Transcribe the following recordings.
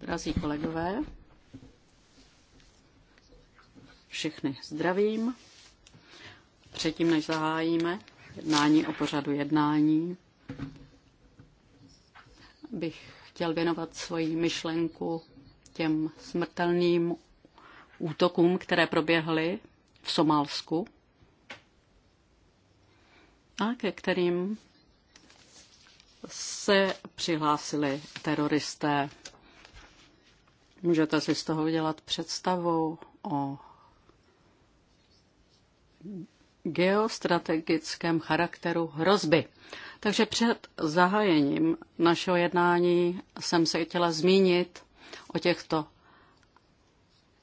drazí kolegové, všechny zdravím. Předtím, než zahájíme jednání o pořadu jednání, bych chtěl věnovat svoji myšlenku těm smrtelným útokům, které proběhly v Somálsku a ke kterým se přihlásili teroristé. Můžete si z toho udělat představu o geostrategickém charakteru hrozby. Takže před zahájením našeho jednání jsem se chtěla zmínit o těchto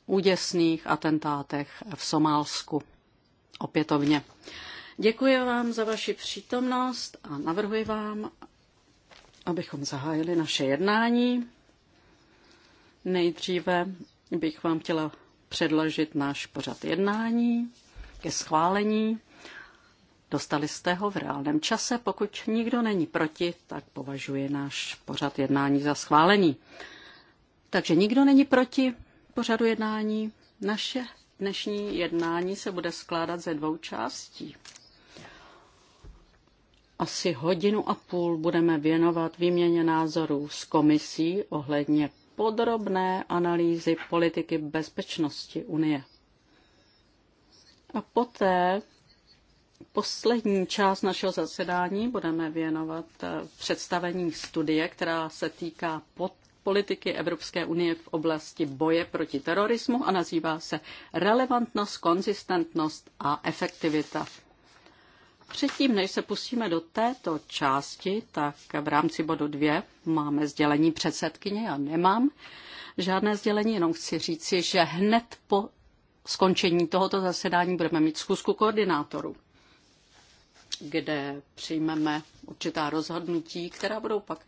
úděsných atentátech v Somálsku opětovně. Děkuji vám za vaši přítomnost a navrhuji vám, abychom zahájili naše jednání. Nejdříve bych vám chtěla předložit náš pořad jednání ke schválení. Dostali jste ho v reálném čase. Pokud nikdo není proti, tak považuji náš pořad jednání za schválení. Takže nikdo není proti pořadu jednání. Naše dnešní jednání se bude skládat ze dvou částí asi hodinu a půl budeme věnovat výměně názorů s komisí ohledně podrobné analýzy politiky bezpečnosti Unie. A poté poslední část našeho zasedání budeme věnovat eh, představení studie, která se týká pod politiky Evropské unie v oblasti boje proti terorismu a nazývá se Relevantnost, konzistentnost a efektivita. Předtím, než se pustíme do této části, tak v rámci bodu 2 máme sdělení předsedkyně, já nemám žádné sdělení, jenom chci říci, že hned po skončení tohoto zasedání budeme mít schůzku koordinátorů, kde přijmeme určitá rozhodnutí, která budou pak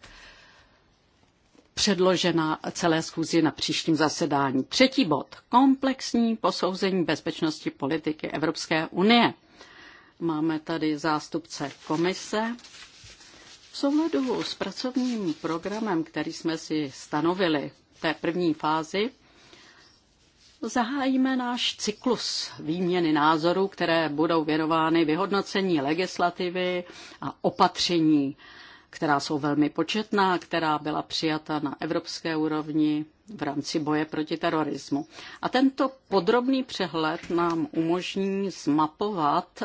předložena celé schůzi na příštím zasedání. Třetí bod. Komplexní posouzení bezpečnosti politiky Evropské unie. Máme tady zástupce komise. V souhledu s pracovním programem, který jsme si stanovili v té první fázi, zahájíme náš cyklus výměny názorů, které budou věnovány vyhodnocení legislativy a opatření, která jsou velmi početná, která byla přijata na evropské úrovni v rámci boje proti terorismu. A tento podrobný přehled nám umožní zmapovat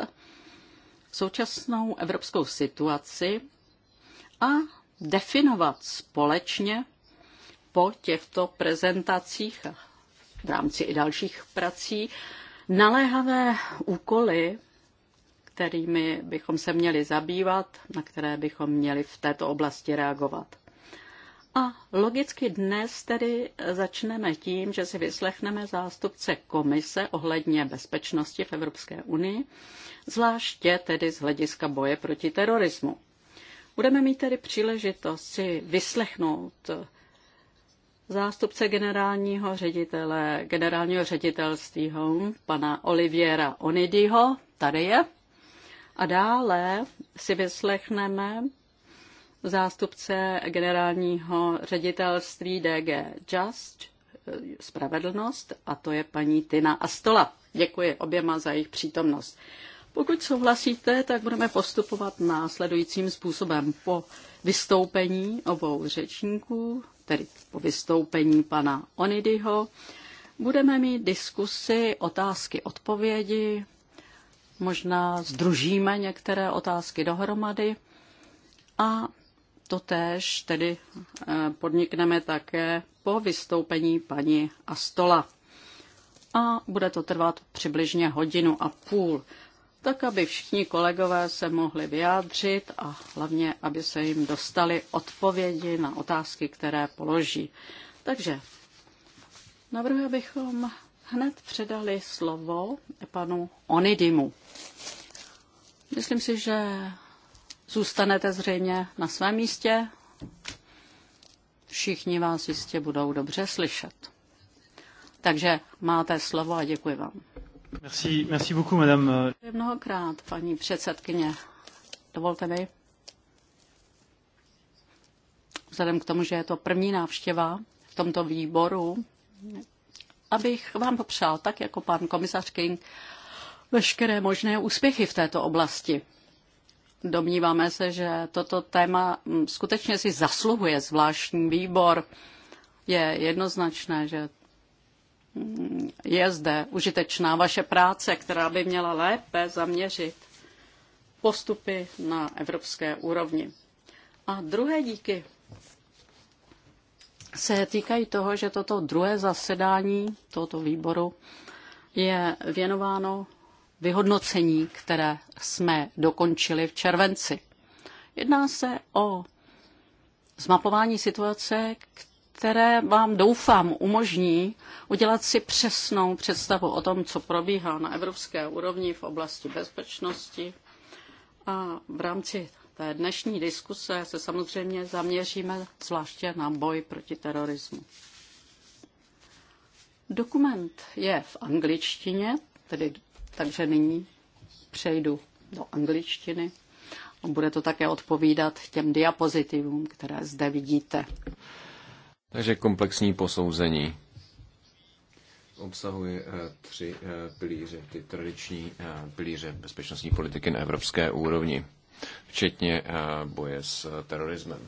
současnou evropskou situaci a definovat společně po těchto prezentacích a v rámci i dalších prací naléhavé úkoly, kterými bychom se měli zabývat, na které bychom měli v této oblasti reagovat. A logicky dnes tedy začneme tím, že si vyslechneme zástupce komise ohledně bezpečnosti v Evropské unii, zvláště tedy z hlediska boje proti terorismu. Budeme mít tedy příležitost si vyslechnout zástupce generálního ředitele, generálního ředitelství Home, pana Oliviera Onidyho, tady je. A dále si vyslechneme zástupce generálního ředitelství DG Just, eh, Spravedlnost, a to je paní Tina Astola. Děkuji oběma za jejich přítomnost. Pokud souhlasíte, tak budeme postupovat následujícím způsobem. Po vystoupení obou řečníků, tedy po vystoupení pana Onidyho, budeme mít diskusy, otázky, odpovědi, možná združíme některé otázky dohromady a Totéž tedy eh, podnikneme také po vystoupení paní Astola. A bude to trvat přibližně hodinu a půl, tak aby všichni kolegové se mohli vyjádřit a hlavně, aby se jim dostali odpovědi na otázky, které položí. Takže navrhuji, abychom hned předali slovo panu Onidimu. Myslím si, že Zůstanete zřejmě na svém místě. Všichni vás jistě budou dobře slyšet. Takže máte slovo a děkuji vám. Merci, merci beaucoup, madame. Mnohokrát, paní předsedkyně. Dovolte mi, vzhledem k tomu, že je to první návštěva v tomto výboru, abych vám popřál, tak jako pan komisař King, veškeré možné úspěchy v této oblasti. Domníváme se, že toto téma mm, skutečně si zasluhuje zvláštní výbor. Je jednoznačné, že mm, je zde užitečná vaše práce, která by měla lépe zaměřit postupy na evropské úrovni. A druhé díky se týkají toho, že toto druhé zasedání tohoto výboru je věnováno vyhodnocení, které jsme dokončili v červenci. Jedná se o zmapování situace, které vám doufám umožní udělat si přesnou představu o tom, co probíhá na evropské úrovni v oblasti bezpečnosti. A v rámci té dnešní diskuse se samozřejmě zaměříme zvláště na boj proti terorismu. Dokument je v angličtině, tedy takže nyní přejdu do angličtiny a bude to také odpovídat těm diapozitivům, které zde vidíte. Takže komplexní posouzení obsahuje eh, tři eh, pilíře, ty tradiční eh, pilíře bezpečnostní politiky na evropské úrovni, včetně boje s terorismem.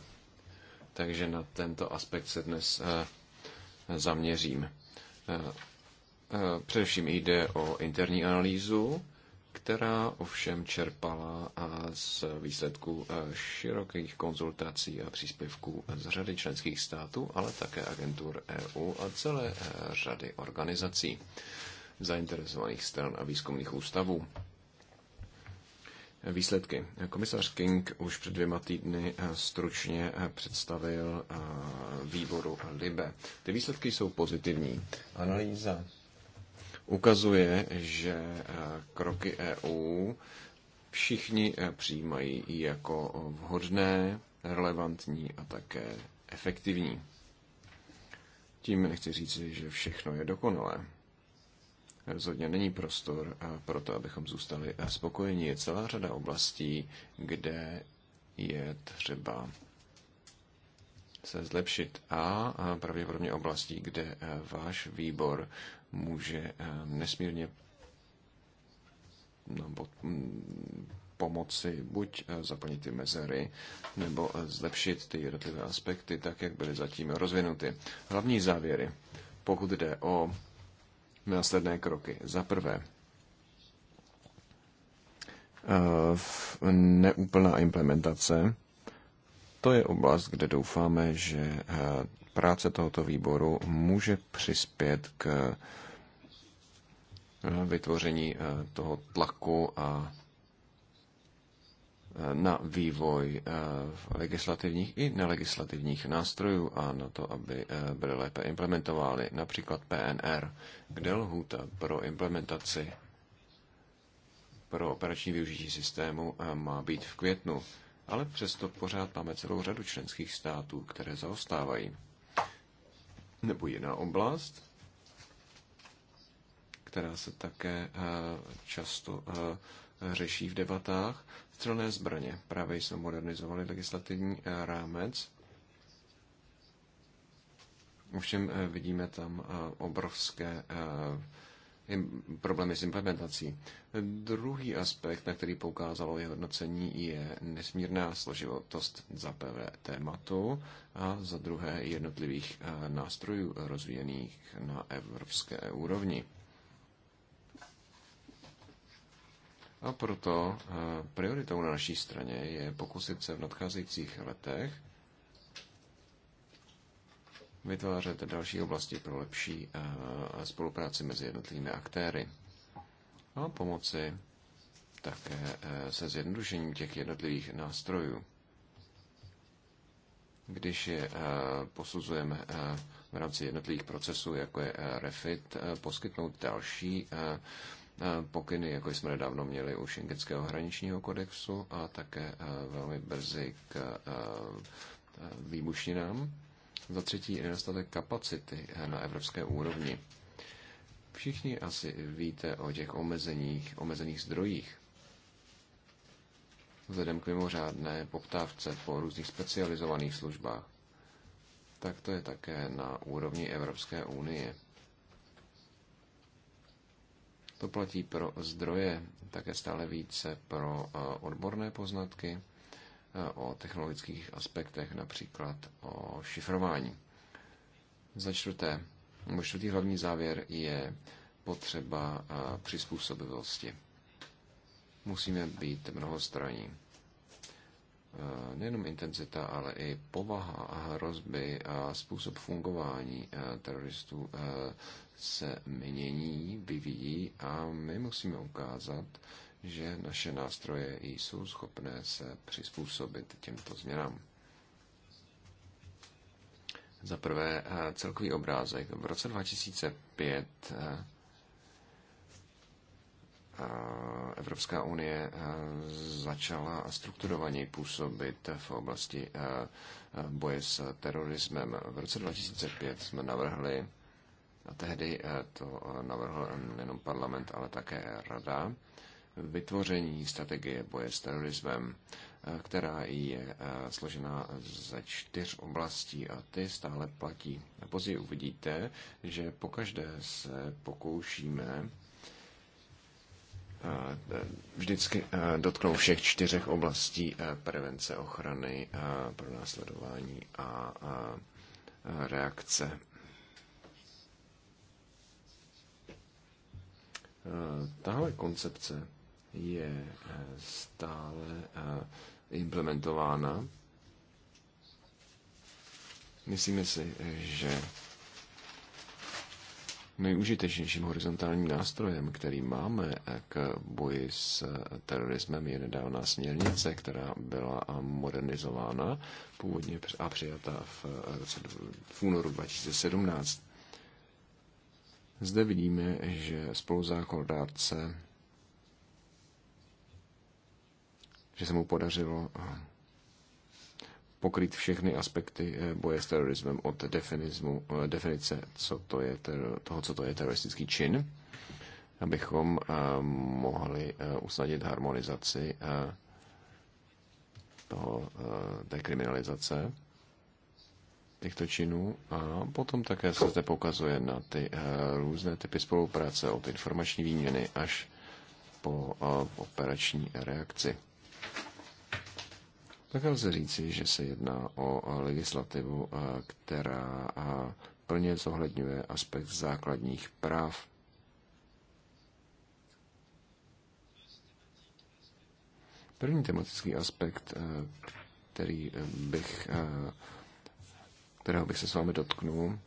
Takže na tento aspekt se dnes zaměřím. Eh, především jde o interní analýzu, která ovšem čerpala z výsledků eh, širokých konzultací a příspěvků z řady členských států, ale také agentur EU a celé eh, řady organizací, zainteresovaných stran a výzkumných ústavů. Výsledky. Komisař King už před dvěma týdny stručně představil výboru LIBE. Ty výsledky jsou pozitivní. Analýza ukazuje, že eh, kroky EU všichni eh, přijímají jako vhodné, relevantní a také efektivní. Tím nechci říct, že všechno je dokonalé. Rozhodně není prostor eh, pro to, abychom zůstali spokojeni. Je celá řada oblastí, kde je třeba se zlepšit a pravděpodobně oblastí, kde váš výbor může eh, nesmírně no, pomoci buď eh, zaplnit ty mezery, nebo eh, zlepšit ty jednotlivé aspekty tak, jak byly zatím rozvinuty. Hlavní závěry, pokud jde o následné kroky. Za prvé, neúplná implementace. To je oblast, kde doufáme, že práce tohoto výboru může přispět k Eh, vytvoření eh, toho tlaku a eh, na vývoj legislativních i nelegislativních nástrojů a na to, aby byly lépe implementovány, například PNR, kde lhůta pro implementaci pro operační využití systému má být v květnu, ale přesto pořád máme celou řadu členských států, které zaostávají. Nebo jiná oblast, která se také eh, často eh, řeší v debatách. Střelné zbraně. Právě jsme modernizovali legislativní eh, rámec. Ovšem vidíme tam obrovské problémy s implementací. Druhý aspekt, na který poukázalo jeho hodnocení, je nesmírná složitost za prvé tématu a za druhé jednotlivých nástrojů rozvíjených na evropské úrovni. A proto eh, prioritou na naší straně je pokusit se v nadcházejících letech vytvářet další oblasti pro lepší eh, spolupráci mezi jednotlivými aktéry a pomoci také eh, se zjednodušením těch jednotlivých nástrojů. Když je posuzujeme v rámci jednotlivých procesů, jako je REFIT, poskytnout další Eh, pokyny, jako jsme nedávno měli u šengenského hraničního kodexu a také eh, velmi brzy k eh, výbušninám. Za třetí, nedostatek kapacity na evropské úrovni. Všichni asi víte o těch omezeních, omezených zdrojích. Vzhledem k mimořádné poptávce po různých specializovaných službách, tak to je také na úrovni Evropské unie to platí pro zdroje, také stále více pro eh, odborné poznatky eh, o technologických aspektech, například o šifrování. Za čtvrté, nebo čtvrtý hlavní závěr je potřeba eh, přizpůsobivosti. Musíme být mnohostranní Eh, nejenom intenzita, ale i povaha a hrozby a způsob fungování eh, teroristů eh, se mění, vyvíjí a my musíme ukázat, že naše nástroje jsou schopné se přizpůsobit těmto změnám. Za prvé celkový obrázek. V roce 2005 Evropská unie e, začala strukturovaně působit v oblasti e, e, boje s terorismem. V roce 2005 jsme navrhli, a tehdy to navrhl nejenom parlament, ale také rada, vytvoření strategie boje s terorismem, která je složena ze čtyř oblastí a ty stále platí. Později uvidíte, že pokaždé se pokoušíme E, vždycky e, dotknou všech čtyřech oblastí e, prevence, ochrany, pro následování a reakce. Tahle koncepce je stále implementována. Myslíme si, že Nejužitečnějším horizontálním nástrojem, který máme k boji s terorismem, je nedávná směrnice, která byla modernizována původně a přijata v, roce, v únoru 2017. Zde vidíme, že spoluzákladárce, že se mu podařilo pokrýt všechny aspekty eh, boje s terorismem od definizmu, eh, definice co to je, toho, co to je teroristický čin, abychom eh, mohli usnadnit harmonizaci toho, té kriminalizace těchto činů a potom také se zde poukazuje na ty různé typy spolupráce od informační výměny až po operační reakci. Také lze říci, že se jedná o legislativu, eh, která eh, plně zohledňuje aspekt základních práv. První tematický aspekt, eh, který bych, kterého bych se s vámi dotknul,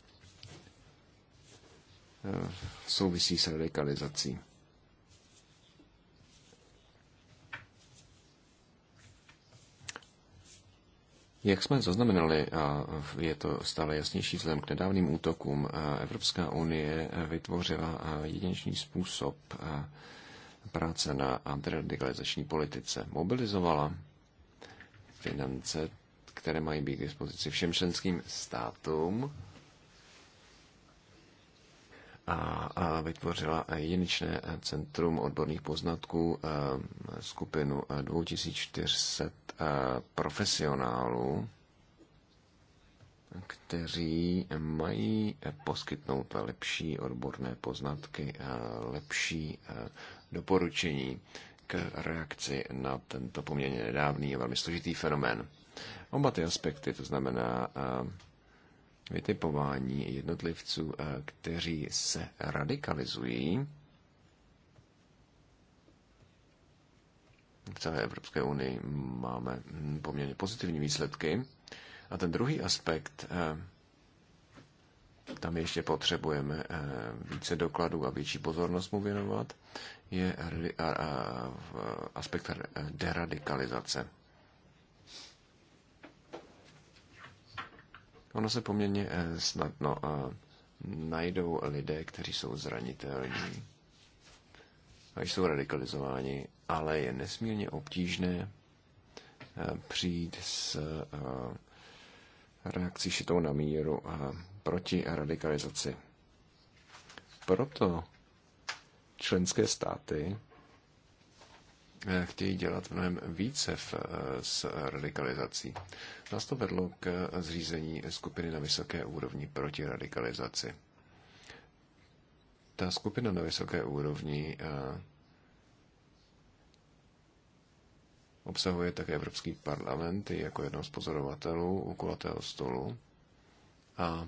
souvisí s radikalizací. Jak jsme zaznamenali, a je to stále jasnější vzhledem k nedávným útokům, Evropská unie vytvořila jedinečný způsob práce na antiradikalizační politice. Mobilizovala finance, které mají být k dispozici všem členským státům a vytvořila jedinečné centrum odborných poznatků, eh, skupinu 2400 eh, eh, profesionálů, kteří mají poskytnout lepší odborné poznatky, lepší doporučení k reakci na tento poměrně nedávný a velmi složitý fenomén. Oba ty aspekty, to znamená vytipování jednotlivců, eh, kteří se radikalizují v celé Evropské unii, máme hm, poměrně pozitivní výsledky. A ten druhý aspekt, eh, tam ještě potřebujeme eh, více dokladů a větší pozornost mu věnovat, je aspekt deradikalizace. Ono se poměrně eh, snadno najdou lidé, kteří jsou zranitelní a jsou radikalizováni, ale je nesmírně obtížné eh, přijít s eh, reakcí šitou na míru proti radikalizaci. Proto členské státy Eh, chtějí dělat mnohem více v, eh, s radikalizací. Nás to vedlo k zřízení skupiny na vysoké úrovni proti radikalizaci. Ta skupina na vysoké úrovni eh, obsahuje také Evropský parlament jako jednoho z pozorovatelů u kulatého stolu a, a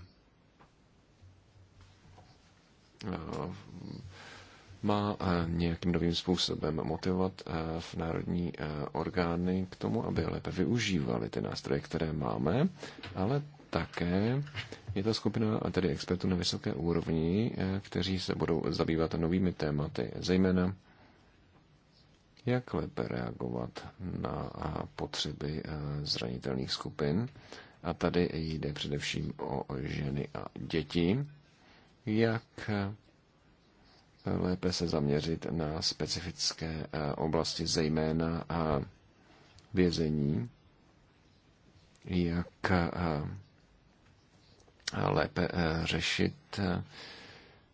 má eh, nějakým novým způsobem motivovat eh, v národní eh, orgány k tomu, aby lépe využívali ty nástroje, které máme, ale také je to skupina tedy expertů na vysoké úrovni, kteří se budou zabývat novými tématy, zejména jak lépe reagovat na potřeby zranitelných skupin. A tady jde především o ženy a děti, jak lépe se zaměřit na specifické eh, oblasti, zejména a eh, vězení, jak eh, lépe řešit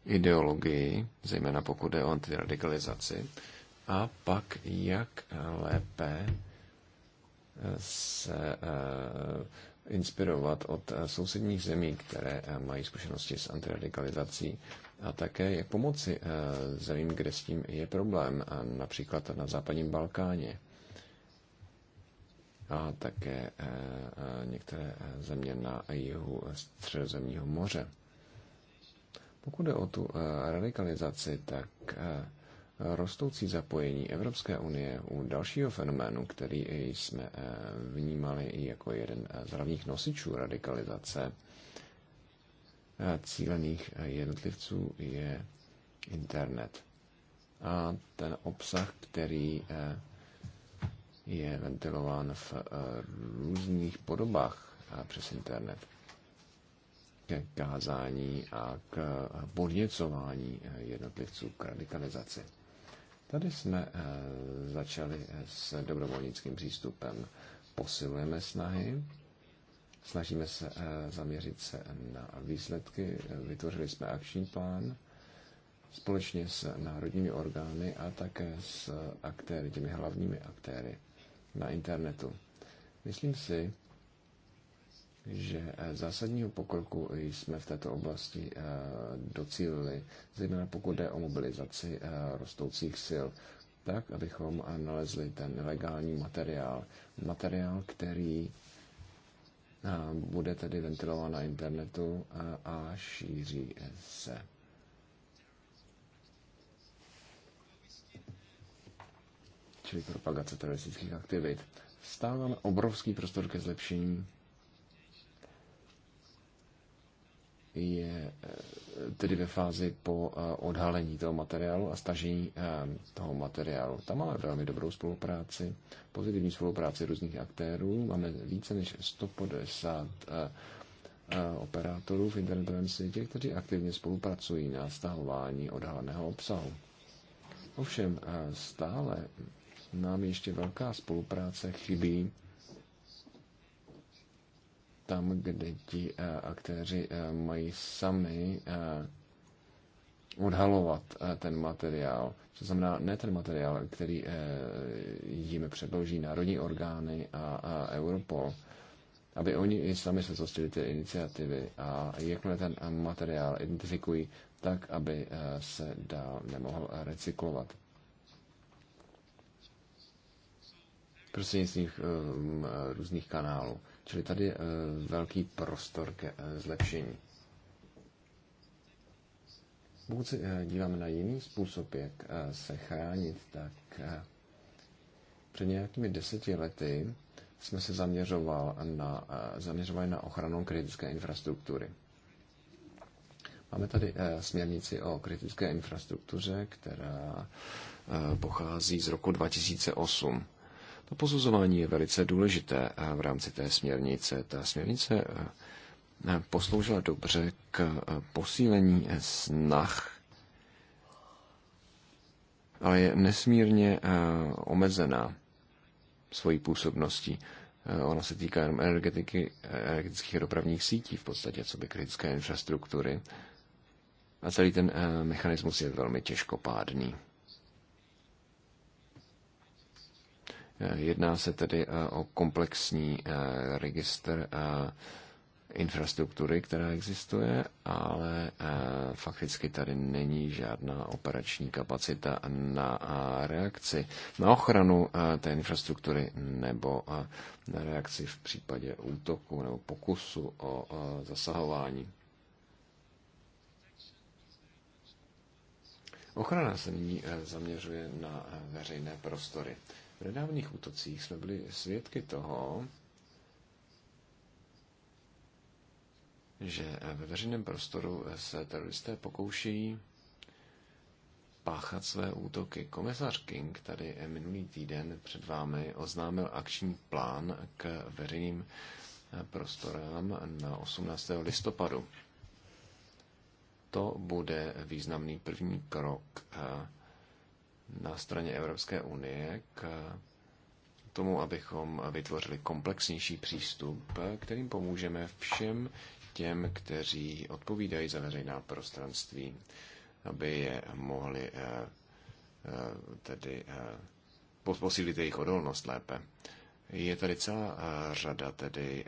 ideologii, zejména pokud je o antiradikalizaci, a pak jak lépe se inspirovat od sousedních zemí, které mají zkušenosti s antiradikalizací a také jak pomoci eh, zemím, kde s tím je problém, například na západním Balkáně a také eh, eh, některé země na jihu středozemního moře. Pokud jde o tu radikalizaci, tak rostoucí zapojení Evropské unie u dalšího fenoménu, který jsme vnímali i jako jeden z hlavních nosičů radikalizace, Eh, cílených eh, jednotlivců je internet. A ten obsah, který eh, je ventilován v různých podobách přes internet ke kázání a k podněcování jednotlivců k radikalizaci. Tady jsme začali s dobrovolnickým přístupem. Posilujeme snahy Snažíme se eh, zaměřit se na výsledky. Vytvořili jsme akční plán společně s národními orgány a také s aktéry, těmi hlavními aktéry na internetu. Myslím si, že eh, zásadního pokroku jsme v této oblasti eh, docílili, zejména pokud jde o mobilizaci rostoucích sil, tak, abychom nalezli ten legální materiál. Materiál, který bude tedy ventilována na internetu a šíří se. Čili propagace teroristických aktivit. Stáváme obrovský prostor ke zlepšení je eh, tedy ve fázi po eh, odhalení toho materiálu a stažení eh, toho materiálu. Tam máme velmi dobrou spolupráci, pozitivní spolupráci různých aktérů. Máme více než 150 operátorů v internetovém světě, kteří aktivně spolupracují na stahování odhaleného obsahu. Ovšem stále nám ještě velká spolupráce chybí tam, kde ti eh, aktéři eh, mají sami eh, odhalovat ten materiál. To znamená ne ten materiál, který jim předloží národní orgány a Europol, aby oni i sami se zostili ty iniciativy a jakmile ten materiál identifikují, tak aby se dál nemohl recyklovat. prostřednictvím různých kanálů. Čili tady e, velký prostor ke e, zlepšení. Pokud se e, díváme na jiný způsob, jak se chránit, tak před nějakými deseti lety jsme se zaměřoval na, zaměřovali na ochranu kritické infrastruktury. Máme tady směrnici o kritické infrastruktuře, která pochází z roku 2008. To posuzování je velice důležité v rámci té směrnice. Ta směrnice eh, posloužila dobře k eh, posílení snah, ale je nesmírně eh, omezená svojí působností. Ona se týká jenom energetiky, energetických dopravních sítí v podstatě, co by kritické infrastruktury. A celý ten mechanismus je velmi těžkopádný. Eh, jedná se tedy eh, o komplexní eh, registr infrastruktury, která existuje, ale fakticky tady není žádná operační kapacita na reakci, na ochranu té infrastruktury nebo na reakci v případě útoku nebo pokusu o zasahování. Ochrana se nyní zaměřuje na veřejné prostory. V nedávných útocích jsme byli svědky toho, že ve veřejném prostoru se teroristé pokouší páchat své útoky. Komisař King tady minulý týden před vámi oznámil akční plán k veřejným prostorám na 18. listopadu. To bude významný první krok eh, na straně Evropské unie k tomu, abychom vytvořili komplexnější přístup, kterým pomůžeme všem těm, kteří odpovídají za veřejná prostranství, aby je mohli eh, eh, tedy eh, posílit jejich odolnost lépe. Je tady celá řada tedy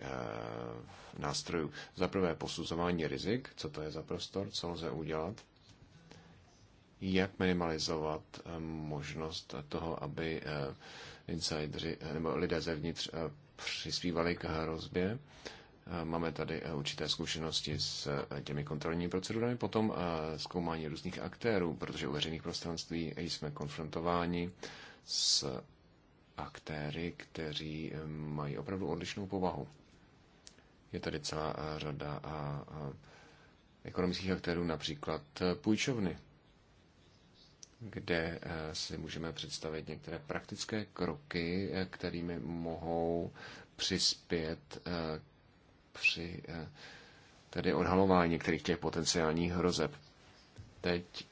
nástrojů. Za prvé posuzování rizik, co to je za prostor, co lze udělat, jak minimalizovat eh, možnost toho, aby eh, insidři eh, nebo lidé zevnitř přispívali k hrozbě. Máme tady určité zkušenosti s těmi kontrolními procedurami, potom zkoumání různých aktérů, protože u veřejných prostranství jsme konfrontováni s aktéry, kteří mají opravdu odlišnou povahu. Je tady celá řada ekonomických aktérů, například půjčovny, kde eh, si můžeme představit některé praktické kroky, eh, kterými mohou přispět eh, při tedy odhalování některých těch potenciálních hrozeb. Teď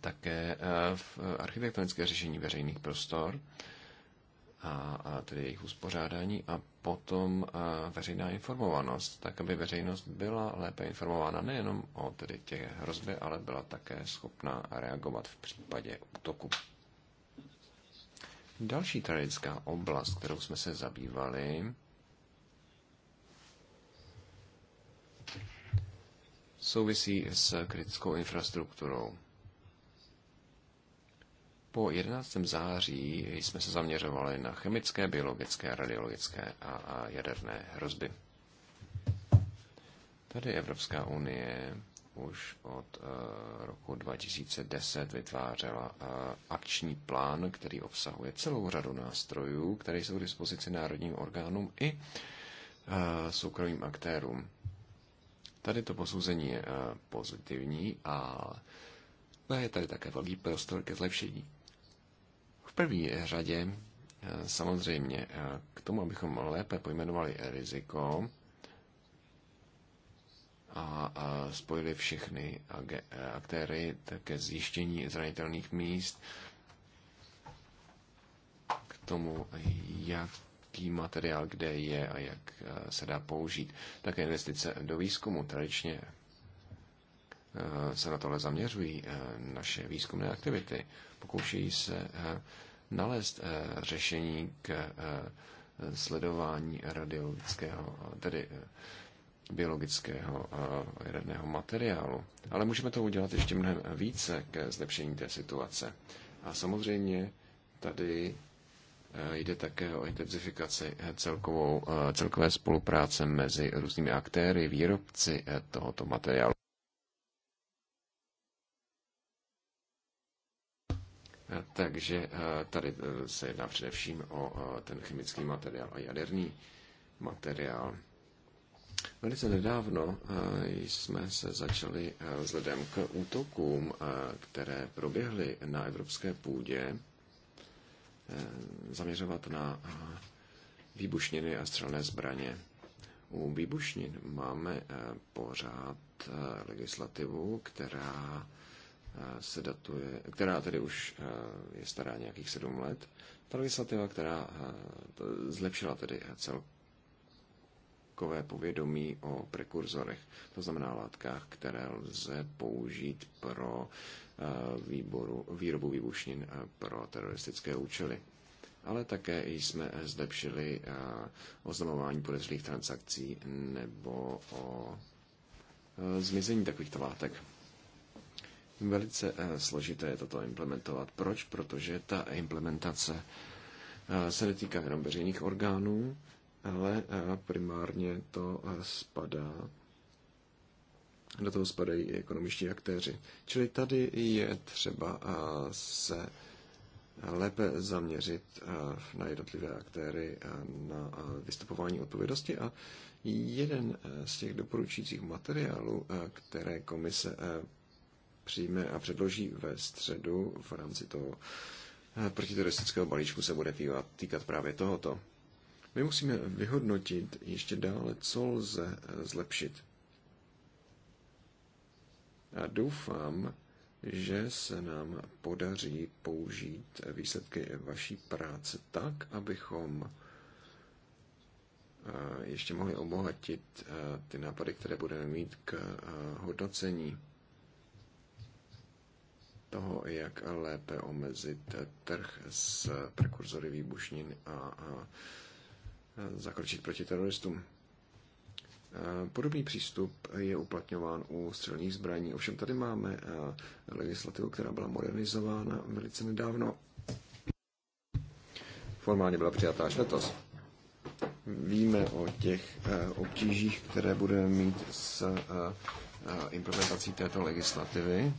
také v architektonické řešení veřejných prostor a tedy jejich uspořádání a potom eh, veřejná informovanost, tak aby veřejnost byla lépe informována nejenom o tedy těch hrozby, ale byla také schopná reagovat v případě útoku. Další tradická oblast, kterou jsme se zabývali, souvisí s kritickou infrastrukturou. Po 11. září jsme se zaměřovali na chemické, biologické, radiologické a jaderné hrozby. Tady Evropská unie už od eh, roku 2010 vytvářela eh, akční plán, který obsahuje celou řadu nástrojů, které jsou k dispozici národním orgánům i eh, soukromým aktérům. Tady to posouzení je pozitivní a je tady také velký prostor ke zlepšení. V první řadě eh, samozřejmě eh, k tomu, abychom lépe pojmenovali riziko a spojili všechny aktéry ke zjištění zranitelných míst, k tomu, jak jaký materiál kde je a jak eh, se dá použít. Také investice do výzkumu tradičně se na tohle zaměřují naše výzkumné aktivity pokoušejí se eh, nalézt eh, řešení k eh, sledování radiologického, tedy biologického jaderného materiálu. Ale můžeme to udělat ještě mnohem více k zlepšení té situace. A samozřejmě tady jde také o intenzifikaci celkovou, celkové spolupráce mezi různými aktéry, výrobci tohoto materiálu. Takže eh, tady eh, se jedná především o eh, ten chemický materiál a jaderný materiál. Velice nedávno jsme se začali vzhledem k útokům, které proběhly na evropské půdě, zaměřovat na výbušniny a střelné zbraně. U výbušnin máme pořád legislativu, která Eh, se datuje, která tedy už eh, je stará nějakých sedm let. Ta legislativa, která eh, zlepšila tedy celkové povědomí o prekurzorech, to znamená látkách, které lze použít pro výboru, výrobu výbušnin pro teroristické účely. Ale také jsme zlepšili oznamování podezřelých transakcí nebo o zmizení takovýchto látek. Velice eh, složité je toto implementovat. Proč? Protože ta implementace eh, se netýká jenom veřejných orgánů, ale eh, primárně to spadá do toho spadají i ekonomičtí aktéři. Čili tady je třeba se lépe zaměřit na jednotlivé aktéry na vystupování odpovědnosti a jeden z těch doporučujících materiálů, které komise přijme a předloží ve středu v rámci toho eh, protiteroristického balíčku se bude týkat, týkat právě tohoto. My musíme vyhodnotit ještě dále, co lze eh, zlepšit. A doufám, že se nám podaří použít eh, výsledky vaší práce tak, abychom ještě mohli obohatit ty nápady, které budeme mít k hodnocení toho, jak lépe omezit trh s prekurzory výbušnin a, a zakročit proti teroristům. Podobný přístup je uplatňován u střelných zbraní. Ovšem tady máme legislativu, která byla modernizována velice nedávno. Formálně byla přijatá až letos. Víme o těch e, obtížích, které budeme mít s e, e, implementací této legislativy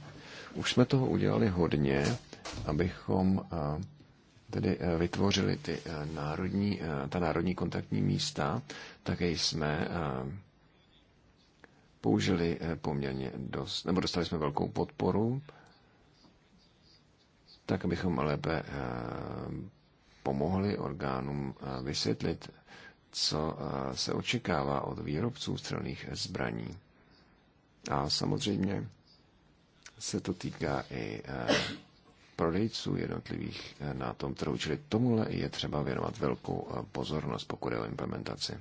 už jsme toho udělali hodně, abychom eh, tedy eh, vytvořili ty eh, národní, ta národní kontaktní místa. Také jsme použili poměrně dost, nebo dostali jsme velkou podporu, tak abychom lépe pomohli orgánům vysvětlit, co se očekává od výrobců střelných zbraní. A samozřejmě se to týká i eh, prodejců jednotlivých eh, na tom trhu, čili tomuhle je třeba věnovat velkou eh, pozornost, pokud je o implementaci.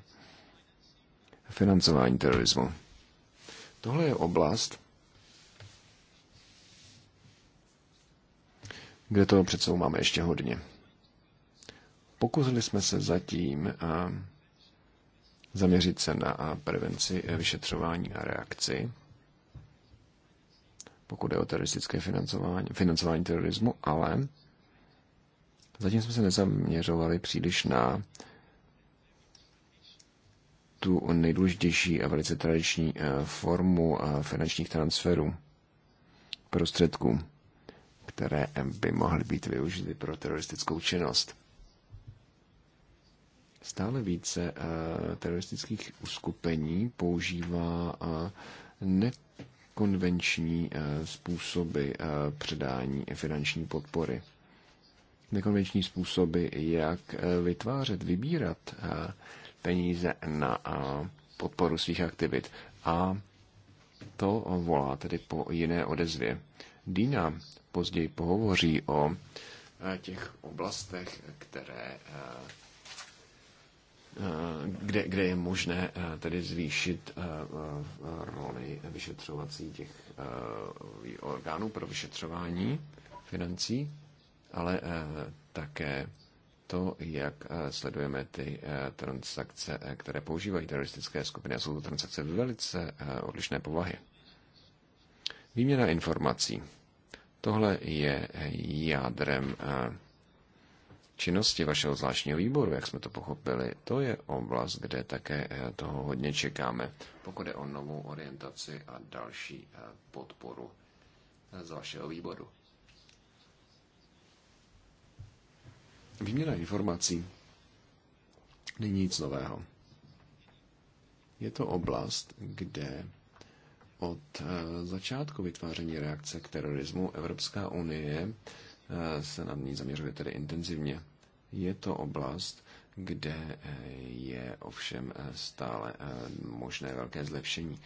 Financování terorismu. Tohle je oblast, kde toho před sebou máme ještě hodně. Pokusili jsme se zatím zaměřit se na prevenci, vyšetřování a reakci pokud je o teroristické financování, financování terorismu, ale zatím jsme se nezaměřovali příliš na tu nejdůležitější a velice tradiční eh, formu eh, finančních transferů prostředků, které by mohly být využity pro teroristickou činnost. Stále více eh, teroristických uskupení používá ne nekonvenční eh, způsoby eh, předání finanční podpory. Nekonvenční způsoby, jak eh, vytvářet, vybírat peníze na podporu svých aktivit. A to volá tedy po jiné odezvě. Dina později pohovoří o těch oblastech, které Eh, kde, kde je možné eh, tedy zvýšit eh, roli vyšetřovací těch orgánů pro vyšetřování financí, ale také to, jak sledujeme ty transakce, které používají teroristické skupiny. A jsou to transakce velice odlišné povahy. Výměna informací. Tohle je jádrem činnosti vašeho zvláštního výboru, jak jsme to pochopili, to je oblast, kde také eh, toho hodně čekáme, pokud je o novou orientaci a další eh, podporu eh, z vašeho výboru. Výměna informací není nic nového. Je to oblast, kde od začátku vytváření reakce k terorismu Evropská unie se na ní zaměřuje tedy intenzivně. Je to oblast, kde eh, je ovšem eh, stále eh, možné velké zlepšení.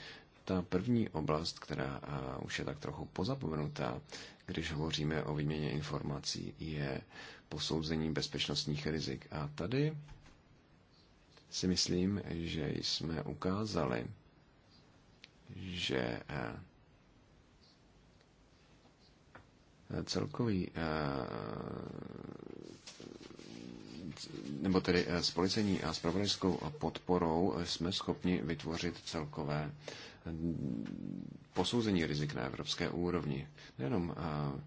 Ta první oblast, která už je tak trochu pozapomenutá, když hovoříme o výměně informací, je posouzení bezpečnostních rizik. A tady si myslím, že jsme ukázali, že celkový nebo tedy eh, s policení a spravodajskou podporou jsme schopni vytvořit celkové eh, posouzení rizik na evropské úrovni. Nejenom eh,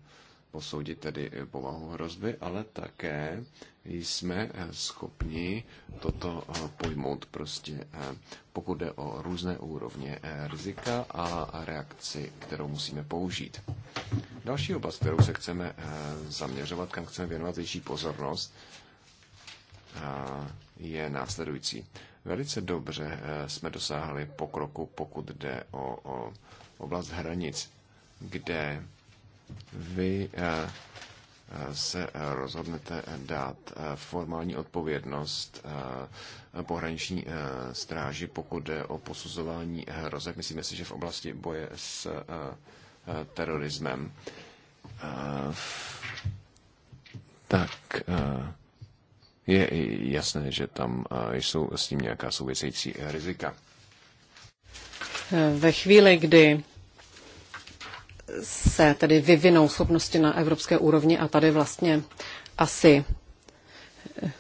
posoudit tedy povahu hrozby, ale také jsme schopni toto pojmout prostě, pokud jde o různé úrovně rizika a reakci, kterou musíme použít. Další oblast, kterou se chceme zaměřovat, kam chceme věnovat větší pozornost, je následující. Velice dobře eh, jsme dosáhli pokroku, pokud jde o, o oblast hranic, kde vy eh, eh, se rozhodnete dát formální odpovědnost pohraniční stráži, pokud jde o posuzování hrozek. Myslíme si, že v oblasti boje s terorismem. Tak je jasné, že tam jsou s tím nějaká související e, rizika. E, ve chvíli, kdy se tedy vyvinou schopnosti na evropské úrovni a tady vlastně asi e,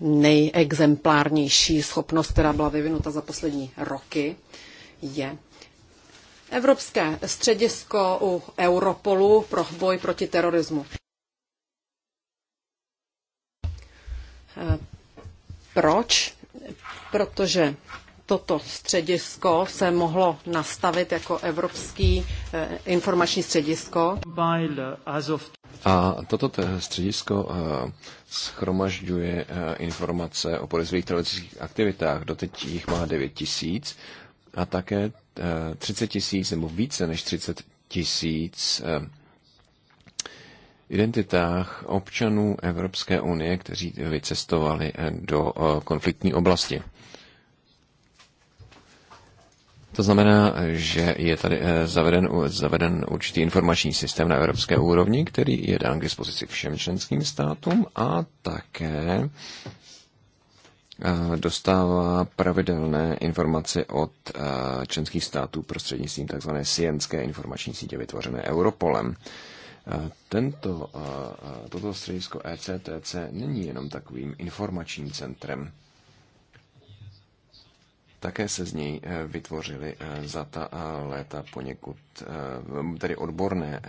nejexemplárnější schopnost, která byla vyvinuta za poslední roky, je Evropské středisko u Europolu pro boj proti terorismu. Proč? Protože toto středisko se mohlo nastavit jako Evropský eh, informační středisko. A toto středisko eh, schromažďuje eh, informace o podezřelých teroristických aktivitách. Doteď jich má 9 tisíc a také 30 tisíc nebo více než 30 tisíc identitách občanů Evropské unie, kteří vycestovali eh, do eh, konfliktní oblasti. To znamená, že je tady eh, zaveden, zaveden určitý informační systém na evropské úrovni, který je dán k dispozici všem členským státům a také dostává pravidelné informace od členských států prostřednictvím tzv. sienské informační sítě vytvořené Europolem. Tento, toto středisko ECTC není jenom takovým informačním centrem. Také se z něj e, vytvořily e, za ta e, léta poněkud, tedy odborné,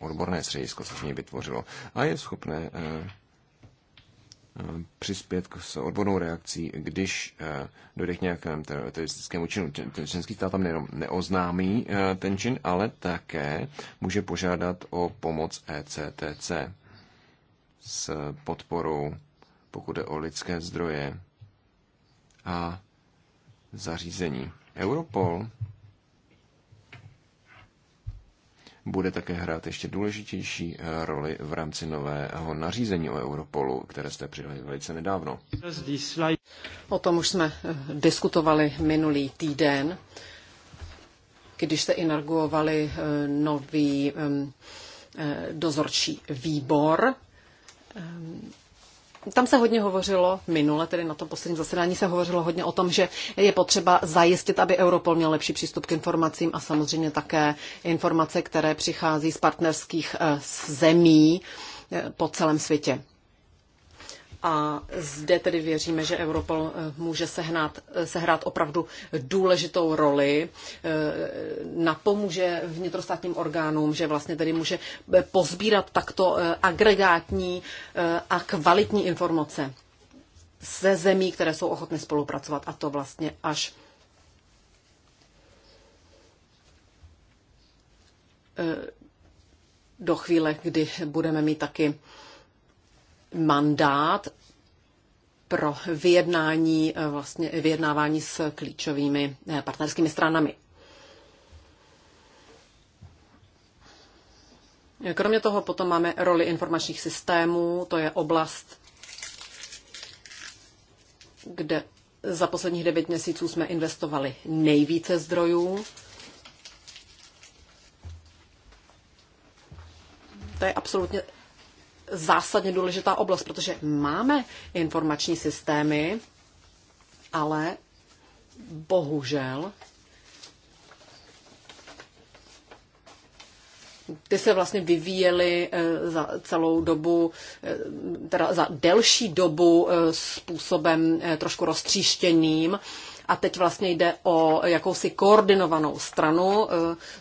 odborné středisko se z něj vytvořilo a je schopné Eh, přispět s odbornou reakcí, když eh, dojde k nějakému teroristickému činu. Ten členský stát tam nejenom neoznámí eh, ten čin, ale také může požádat o pomoc ECTC s podporou, pokud je o lidské zdroje a zařízení. Europol bude také hrát ještě důležitější eh, roli v rámci nového nařízení o Europolu, které jste přijali velice nedávno. O tom už jsme eh, diskutovali minulý týden, když se inaugurovali eh, nový dozorčí výbor tam se hodně hovořilo, minule tedy na tom posledním zasedání se hovořilo hodně o tom, že je potřeba zajistit, aby Europol měl lepší přístup k informacím a samozřejmě také informace, které přichází z partnerských eh, zemí eh, po celém světě. A zde tedy věříme, že Europol eh, může sehnat, eh, sehrát opravdu důležitou roli, eh, napomůže vnitrostátním orgánům, že vlastně tedy může pozbírat takto agregátní a kvalitní informace ze zemí, které jsou ochotny spolupracovat a to vlastně až do chvíle, kdy budeme mít taky mandát pro vyjednání, eh, vlastně vyjednávání s klíčovými eh, partnerskými stranami. Kromě toho potom máme roli informačních systémů, to je oblast, kde za posledních devět měsíců jsme investovali nejvíce zdrojů. To je absolutně zásadně důležitá oblast, protože máme informační systémy, ale bohužel ty se vlastně vyvíjely eh, za celou dobu, eh, teda za delší dobu eh, způsobem trošku roztříštěným. A teď vlastně jde o jakousi koordinovanou stranu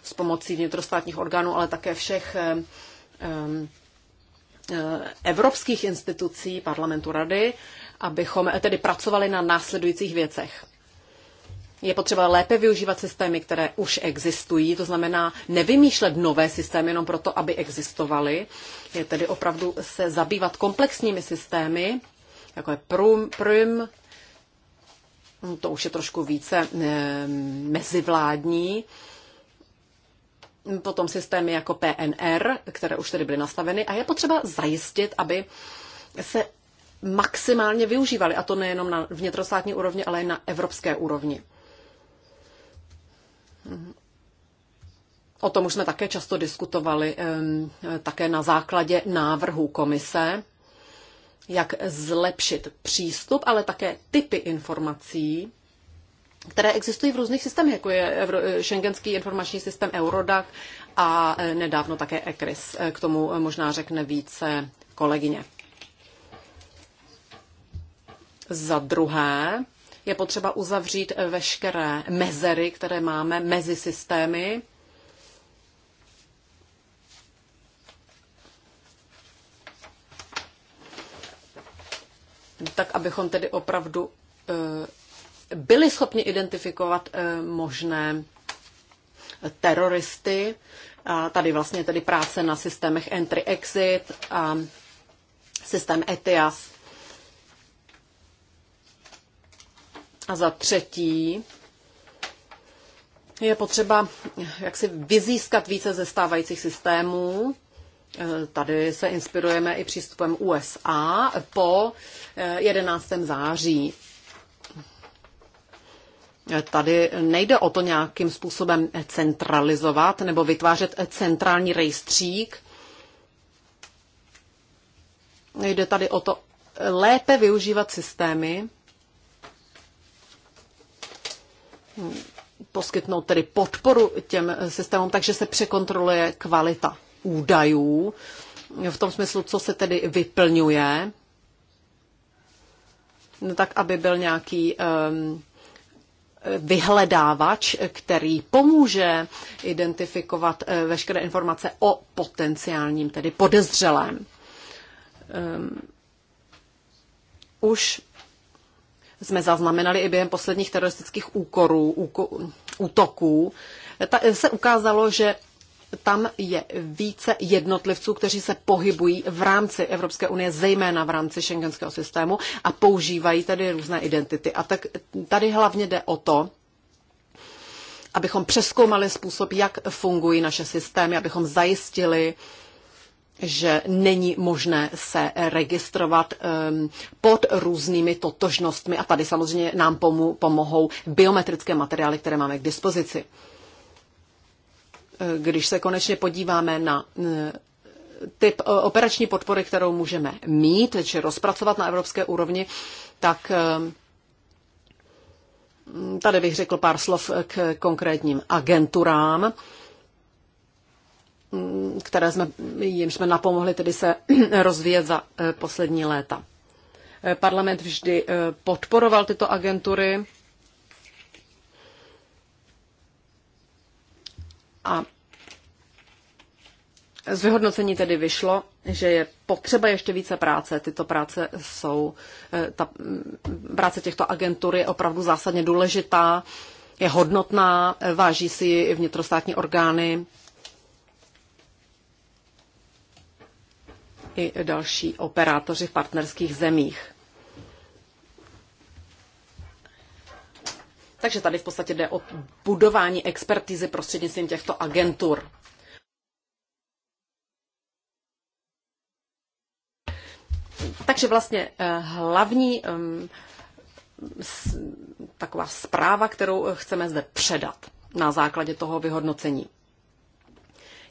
s pomocí vnitrostátních orgánů, ale také všech Eh, evropských institucí, parlamentu rady, abychom eh, tedy pracovali na následujících věcech. Je potřeba lépe využívat systémy, které už existují, to znamená nevymýšlet nové systémy jenom proto, aby existovaly. Je tedy opravdu se zabývat komplexními systémy, jako je prum, prům, to už je trošku více e, mezivládní, potom systémy jako PNR, které už tedy byly nastaveny a je potřeba zajistit, aby se maximálně využívaly, a to nejenom na vnitrostátní úrovni, ale i na evropské úrovni. O tom už jsme také často diskutovali, také na základě návrhů komise, jak zlepšit přístup, ale také typy informací, které existují v různých systémech, jako je eh, Schengenský informační systém Eurodac a eh, nedávno také ECRIS. Eh, k tomu možná řekne více kolegyně. Za druhé je potřeba uzavřít veškeré mezery, které máme mezi systémy. Tak, abychom tedy opravdu byli schopni identifikovat eh, možné teroristy. A tady vlastně tedy práce na systémech entry-exit a systém ETIAS. A za třetí je potřeba jak si vyzískat více ze stávajících systémů. Eh, tady se inspirujeme i přístupem USA po 11. Eh, září Tady nejde o to nějakým způsobem centralizovat nebo vytvářet centrální rejstřík. Jde tady o to lépe využívat systémy, poskytnout tedy podporu těm systémům, takže se překontroluje kvalita údajů, v tom smyslu, co se tedy vyplňuje, tak aby byl nějaký um, vyhledávač, který pomůže identifikovat eh, veškeré informace o potenciálním, tedy podezřelém. Ehm, už jsme zaznamenali i během posledních teroristických úkorů, úko, útoků, ta, se ukázalo, že tam je více jednotlivců, kteří se pohybují v rámci Evropské unie, zejména v rámci šengenského systému a používají tedy různé identity. A tak tady hlavně jde o to, abychom přeskoumali způsob, jak fungují naše systémy, abychom zajistili, že není možné se registrovat um, pod různými totožnostmi a tady samozřejmě nám pomu- pomohou biometrické materiály, které máme k dispozici když se konečně podíváme na e, typ e, operační podpory, kterou můžeme mít, či rozpracovat na evropské úrovni, tak e, tady bych řekl pár slov k konkrétním agenturám, které jsme, jim jsme napomohli tedy se rozvíjet za poslední léta. Parlament vždy podporoval tyto agentury A z vyhodnocení tedy vyšlo, že je potřeba ještě více práce. Tyto práce jsou, eh, ta mm, práce těchto agentur je opravdu zásadně důležitá, je hodnotná, eh, váží si ji vnitrostátní orgány i další operátoři v partnerských zemích. Takže tady v podstatě jde o budování expertízy prostřednictvím těchto agentur. Takže vlastně eh, hlavní taková zpráva, kterou eh, chceme zde předat na základě toho vyhodnocení,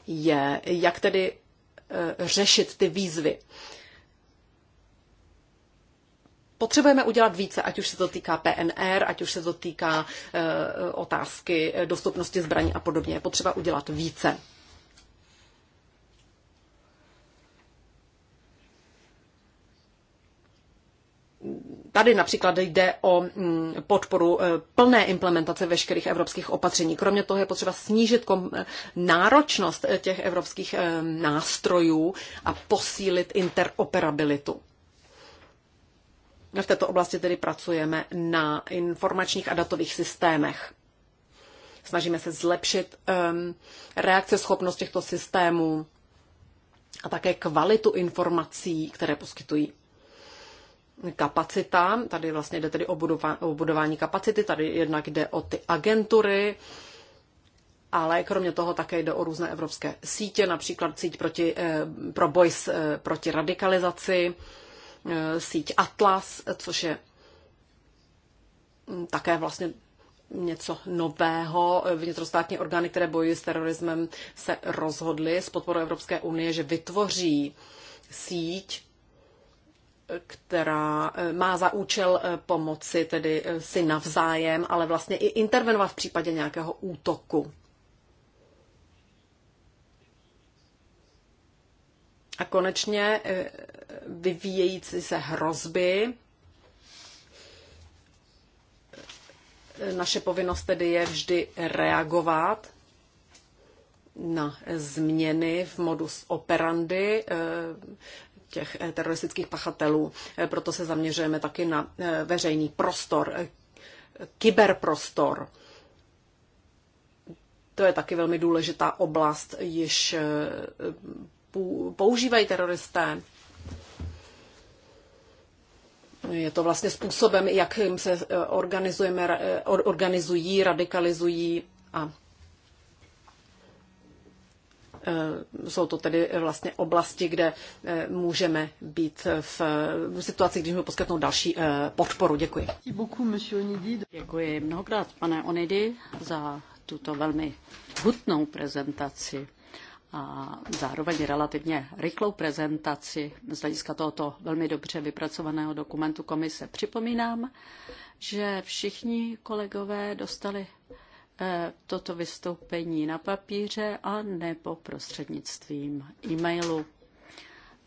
je, jak tedy eh, řešit ty výzvy, potřebujeme udělat více, ať už se to týká PNR, ať už se to týká eh, otázky eh, dostupnosti zbraní a podobně. Je potřeba udělat více. Tady například jde o mm, podporu eh, plné implementace veškerých evropských opatření. Kromě toho je potřeba snížit náročnost těch evropských nástrojů a posílit interoperabilitu. V této oblasti tedy pracujeme na informačních a datových systémech. Snažíme se zlepšit um, ehm, schopnost těchto systémů a také kvalitu informací, které poskytují. Kapacita, tady vlastně jde tedy o, budova, o budování kapacity, tady jednak jde o ty agentury, ale kromě toho také jde o různé evropské sítě, například síť proti, eh, pro boj s, eh, proti radikalizaci, Eh, síť Atlas, což je mm, také vlastně něco nového. Eh, vnitrostátní orgány, které bojují s terorismem, se rozhodly s podporou Evropské unie, že vytvoří síť, která eh, má za účel pomoci tedy si navzájem, ale vlastně i intervenovat v případě nějakého útoku. A konečně vyvíjející se hrozby. Naše povinnost tedy je vždy reagovat na změny v modus operandi eh, těch eh, teroristických pachatelů. Eh, proto se zaměřujeme taky na veřejný prostor, kyberprostor. To je taky velmi důležitá oblast, již používají teroristé. Je to vlastně způsobem, jakým se eh, organizujeme, eh, organizují, radikalizují a eh, jsou to tedy vlastně oblasti, kde můžeme být v situaci, když můžeme poskytnout další podporu. Děkuji. Děkuji mnohokrát, pane Onidy, za tuto velmi hutnou prezentaci a zároveň relativně rychlou prezentaci z hlediska tohoto velmi dobře vypracovaného dokumentu komise. Připomínám, že všichni kolegové dostali eh, toto vystoupení na papíře a nebo prostřednictvím e-mailu.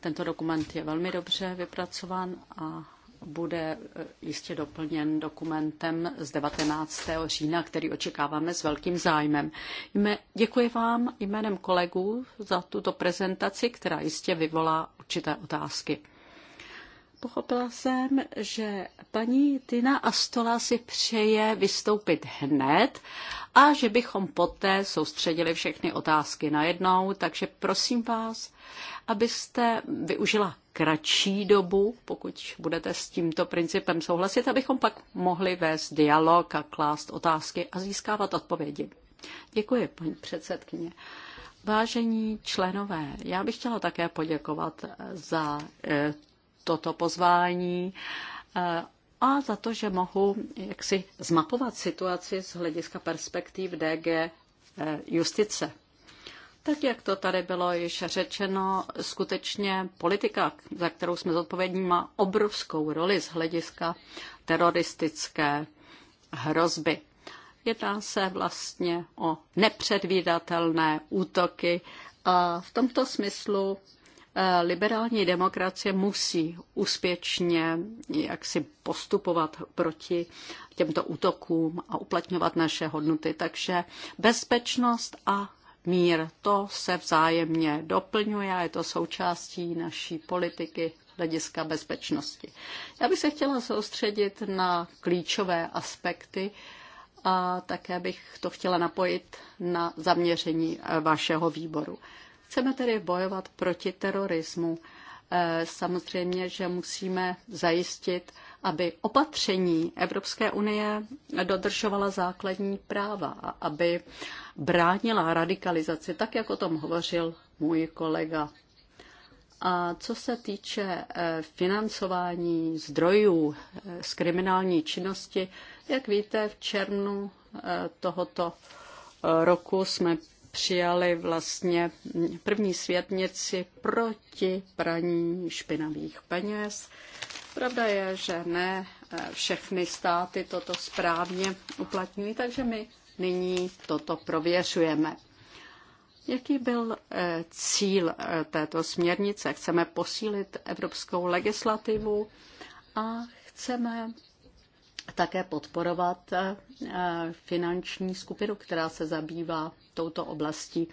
Tento dokument je velmi dobře vypracován a bude e, jistě doplněn dokumentem z 19. října, který očekáváme s velkým zájmem. Děkuji vám jménem kolegů za tuto prezentaci, která jistě vyvolá určité otázky. Pochopila jsem, že paní Tina Astola si přeje vystoupit hned a že bychom poté soustředili všechny otázky najednou, takže prosím vás, abyste využila kratší dobu, pokud budete s tímto principem souhlasit, abychom pak mohli vést dialog a klást otázky a získávat odpovědi. Děkuji, paní předsedkyně. Vážení členové, já bych chtěla také poděkovat eh, za eh, toto pozvání eh, a za to, že mohu jaksi zmapovat situaci z hlediska perspektiv DG justice. Tak jak to tady bylo již řečeno, skutečně politika, za kterou jsme zodpovědní, má obrovskou roli z hlediska teroristické hrozby. Jedná se vlastně o nepředvídatelné útoky a v tomto smyslu eh, liberální demokracie musí úspěšně jaksi postupovat proti těmto útokům a uplatňovat naše hodnoty. Takže bezpečnost a mír. To se vzájemně doplňuje a je to součástí naší politiky hlediska bezpečnosti. Já bych se chtěla soustředit na klíčové aspekty a také bych to chtěla napojit na zaměření eh, vašeho výboru. Chceme tedy bojovat proti terorismu. Eh, samozřejmě, že musíme zajistit aby opatření Evropské unie dodržovala základní práva a aby bránila radikalizaci, tak jak o tom hovořil můj kolega. A co se týče eh, financování zdrojů eh, z kriminální činnosti, jak víte, v červnu eh, tohoto roku jsme přijali vlastně první světnici proti praní špinavých peněz. Pravda je, že ne eh, všechny státy toto správně uplatňují, takže my nyní toto prověřujeme. Jaký byl eh, cíl eh, této směrnice? Chceme posílit evropskou legislativu a chceme také podporovat finanční skupinu, která se zabývá touto oblastí.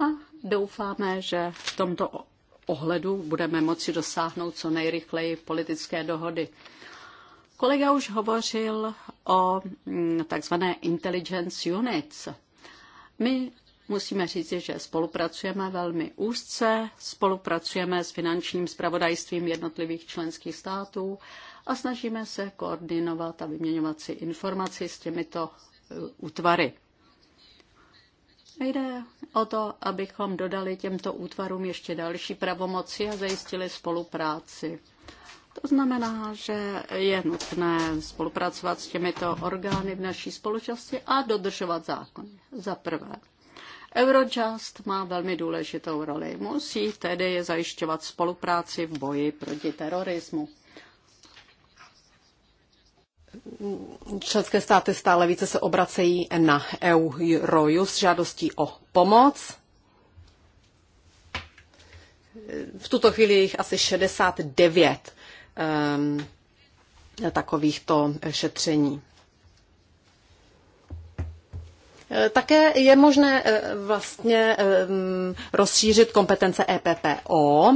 A doufáme, že v tomto ohledu budeme moci dosáhnout co nejrychleji politické dohody. Kolega už hovořil o mm, takzvané intelligence units. My musíme říct, že spolupracujeme velmi úzce, spolupracujeme s finančním spravodajstvím jednotlivých členských států a snažíme se koordinovat a vyměňovat si informaci s těmito e, útvary. Jde o to, abychom dodali těmto útvarům ještě další pravomoci a zajistili spolupráci. To znamená, že je nutné spolupracovat s těmito orgány v naší společnosti a dodržovat zákon. Za prvé. Eurojust má velmi důležitou roli. Musí tedy zajišťovat spolupráci v boji proti terorismu. Členské státy stále více se obracejí na EU s žádostí o pomoc. V tuto chvíli je jich asi 69 um, ehm, takovýchto šetření. E, také je možné e, vlastně ehm, rozšířit kompetence EPPO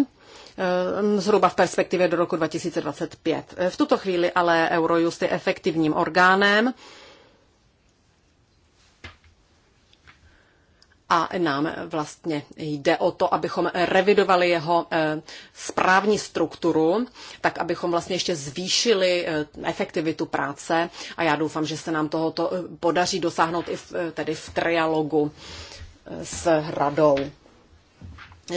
Ehm, zhruba v perspektivě do roku 2025. Ehm, v tuto chvíli ale Eurojust je efektivním orgánem a nám vlastně jde o to, abychom revidovali jeho ehm, správní strukturu, tak abychom vlastně ještě zvýšili efektivitu práce a já doufám, že se nám tohoto podaří dosáhnout i v, tedy v trialogu s radou.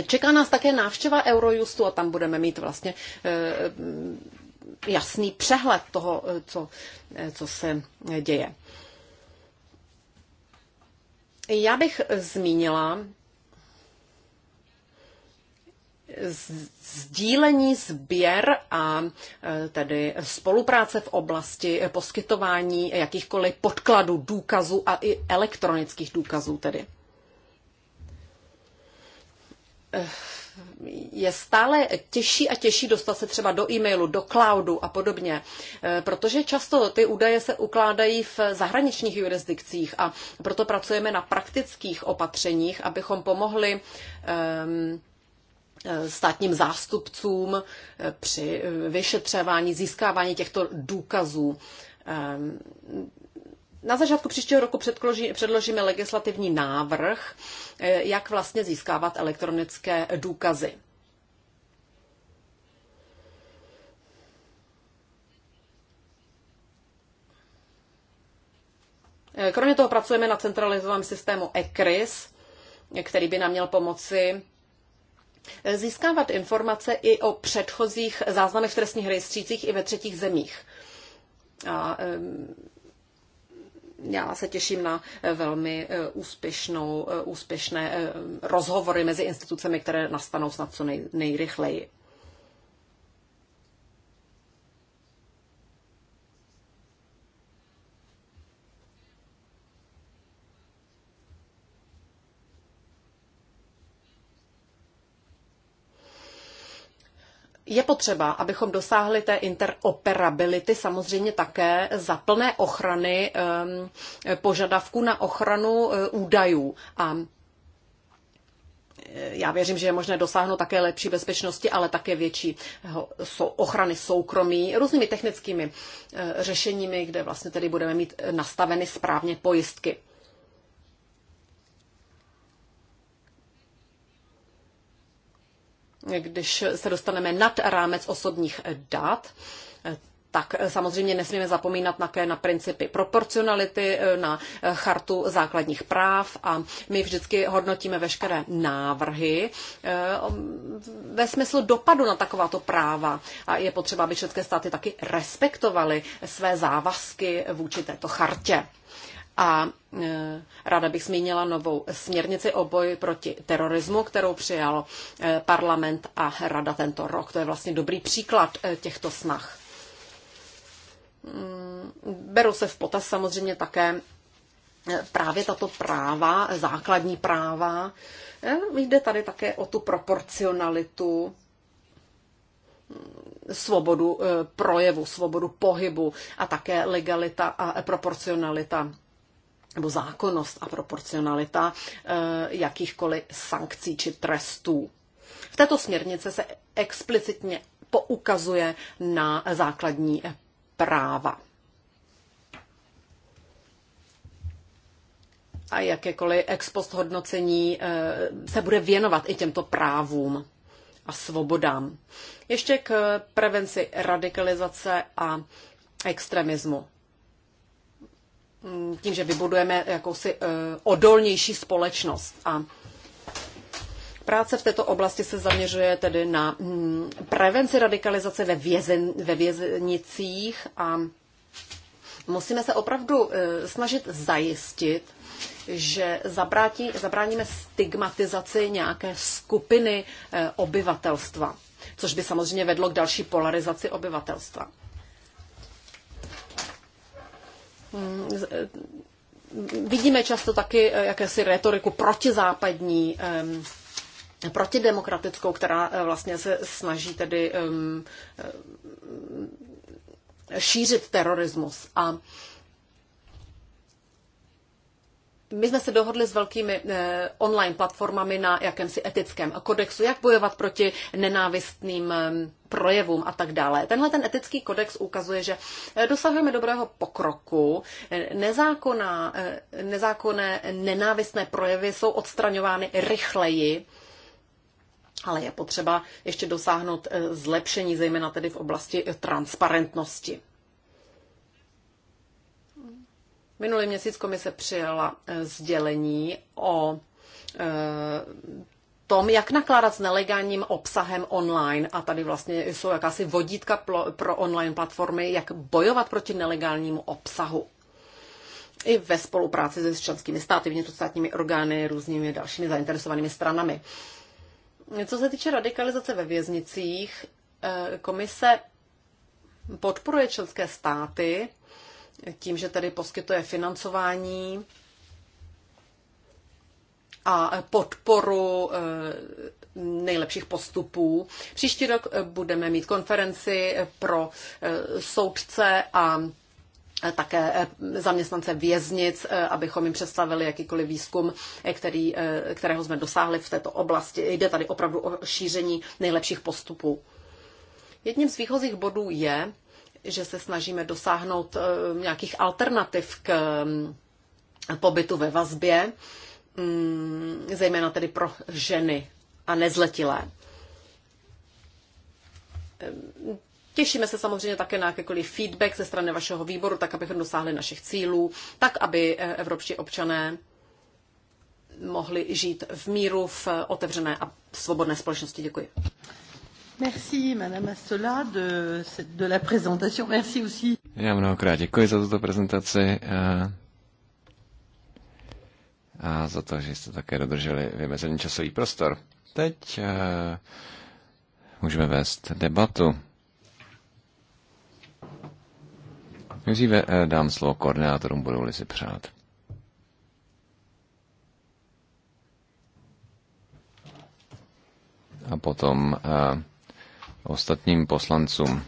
Čeká nás také návštěva Eurojustu a tam budeme mít vlastně eh, jasný přehled toho, eh, co, eh, co se děje. Já bych zmínila sdílení, sběr a tedy spolupráce v oblasti poskytování jakýchkoliv podkladů, důkazů a i elektronických důkazů tedy je stále těžší a těžší dostat se třeba do e-mailu, do cloudu a podobně, eh, protože často ty údaje se ukládají v zahraničních jurisdikcích a proto pracujeme na praktických opatřeních, abychom pomohli ehm, eh, státním zástupcům eh, při vyšetřování, získávání těchto důkazů ehm, na začátku příštího roku předložíme legislativní návrh, eh, jak vlastně získávat elektronické důkazy. Eh, kromě toho pracujeme na centralizovaném systému ECRIS, eh, který by nám měl pomoci získávat informace i o předchozích záznamech v trestních rejstřících i ve třetích zemích. A ehm, já se těším na eh, velmi eh, úspěšnou, eh, úspěšné rozhovory mezi institucemi, které nastanou snad co nej, nejrychleji. Je potřeba, abychom dosáhli té interoperability samozřejmě také za plné ochrany požadavků na ochranu eh, údajů. A eh, já věřím, že je možné dosáhnout také lepší bezpečnosti, ale také větší ochrany soukromí různými technickými eh, řešeními, kde vlastně tedy budeme mít nastaveny správně pojistky. když se dostaneme nad rámec osobních dat, tak samozřejmě nesmíme zapomínat také na principy proporcionality, na chartu základních práv a my vždycky hodnotíme veškeré návrhy eh, ve smyslu dopadu na takováto práva a je potřeba, aby české státy taky respektovaly své závazky vůči této chartě. A e, ráda bych zmínila novou směrnici o boji proti terorismu, kterou přijal e, parlament a rada tento rok. To je vlastně dobrý příklad e, těchto snah. Mm, berou se v potaz samozřejmě také právě tato práva, základní práva. Jde tady také o tu proporcionalitu, mm, svobodu projevu, svobodu pohybu a také legalita a proporcionalita nebo zákonnost a proporcionalita eh, jakýchkoliv sankcí či trestů. V této směrnice se explicitně poukazuje na základní práva. A jakékoliv ex post hodnocení eh, se bude věnovat i těmto právům a svobodám. Ještě k prevenci radikalizace a extremismu. Mm, tím, že vybudujeme jakousi eh, odolnější společnost. A práce v této oblasti se zaměřuje tedy na mm, prevenci radikalizace ve, vězen, ve věznicích a musíme se opravdu eh, snažit zajistit, že zabrátí, zabráníme stigmatizaci nějaké skupiny eh, obyvatelstva, což by samozřejmě vedlo k další polarizaci obyvatelstva. Mm, e, vidíme často taky e, jakési retoriku protizápadní, protidemokratickou, která e, vlastně se snaží tedy šířit terorismus. A my jsme se dohodli s velkými eh, online platformami na jakémsi etickém kodexu, jak bojovat proti nenávistným ehm, projevům a tak dále. Tenhle ten etický kodex ukazuje, že eh, dosahujeme dobrého pokroku, eh, nezákonná, nezákonné nenávistné projevy jsou odstraňovány rychleji, ale je potřeba ještě dosáhnout zlepšení, zejména tedy v oblasti transparentnosti. Minulý měsíc komise přijala eh, sdělení o eh, tom, jak nakládat s nelegálním obsahem online. A tady vlastně jsou jakási vodítka pro online platformy, jak bojovat proti nelegálnímu obsahu. I ve spolupráci se členskými státy, vnitrostátními orgány, různými dalšími zainteresovanými stranami. Co se týče radikalizace ve věznicích, eh, komise podporuje členské státy tím, že tedy poskytuje financování a podporu eh, nejlepších postupů. Příští rok eh, budeme mít konferenci eh, pro soudce a také zaměstnance věznic, abychom jim představili jakýkoliv výzkum, který, kterého jsme dosáhli v této oblasti. Jde tady opravdu o šíření nejlepších postupů. Jedním z výchozích bodů je, že se snažíme dosáhnout eh, nějakých alternativ k eh, pobytu ve vazbě, mm, zejména tedy pro ženy a nezletilé. Eh, těšíme se samozřejmě také na jakýkoliv feedback ze strany vašeho výboru, tak abychom dosáhli našich cílů, tak aby evropští občané mohli žít v míru v otevřené a svobodné společnosti. Děkuji. Merci, Madame Astola, de, de la présentation. Merci aussi. Já mnohokrát děkuji za tuto prezentaci a, eh, a za to, že jste také dodrželi vymezený časový prostor. Teď a, eh, můžeme vést debatu. Nejdříve eh, dám slovo koordinátorům, budou-li si přát. A potom A, ostatním poslancům.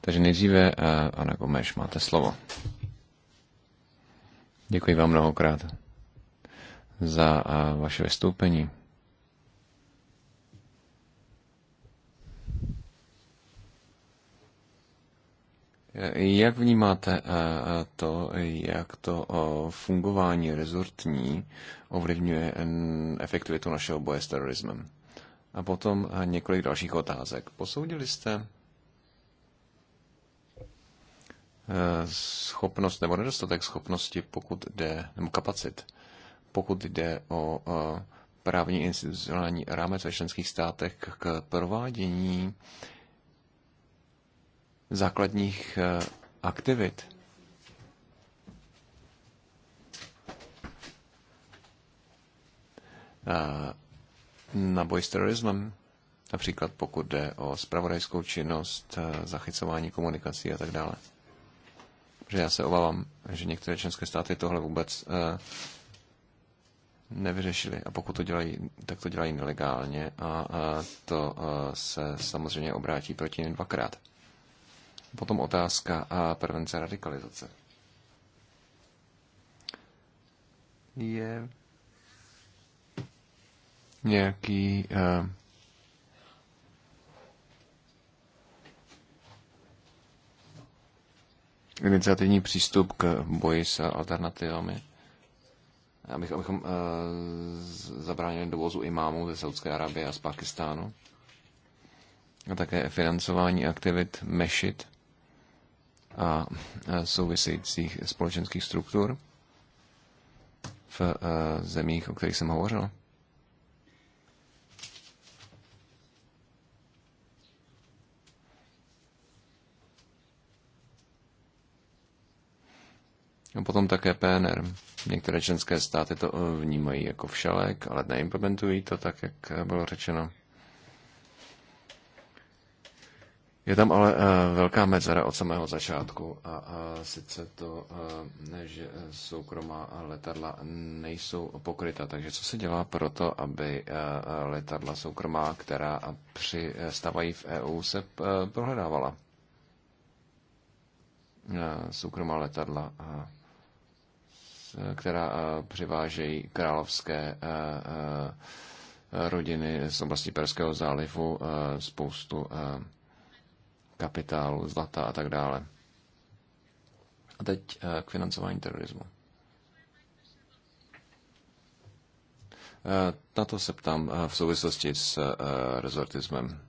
Takže nejdříve, eh, Ana Gomeš, máte slovo. Děkuji vám mnohokrát za eh, vaše vystoupení. Jak vnímáte eh, to, jak to fungování rezortní ovlivňuje efektivitu našeho boje s terorismem? A potom eh, několik dalších otázek. Posoudili jste eh, schopnost nebo nedostatek schopnosti, pokud jde, nebo kapacit, pokud jde o eh, právní institucionální rámec ve členských státech k provádění základních aktivit na boj s terorismem, například pokud jde o spravodajskou činnost, eh, zachycování komunikací a tak dále. Že já se obávám, že některé členské státy tohle vůbec eh, nevyřešili. A pokud to dělají, tak to dělají nelegálně a, eh, to se samozřejmě obrátí proti nim dvakrát. Potom otázka a prevence radikalizace. Je nějaký uh, iniciativní přístup k boji s alternativami, abych, abychom uh, zabránili dovozu imámů ze Saudské Arabie a z Pakistánu. A také financování aktivit mešit a eh, souvisejících společenských struktur v zemích, o kterých jsem hovořil. A potom také PNR. Některé členské státy to eh, vnímají jako všelek, ale neimplementují to tak, jak eh, bylo řečeno. Je tam ale eh, velká mezera od samého začátku a, a sice to, ne, že soukromá letadla nejsou pokryta. Takže co se dělá pro to, aby letadla soukromá, která přistavají v EU, se prohledávala? soukromá letadla? Eh, která eh, přivážejí královské eh, rodiny z oblasti Perského zálivu spoustu kapitálu, zlata a tak dále. A teď k financování terorismu. Na to se ptám v souvislosti s rezortismem.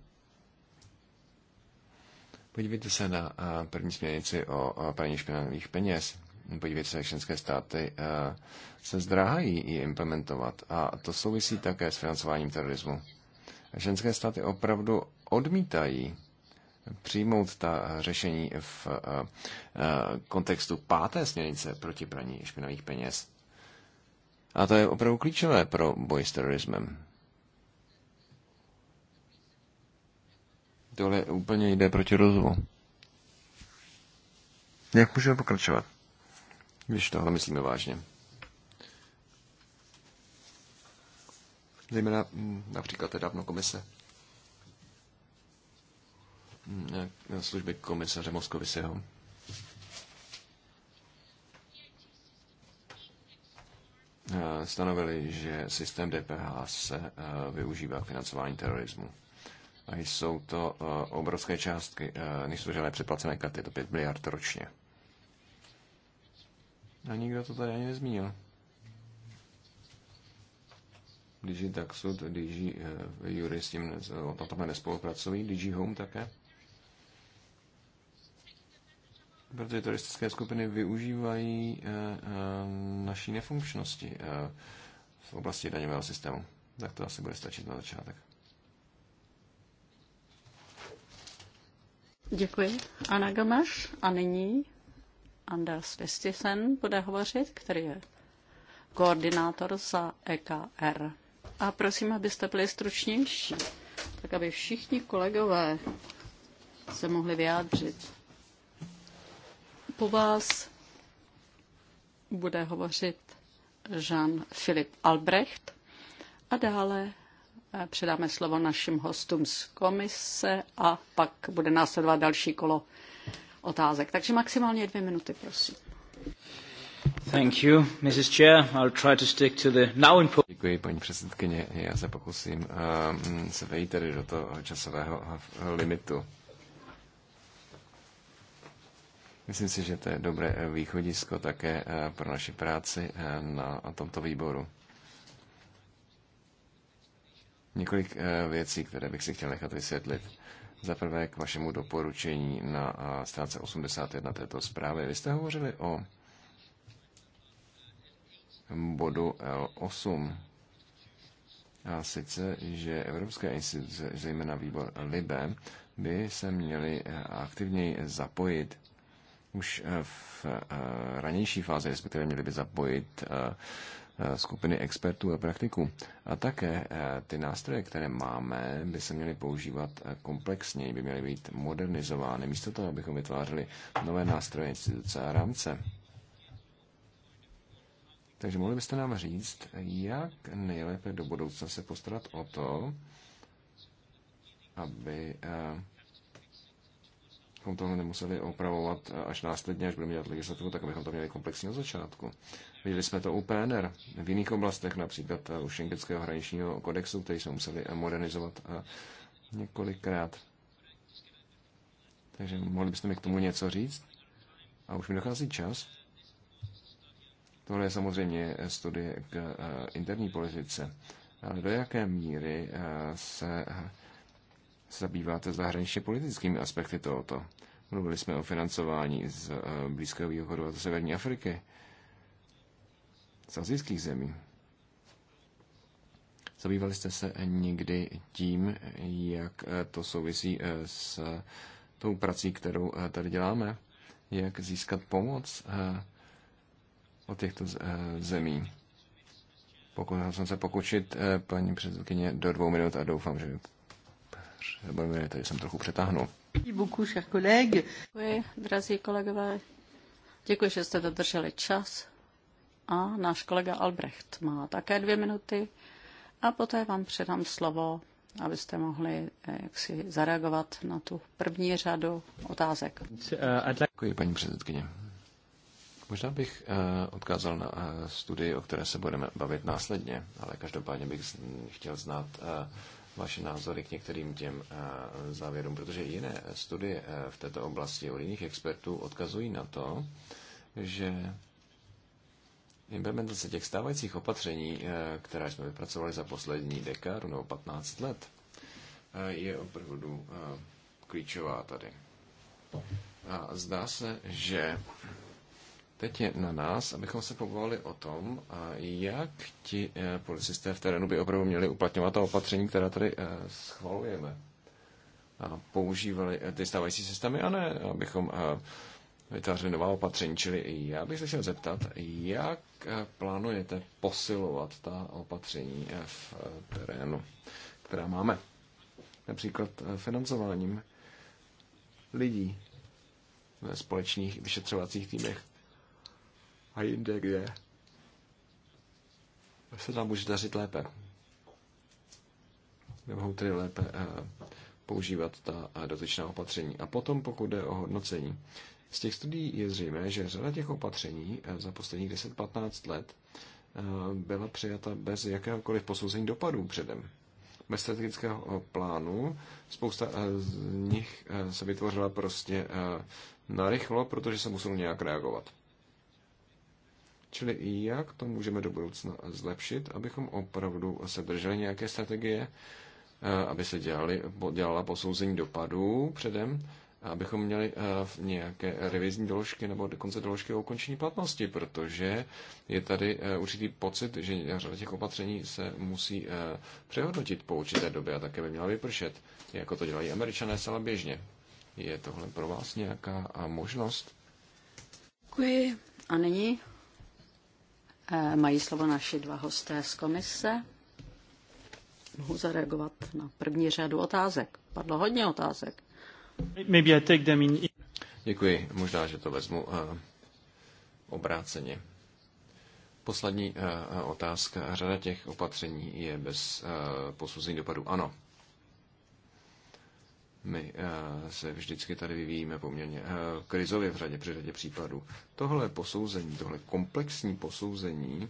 Podívejte se na první směrnici o praní špinavých peněz podívejte se, členské státy eh, se zdráhají ji implementovat a to souvisí také s financováním terorismu. Ženské státy opravdu odmítají přijmout ta řešení v eh, eh, kontextu páté směrnice proti praní špinavých peněz. A to je opravdu klíčové pro boj s terorismem. Tohle úplně jde proti rozumu. Jak můžeme pokračovat? když tohle myslíme vážně. Zajména mm, například teda dávno komise. Mm, eh, služby komisaře Moskovisiho. Eh, stanovili, že systém DPH se eh, využívá k financování terorismu. A jsou to obrovské částky, nejsou žádné předplacené karty, to 5 miliard ročně. A nikdo to tady ani nezmínil. DG Taxud, DG uh, eh, Jury s tím na eh, tom nespolupracují, Digi Home také. Protože turistické skupiny využívají uh, uh, naší nefunkčnosti uh, v oblasti daňového systému. Tak to asi bude stačit na začátek. Děkuji. Ana Gamaš a nyní Anders Vistisen bude hovořit, který je koordinátor za EKR. A prosím, abyste byli stručnější, tak aby všichni kolegové se mohli vyjádřit. Po vás bude hovořit Jean-Philippe Albrecht a dále eh, předáme slovo našim hostům z komise a pak bude následovat další kolo otázek. Takže maximálně dvě minuty, prosím. Thank you, Mrs. Chair. I'll try to stick to the now important. Děkuji, paní předsedkyně. Já se pokusím uh, se vejít tedy do toho časového eh, limitu. Myslím si, že to je dobré eh, východisko také eh, pro naši práci na tomto výboru. Několik věcí, které bych si chtěl nechat vysvětlit. Za prvé k vašemu doporučení na stránce 81 této zprávy. Vy jste hovořili o bodu L8. A sice, že Evropské instituce, zejména výbor LIBE, by se měly aktivněji zapojit už v ranější fázi, respektive měly by zapojit Eh, skupiny expertů a praktiků. A také eh, ty nástroje, které máme, by se měly používat eh, komplexněji, by měly být modernizovány, místo toho, abychom vytvářeli nové nástroje, instituce a rámce. Takže mohli byste nám říct, jak nejlépe do budoucna se postarat o to, aby uh, abychom tohle nemuseli opravovat až následně, až budeme dělat legislativu, tak abychom to měli komplexně od začátku. Viděli jsme to u PNR v jiných oblastech, například u šengenského hraničního kodexu, který jsme museli modernizovat eh, několikrát. Takže mohli byste mi k tomu něco říct? A už mi dochází čas. Tohle je samozřejmě studie k eh, interní politice. do jaké míry eh, se se zabýváte zahraničně politickými aspekty tohoto. Mluvili jsme o financování z eh, Blízkého východu a z Severní Afriky, z azijských zemí. Zabývali jste se někdy tím, jak eh, to souvisí eh, s tou prací, kterou tady děláme? Jak získat pomoc od těchto zemí? Pokud jsem se pokučit paní předsedkyně do dvou minut a doufám, že Budeme, tady jsem trochu přetáhnul. Děkuji, drazí kolegové. Děkuji, že jste dodrželi čas. A náš kolega Albrecht má také dvě minuty. A poté vám předám slovo, abyste mohli eh, jaksi zareagovat na tu první řadu otázek. Děkuji, paní předsedkyně. Možná bych eh, odkázal na eh, studii, o které se budeme bavit následně, ale každopádně bych chtěl znát vaše názory k některým těm eh, závěrům, protože jiné studie eh, v této oblasti od jiných expertů odkazují na to, že implementace těch stávajících opatření, eh, která jsme vypracovali za poslední dekádu nebo 15 let, je opravdu klíčová tady. A zdá se, že Teď je na nás, abychom se pobavili o tom, jak ti eh, policisté v terénu by opravdu měli uplatňovat ta opatření, která tady eh, schvalujeme. A používali eh, ty stávající systémy, a ne, abychom vytvářeli nová opatření. Čili já bych se chtěl zeptat, jak plánujete posilovat ta opatření v terénu, která máme? Například financováním lidí ve společných vyšetřovacích týmech a jinde, kde se nám může dařit lépe. Nemohou tedy lépe eh, používat ta eh, dotyčná opatření. A potom, pokud jde o hodnocení, z těch studií je zřejmé, že řada těch opatření eh, za posledních 10-15 let byla přijata bez jakéhokoliv posouzení dopadů předem. Bez strategického plánu spousta z nich se vytvořila prostě narychlo, protože se muselo nějak reagovat. Čili jak to můžeme do budoucna zlepšit, abychom opravdu se drželi nějaké strategie, eh, aby se dělali, dělala posouzení dopadů předem, abychom měli eh, nějaké revizní doložky nebo dokonce doložky o ukončení platnosti, protože je tady eh, určitý pocit, že řada těch opatření se musí přehodnotit po určité době a také by měla vypršet, jako to dělají američané celá běžně. Je tohle pro vás nějaká možnost? Děkuji. A nyní Eh, mají slovo naši dva hosté z komise. Mohu zareagovat na první řadu otázek. Padlo hodně otázek. Maybe I take them in... Děkuji. Možná, že to vezmu uh, obráceně. Poslední uh, otázka. Řada těch opatření je bez uh, dopadu. Ano. My eh, se vždycky tady vyvíjíme poměrně eh, krizově v řadě, při řadě případů. Tohle posouzení, tohle komplexní posouzení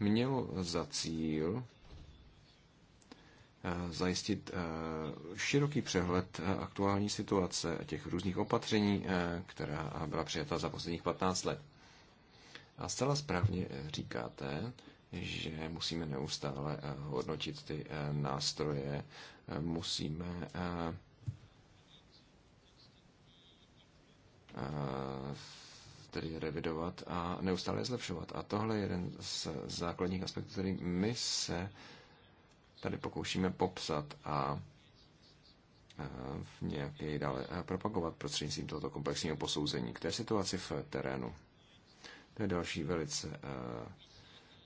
mělo za cíl eh, zajistit široký přehled aktuální situace a těch různých opatření, která byla přijata za posledních 15 let. A zcela správně říkáte, že musíme neustále hodnotit ty nástroje, musíme Eh, tedy revidovat a neustále zlepšovat. A tohle je jeden z základních aspektů, který my se tady pokoušíme popsat a eh, v nějaké dále eh, propagovat prostřednictvím tohoto komplexního posouzení k té situaci v terénu. To je další velice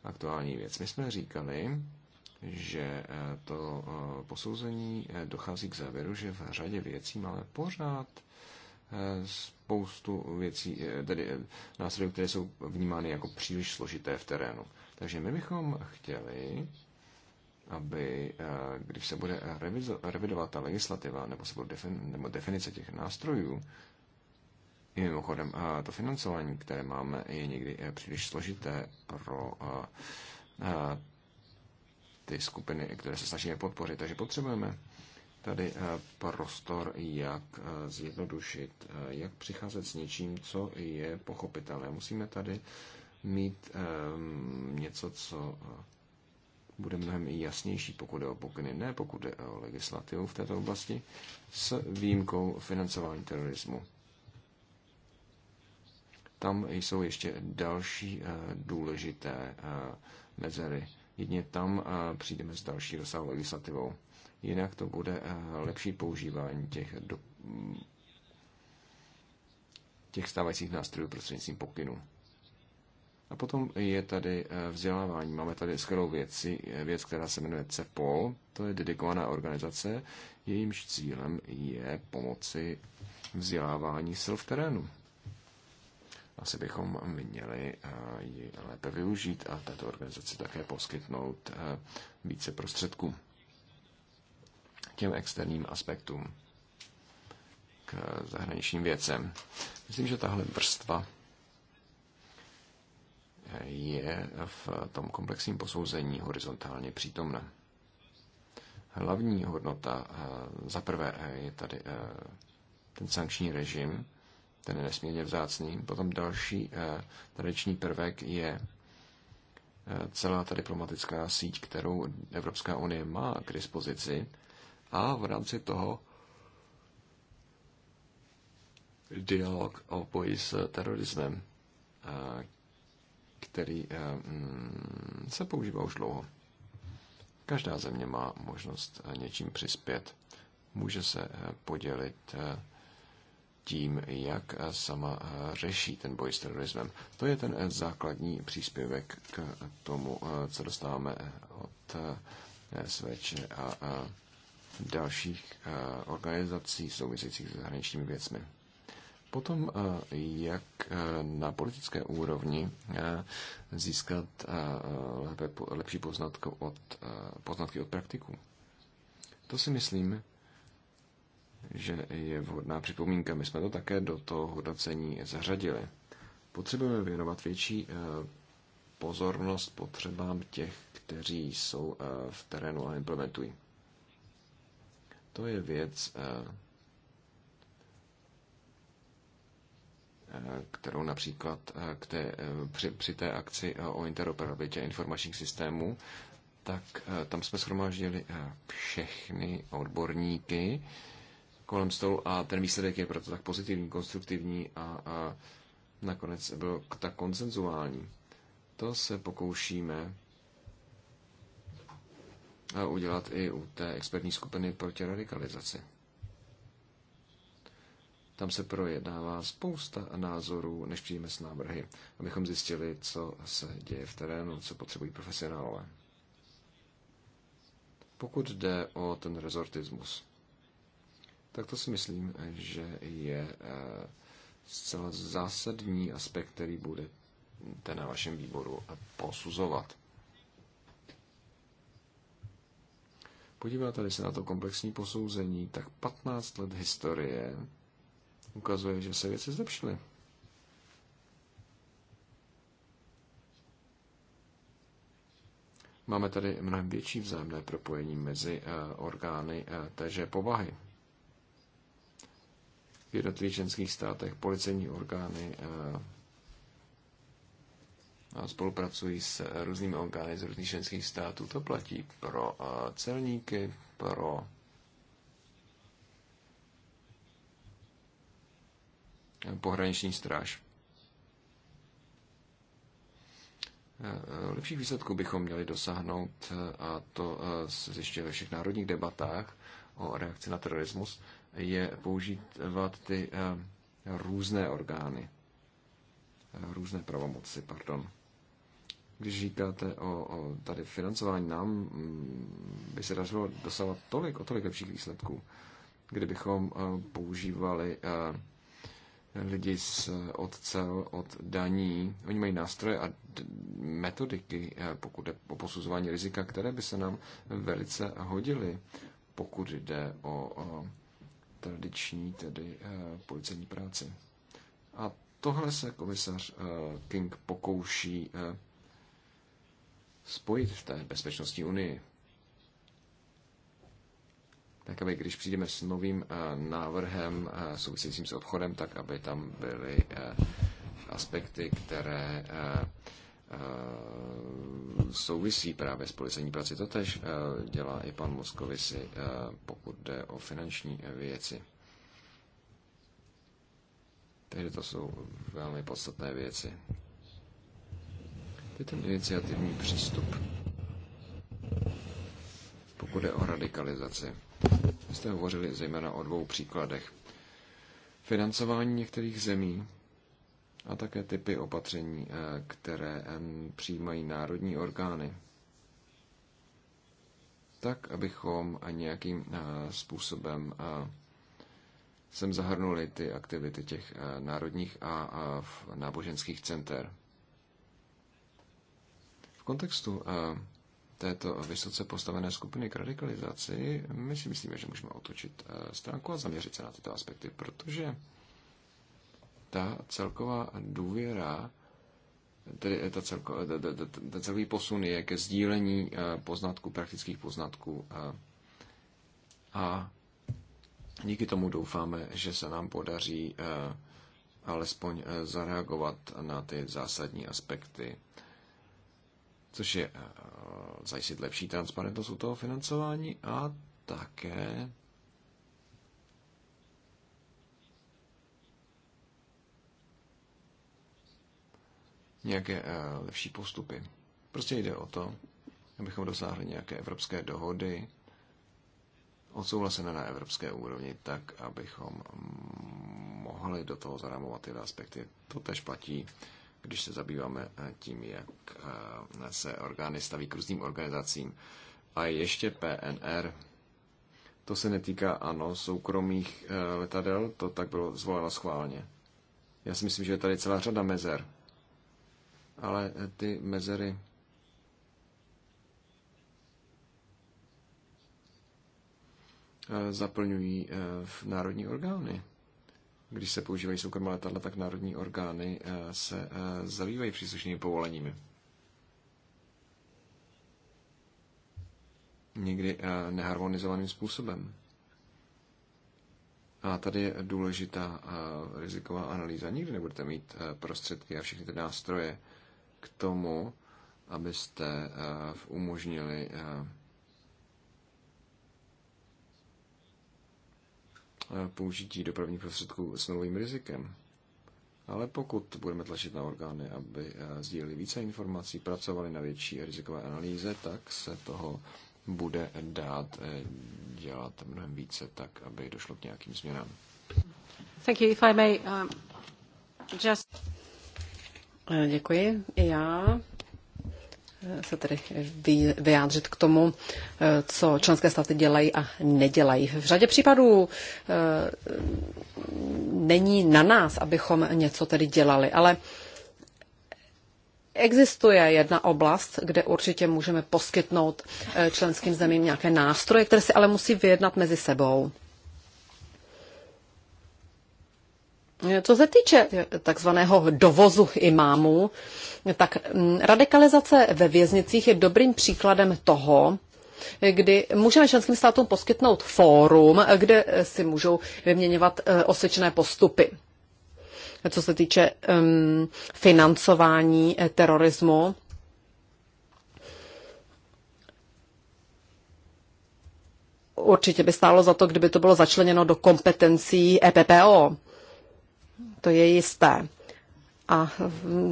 aktuální věc. My jsme říkali, že to posouzení dochází k závěru, že v řadě věcí máme pořád spoustu věcí, eh, tedy eh, nástrojů, které jsou vnímány jako příliš složité v terénu. Takže my bychom chtěli, aby, eh, když se bude revizo, revidovat ta legislativa nebo se bude defin, nebo definice těch nástrojů, i mimochodem to financování, které máme, je někdy příliš složité pro ty skupiny, které se snažíme podpořit. Takže potřebujeme tady eh, prostor, jak eh, zjednodušit, eh, jak přicházet s něčím, co je pochopitelné. Musíme tady mít ehm, něco, co bude mnohem jasnější, pokud jde o pokyny, ne pokud jde o legislativu v této oblasti, s výjimkou financování terorismu. Tam jsou ještě další důležité mezery. Jedně tam přijdeme s další rozsahou legislativou jinak to bude eh, lepší používání těch, do, těch stávajících nástrojů prostřednictvím pokynů. A potom je tady eh, vzdělávání. Máme tady skvělou věci, věc, která se jmenuje CEPOL. To je dedikovaná organizace. Jejímž cílem je pomoci vzdělávání sil v terénu. Asi bychom měli eh, ji lépe využít a této organizaci také poskytnout více prostředků těm externím aspektům, k zahraničním věcem. Myslím, že tahle vrstva je v tom komplexním posouzení horizontálně přítomna. Hlavní hodnota eh, za prvé eh, je tady eh, ten sankční režim, ten je nesmírně vzácný. Potom další tradiční prvek je celá ta diplomatická síť, kterou Evropská unie má k dispozici a v rámci toho dialog o boji s terorismem, eh, který eh, mm, se používá už dlouho. Každá země má možnost eh, něčím přispět. Může se podělit tím, jak sama řeší ten boj s terorismem. To je ten základní příspěvek k tomu, co dostáváme od SVČ a dalších eh, organizací souvisejících se zahraničními věcmi. Potom, eh, jak eh, na politické úrovni získat lepší poznatko od, poznatky od praktiků. To si myslím, že je vhodná připomínka. My jsme to také do toho hodnocení zařadili. Potřebujeme věnovat větší pozornost potřebám těch, kteří jsou v terénu a implementují. To je věc, eh, eh, kterou například eh, k té, při, při té akci o interoperabilitě informačních systémů, tak tam jsme shromáždili všechny odborníky kolem stolu a ten výsledek je proto tak pozitivní, konstruktivní a, a nakonec byl tak konsenzuální. To se pokoušíme udělat i u té expertní skupiny proti radikalizaci. Tam se projednává spousta názorů, než přijíme s návrhy, abychom zjistili, co se děje v terénu, co potřebují profesionálové. Pokud jde o ten rezortismus, tak to si myslím, že je eh, zcela zásadní aspekt, který bude ten na vašem výboru posuzovat. Podíváte-li se na to komplexní posouzení, tak 15 let historie ukazuje, že se věci zlepšily. Máme tady mnohem větší vzájemné propojení mezi eh, orgány eh, téže povahy. V jednotlivých ženských státech policejní orgány eh, spolupracují s různými orgány z různých členských států. To platí pro celníky, pro pohraniční stráž. Lepších výsledků bychom měli dosáhnout, a to ještě ve všech národních debatách o reakci na terorismus, je používat ty různé orgány, různé pravomoci, pardon když říkáte o, o tady financování, nám mm, by se dařilo dosávat tolik, o tolik lepších výsledků, kdybychom eh, používali eh, lidi z od cel, od daní. Oni mají nástroje a metodiky, eh, pokud jde o posuzování rizika, které by se nám velice hodily, pokud jde o, o tradiční tedy policejní práci. A tohle se komisař King pokouší spojit v té bezpečnostní unii. Tak, aby když přijdeme s novým eh, návrhem eh, souvisejícím s obchodem, tak aby tam byly eh, aspekty, které souvisí právě s policejní prací. To tež dělá i pan Moskovici, pokud jde o finanční věci. Takže to jsou velmi podstatné věci. To je ten iniciativní přístup, pokud je o radikalizaci. Vy jste hovořili zejména o dvou příkladech. Financování některých zemí a také typy opatření, eh, které eh, přijímají národní orgány tak, abychom eh, nějakým způsobem sem zahrnuli ty aktivity těch národních a náboženských center. V kontextu eh, této vysoce postavené skupiny k radikalizaci my si myslíme, že můžeme otočit eh, stránku a zaměřit se na tyto aspekty, protože ta celková důvěra, tedy eh, ta, celko, ta, ta, ta, ta celý posun je ke sdílení poznatků, praktických poznatků a díky tomu doufáme, že se nám podaří alespoň zareagovat na ty zásadní aspekty což je eh, zajistit lepší transparentnost u toho financování a také nějaké eh, lepší postupy. Prostě jde o to, abychom dosáhli nějaké evropské dohody, odsouhlasené na evropské úrovni, tak abychom mohli do toho zarámovat ty aspekty. To tež platí když se zabýváme eh, tím, jak eh, se orgány staví k různým organizacím. A ještě PNR. To se netýká, ano, soukromých eh, letadel, to tak bylo zvoleno schválně. Já si myslím, že je tady celá řada mezer. Ale ty mezery zaplňují v národní orgány když se používají soukromá letadla, tak národní orgány eh, se eh, zabývají příslušnými povoleními. Někdy eh, neharmonizovaným způsobem. A tady je důležitá riziková analýza. Nikdy nebudete mít prostředky a všechny ty nástroje k tomu, abyste umožnili Eh, použití dopravních prostředků s novým rizikem. Ale pokud budeme tlačit na orgány, aby eh, sdíleli více informací, pracovali na větší rizikové analýze, tak se toho bude dát eh, dělat mnohem více tak, aby došlo k nějakým změnám. Thank you. If I may, um, just... Děkuji. Já se tedy vyjádřit k tomu, eh, co členské státy dělají a nedělají. V řadě případů eh, není na nás, abychom něco tedy dělali, ale Existuje jedna oblast, kde určitě můžeme poskytnout eh, členským zemím nějaké nástroje, které si ale musí vyjednat mezi sebou. Co se týče takzvaného dovozu imámů, tak mm, radikalizace ve věznicích je dobrým příkladem toho, kdy můžeme členským státům poskytnout fórum, kde si můžou vyměňovat eh, osvědčené postupy. Co se týče um, financování eh, terorismu, určitě by stálo za to, kdyby to bylo začleněno do kompetencí EPPO to je jisté. A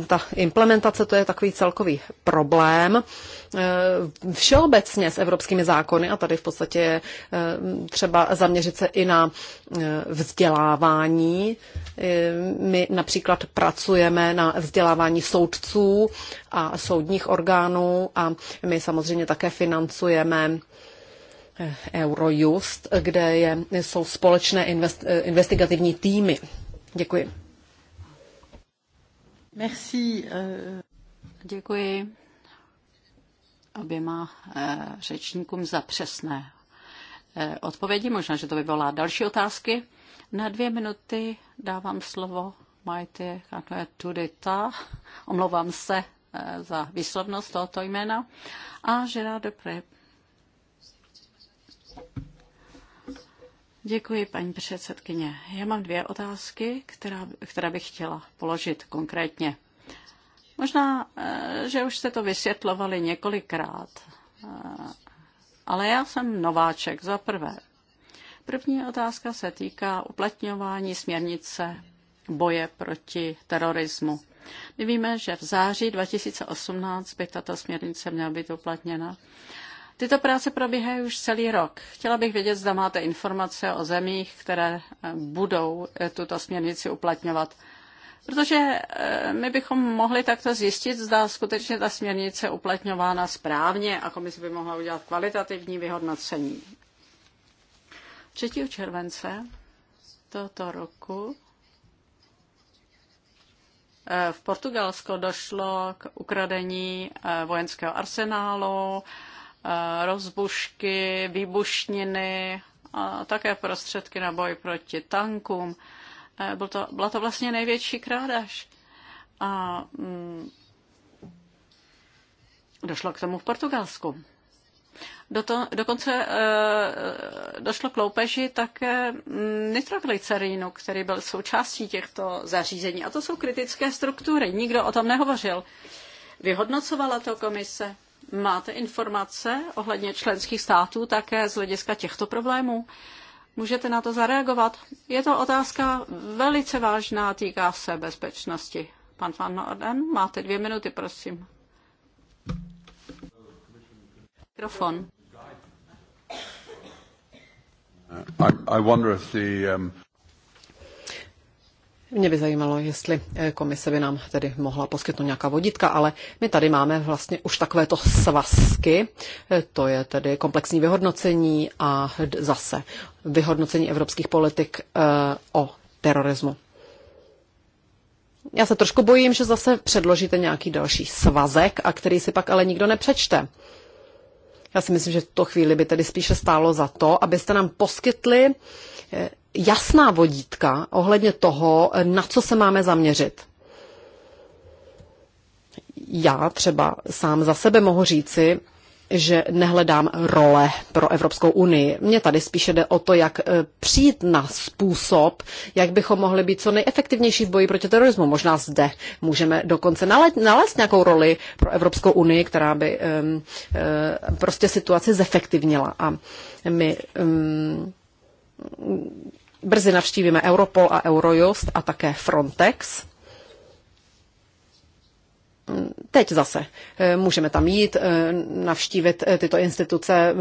ta implementace to je takový celkový problém. Eh, všeobecně s evropskými zákony, a tady v podstatě je eh, třeba zaměřit se i na eh, vzdělávání. My například pracujeme na vzdělávání soudců a soudních orgánů a my samozřejmě také financujeme Eurojust, kde je, jsou společné invest, investigativní týmy Děkuji. Merci. Eh. Děkuji oběma eh, řečníkům za přesné eh, odpovědi. Možná, že to vyvolá další otázky. Na dvě minuty dávám slovo Majte Kakle Tudita. Omlouvám se za výslovnost tohoto jména. A Gerard Depré. Děkuji, paní předsedkyně. Já mám dvě otázky, která, které bych chtěla položit konkrétně. Možná, eh, že už jste to vysvětlovali několikrát, eh, ale já jsem nováček za prvé. První otázka se týká uplatňování směrnice boje proti terorismu. My víme, že v září 2018 by tato směrnice měla být uplatněna Tyto práce probíhají už celý rok. Chtěla bych vědět, zda máte informace o zemích, které eh, budou eh, tuto směrnici uplatňovat. Protože eh, my bychom mohli takto zjistit, zda skutečně ta směrnice uplatňována správně a komise by mohla udělat kvalitativní vyhodnocení. 3. července tohoto roku v Portugalsku došlo k ukradení vojenského arsenálu, Eh, rozbušky, výbušniny a také prostředky na boj proti tankům. Eh, byl to, byla to vlastně největší krádež. A mm, došlo k tomu v Portugalsku. Do to, dokonce e, došlo k loupeži také mm, nitroglycerínu, který byl součástí těchto zařízení. A to jsou kritické struktury. Nikdo o tom nehovořil. Vyhodnocovala to komise? Máte informace ohledně členských států také z hlediska těchto problémů? Můžete na to zareagovat? Je to otázka velice vážná, týká se bezpečnosti. Pan Van Orden, máte dvě minuty, prosím. Mikrofon. I, I wonder if the, um... Mě by zajímalo, jestli eh, komise by nám tedy mohla poskytnout nějaká vodítka, ale my tady máme vlastně už takovéto svazky, eh, to je tedy komplexní vyhodnocení a zase vyhodnocení evropských politik eh, o terorismu. Já se trošku bojím, že zase předložíte nějaký další svazek, a který si pak ale nikdo nepřečte. Já si myslím, že v to chvíli by tedy spíše stálo za to, abyste nám poskytli jasná vodítka ohledně toho, na co se máme zaměřit. Já třeba sám za sebe mohu říci, že nehledám role pro Evropskou unii. Mně tady spíše jde o to, jak eh, přijít na způsob, jak bychom mohli být co nejefektivnější v boji proti terorismu. Možná zde můžeme dokonce nalézt nějakou roli pro Evropskou unii, která by um, um, prostě situaci zefektivnila. A my um, Brzy navštívíme Europol a Eurojust a také Frontex. Teď zase eh, můžeme tam jít, eh, navštívit eh, tyto instituce,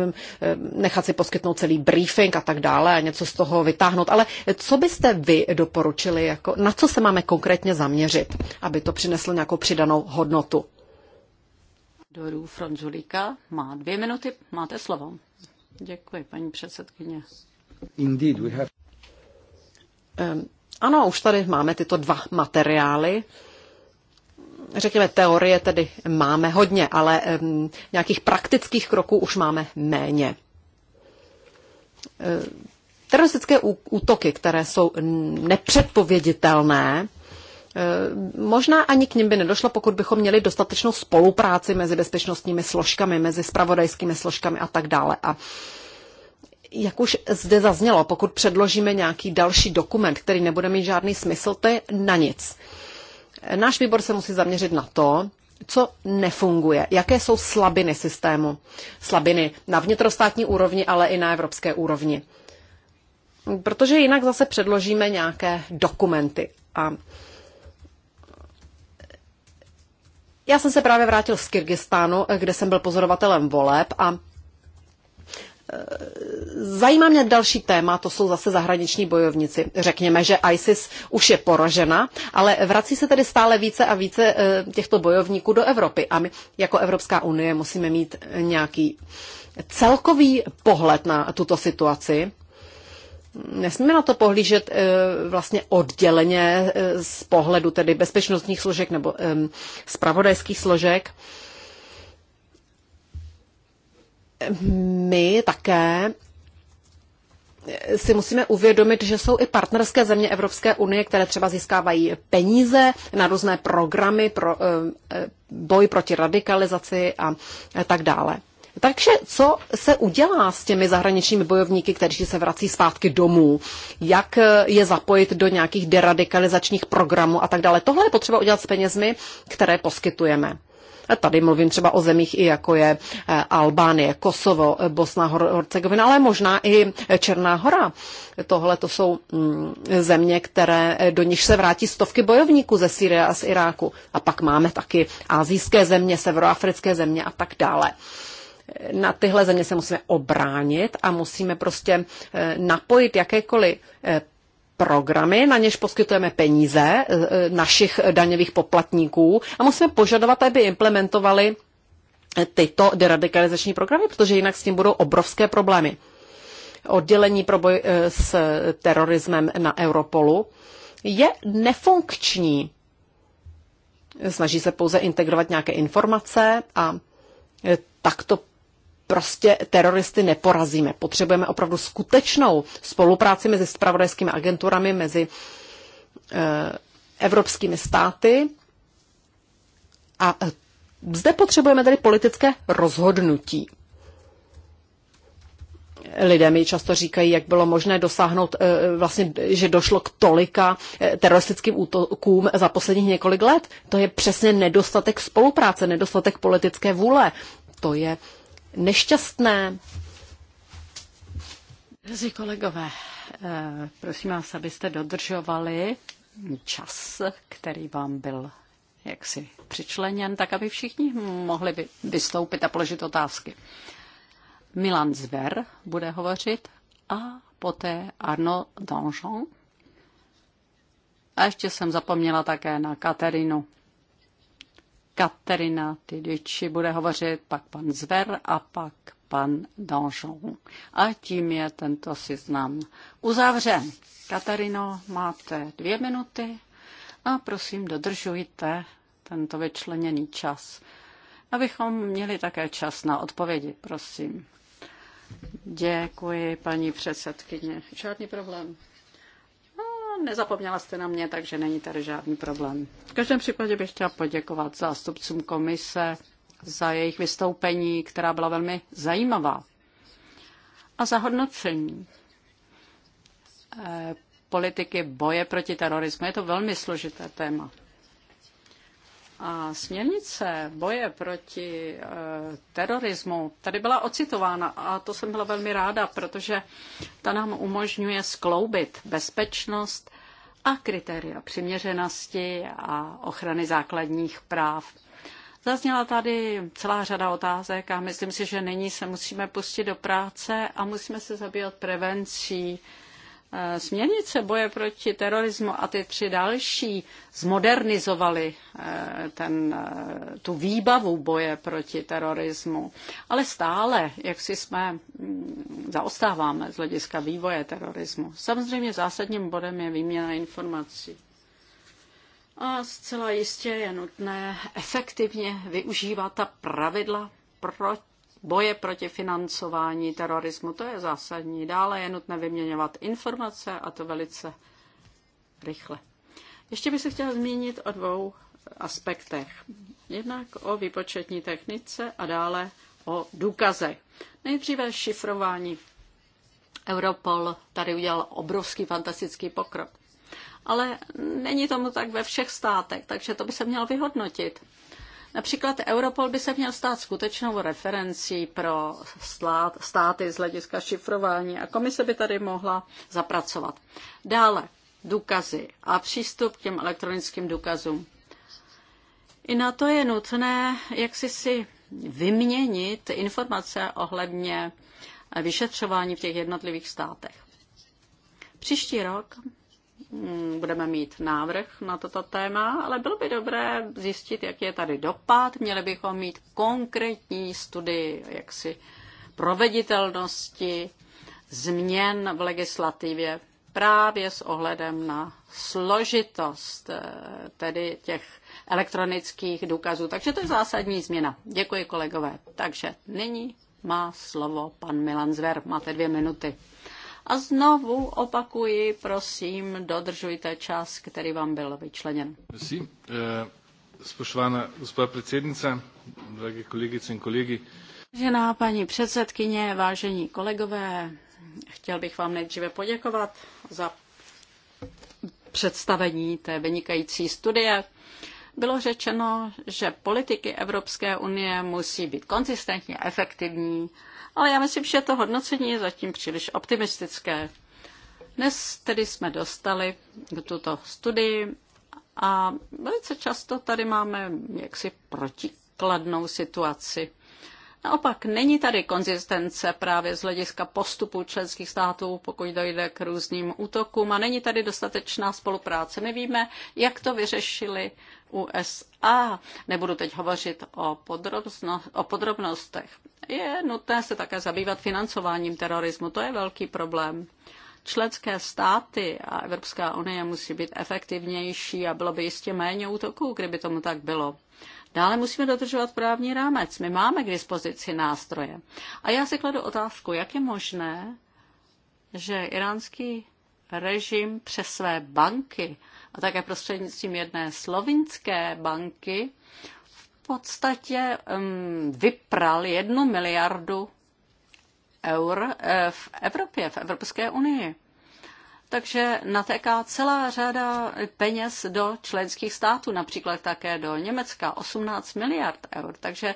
nechat si poskytnout celý briefing a tak dále a něco z toho vytáhnout. Ale co byste vy doporučili, jako, na co se máme konkrétně zaměřit, aby to přineslo nějakou přidanou hodnotu? Doru Fronzulíka má dvě minuty, máte slovo. Děkuji, paní předsedkyně. Indeed, we have... Ehm, ano, už tady máme tyto dva materiály. Řekněme, teorie tedy máme hodně, ale ehm, nějakých praktických kroků už máme méně. Ehm, teroristické útoky, které jsou nepředpověditelné, Možná ani k nim by nedošlo, pokud bychom měli dostatečnou spolupráci mezi bezpečnostními složkami, mezi spravodajskými složkami a tak dále. A jak už zde zaznělo, pokud předložíme nějaký další dokument, který nebude mít žádný smysl, to je na nic. Náš výbor se musí zaměřit na to, co nefunguje, jaké jsou slabiny systému. Slabiny na vnitrostátní úrovni, ale i na evropské úrovni. Protože jinak zase předložíme nějaké dokumenty. A já jsem se právě vrátil z Kyrgyzstánu, kde jsem byl pozorovatelem voleb a Zajímá mě další téma, to jsou zase zahraniční bojovníci. Řekněme, že ISIS už je poražena, ale vrací se tedy stále více a více eh, těchto bojovníků do Evropy. A my jako Evropská unie musíme mít nějaký celkový pohled na tuto situaci. Nesmíme na to pohlížet eh, vlastně odděleně eh, z pohledu tedy bezpečnostních složek nebo zpravodajských složek my také si musíme uvědomit, že jsou i partnerské země Evropské unie, které třeba získávají peníze na různé programy pro eh, eh, boj proti radikalizaci a eh, tak dále. Takže co se udělá s těmi zahraničními bojovníky, kteří se vrací zpátky domů? Jak je zapojit do nějakých deradikalizačních programů a tak dále? Tohle je potřeba udělat s penězmi, které poskytujeme. Tady mluvím třeba o zemích i jako je eh, Albánie, Kosovo, eh, Bosna, Horcegovina, ale možná i eh, Černá hora. Tohle to jsou mm, země, které do nich se vrátí stovky bojovníků ze Syrie a z Iráku. A pak máme taky azijské země, severoafrické země a tak dále na tyhle země se musíme obránit a musíme prostě napojit jakékoliv programy, na něž poskytujeme peníze e, e, našich daňových poplatníků a musíme požadovat, aby implementovali tyto deradikalizační programy, protože jinak s tím budou obrovské problémy. Oddělení pro boj e, s terorismem na Europolu je nefunkční. Snaží se pouze integrovat nějaké informace a takto prostě teroristy neporazíme. Potřebujeme opravdu skutečnou spolupráci mezi spravodajskými agenturami, mezi eh, evropskými státy. A eh, zde potřebujeme tedy politické rozhodnutí. Lidé mi často říkají, jak bylo možné dosáhnout, eh, vlastně, že došlo k tolika teroristickým útokům za posledních několik let. To je přesně nedostatek spolupráce, nedostatek politické vůle. To je nešťastné. Drazí kolegové, eh, prosím vás, abyste dodržovali čas, který vám byl jaksi přičleněn, tak aby všichni mohli vystoupit a položit otázky. Milan Zver bude hovořit a poté Arno Donjon. A ještě jsem zapomněla také na Katerinu Katerina Tidiči bude hovořit, pak pan Zver a pak pan Danjon. A tím je tento seznam uzavřen. Katarino, máte dvě minuty a prosím dodržujte tento vyčleněný čas, abychom měli také čas na odpovědi, prosím. Děkuji, paní předsedkyně. Žádný problém nezapomněla jste na mě, takže není tady žádný problém. V každém případě bych chtěla poděkovat zástupcům komise za jejich vystoupení, která byla velmi zajímavá. A za hodnocení eh, politiky boje proti terorismu. Je to velmi složité téma. A směrnice boje proti e, terorismu tady byla ocitována a to jsem byla velmi ráda, protože ta nám umožňuje skloubit bezpečnost a kritéria přiměřenosti a ochrany základních práv. Zazněla tady celá řada otázek a myslím si, že nyní se musíme pustit do práce a musíme se zabývat prevencí Eh, směrnice boje proti terorismu a ty tři další zmodernizovali eh, ten, eh, tu výbavu boje proti terorismu. Ale stále, jak si jsme, mm, zaostáváme z hlediska vývoje terorismu. Samozřejmě zásadním bodem je výměna informací. A zcela jistě je nutné efektivně využívat ta pravidla proti boje proti financování terorismu. To je zásadní. Dále je nutné vyměňovat informace a to velice rychle. Ještě bych se chtěla zmínit o dvou aspektech. Jednak o výpočetní technice a dále o důkazech. Nejdříve šifrování. Europol tady udělal obrovský fantastický pokrok. Ale není tomu tak ve všech státech, takže to by se mělo vyhodnotit. Například Europol by se měl stát skutečnou referencí pro stát, státy z hlediska šifrování a komise by tady mohla zapracovat. Dále důkazy a přístup k těm elektronickým důkazům. I na to je nutné, jak si si vyměnit informace ohledně vyšetřování v těch jednotlivých státech. Příští rok Hmm, budeme mít návrh na toto téma, ale bylo by dobré zjistit, jaký je tady dopad. Měli bychom mít konkrétní studii jaksi proveditelnosti změn v legislativě právě s ohledem na složitost eh, tedy těch elektronických důkazů. Takže to je zásadní změna. Děkuji kolegové. Takže nyní má slovo pan Milan Zver. Máte dvě minuty. A znovu opakuji, prosím, dodržujte čas, který vám byl vyčleněn. Prosím, eh, spoštovaná gospa predsednica, dragi kolegice in kolegi. žena, paní předsedkyně, vážení kolegové, chtěl bych vám nejdříve poděkovat za představení té vynikající studie. Bylo řečeno, že politiky Evropské unie musí být konzistentní, efektivní ale já myslím, že to hodnocení je zatím příliš optimistické. Dnes tedy jsme dostali tuto studii a velice často tady máme jaksi protikladnou situaci. Naopak není tady konzistence právě z hlediska postupu členských států, pokud dojde k různým útokům a není tady dostatečná spolupráce. My víme, jak to vyřešili USA. Nebudu teď hovořit o, podrobno, o podrobnostech. Je nutné se také zabývat financováním terorismu. To je velký problém. Členské státy a Evropská unie musí být efektivnější a bylo by jistě méně útoků, kdyby tomu tak bylo. Dále musíme dodržovat právní rámec. My máme k dispozici nástroje. A já si kladu otázku, jak je možné, že iránský režim přes své banky a také prostřednictvím jedné slovinské banky podstatě vypral jednu miliardu eur eh, v Evropě, v Evropské unii. Takže natéká celá řada peněz do členských států, například také do Německa, 18 miliard eur. Takže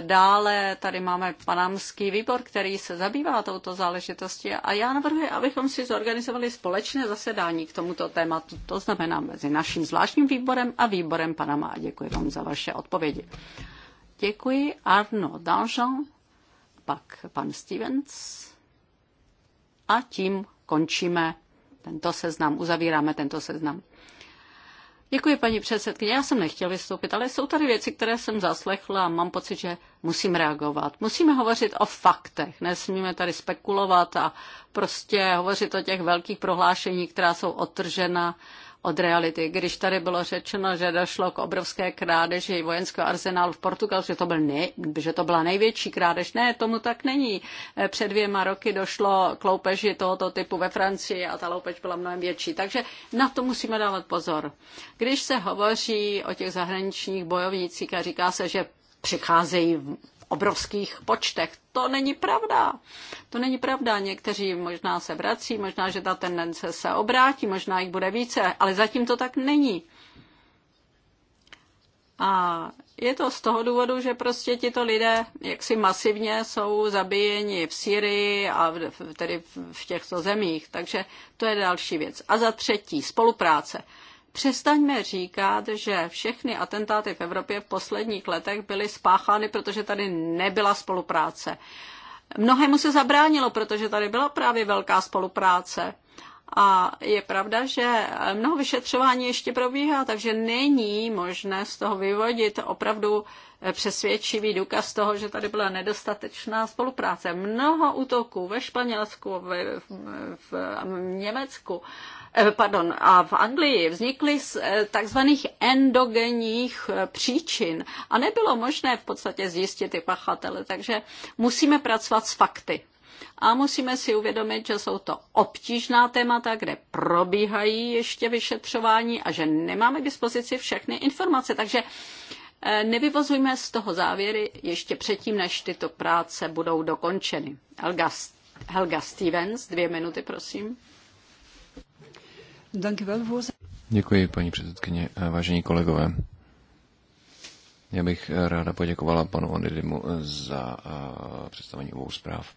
Dále tady máme panamský výbor, který se zabývá touto záležitostí a já navrhuji, abychom si zorganizovali společné zasedání k tomuto tématu. To znamená mezi naším zvláštním výborem a výborem Panama. děkuji vám za vaše odpovědi. Děkuji Arno Danjean, pak pan Stevens a tím končíme tento seznam, uzavíráme tento seznam. Děkuji, paní předsedkyně. Já jsem nechtěl vystoupit, ale jsou tady věci, které jsem zaslechla a mám pocit, že musím reagovat. Musíme hovořit o faktech, nesmíme tady spekulovat a prostě hovořit o těch velkých prohlášení, která jsou otržena. uh, od reality. Když tady bylo řečeno, že došlo k obrovské krádeži vojenského arzenálu v Portugalsku, že to, byl ne, že to byla největší krádež, ne, tomu tak není. Před dvěma roky došlo k loupeži tohoto typu ve Francii a ta loupež byla mnohem větší. Takže na to musíme dávat pozor. Když se hovoří o těch zahraničních bojovnících a říká se, že přicházejí obrovských počtech. To není pravda. To není pravda. Někteří možná se vrací, možná, že ta tendence se obrátí, možná jich bude více, ale zatím to tak není. A je to z toho důvodu, že prostě tito lidé jaksi masivně jsou zabíjeni v Syrii a v, tedy v těchto zemích. Takže to je další věc. A za třetí, spolupráce. Přestaňme říkat, že všechny atentáty v Evropě v posledních letech byly spáchány, protože tady nebyla spolupráce. Mnohému se zabránilo, protože tady byla právě velká spolupráce. A je pravda, že mnoho vyšetřování ještě probíhá, takže není možné z toho vyvodit opravdu přesvědčivý důkaz toho, že tady byla nedostatečná spolupráce. Mnoho útoků ve Španělsku, v, v, v Německu Eh, pardon, a v Anglii vznikly z eh, takzvaných endogenních eh, příčin a nebylo možné v podstatě zjistit ty pachatele, takže musíme pracovat s fakty. A musíme si uvědomit, že jsou to obtížná témata, kde probíhají ještě vyšetřování a že nemáme k dispozici všechny informace. Takže nevyvozujme z toho závěry ještě předtím, než tyto práce budou dokončeny. Helga, Helga Stevens, dvě minuty, prosím. Děkuji, paní předsedkyně. Vážení kolegové, já bych ráda poděkovala panu Onidimu za představení obou zpráv.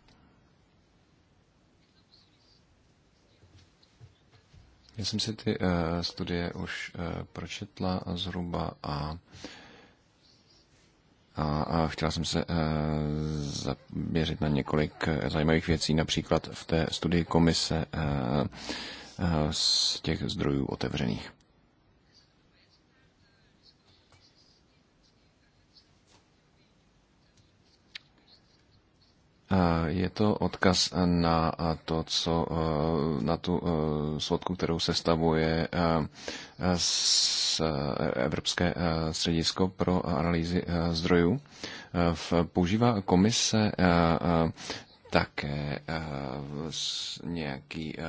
Já jsem si ty studie už pročetla zhruba a a, a chtěla jsem se zaměřit na několik zajímavých věcí. Například v té studii komise Eh, z těch zdrojů otevřených. Eh, je to odkaz na to, co, eh, na tu svodku, kterou se stavuje z Evropské středisko pro analýzy zdrojů. Používá komise také eh, nějaký eh,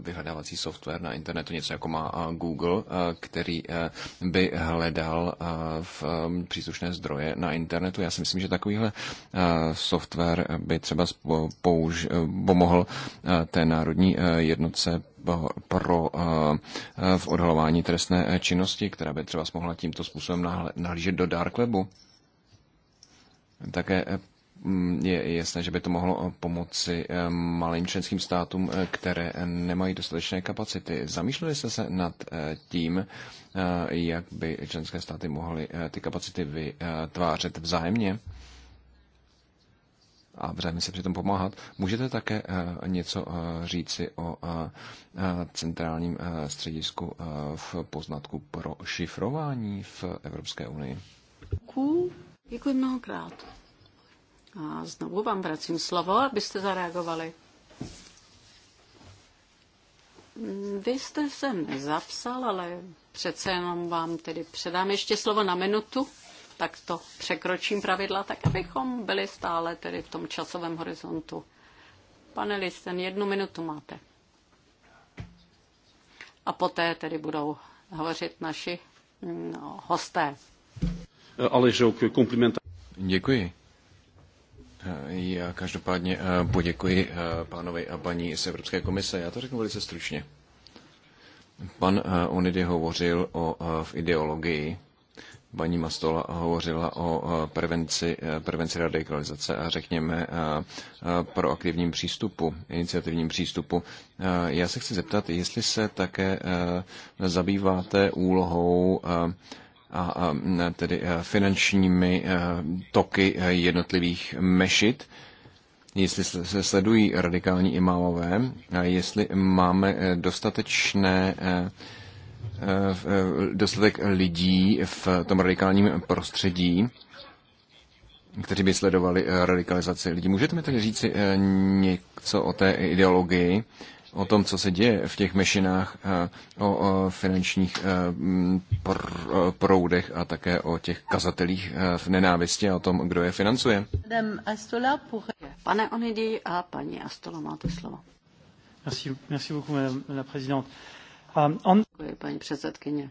vyhledávací software na internetu, něco jako má eh, Google, který by hledal v příslušné zdroje na internetu. Já si myslím, že takovýhle software by třeba použ- pomohl té národní jednotce pro v odhalování trestné činnosti, která by třeba mohla tímto způsobem nahlížet do dark webu. Také Mm, je jasné, že by to mohlo eh, pomoci eh, malým členským státům, eh, které nemají dostatečné kapacity. Zamýšleli jste se nad tím, jak by členské státy mohly ty kapacity vytvářet vzájemně? a vzájemně se přitom pomáhat. Můžete také něco říci o centrálním středisku v poznatku pro šifrování v Evropské unii? Děkuji mnohokrát. A znovu vám vracím slovo, abyste zareagovali. Vy jste se nezapsal, ale přece jenom vám tedy předám ještě slovo na minutu, tak to překročím pravidla, tak abychom byli stále tedy v tom časovém horizontu. Pane Listen, jednu minutu máte. A poté tedy budou hovořit naši mm, no, hosté. Ale že Děkuji. Já každopádně eh, poděkuji eh, pánovi a paní z Evropské komise. Já to řeknu velice stručně. Pan eh, Onidy hovořil o v ideologii, paní Mastola hovořila o prevenci, prevenci radikalizace a řekněme proaktivním přístupu, iniciativním přístupu. Já se chci zeptat, jestli se také zabýváte úlohou a tedy e, finančními e, toky e, jednotlivých mešit, jestli se sledují radikální imámové a jestli máme dostatečné dostatek lidí v tom radikálním prostředí, kteří by sledovali radikalizaci lidí. Můžete mi tedy říci něco o té ideologii o tom, co se děje v těch mešinách, eh, o finančních eh, eh, proudech a také o těch kazatelích v nenávisti a o tom, kdo je financuje. Pane Onidi a paní Astola, máte slovo. Merci, merci beaucoup, madame la présidente. Um, ah, on... Děkuji, paní předsedkyně.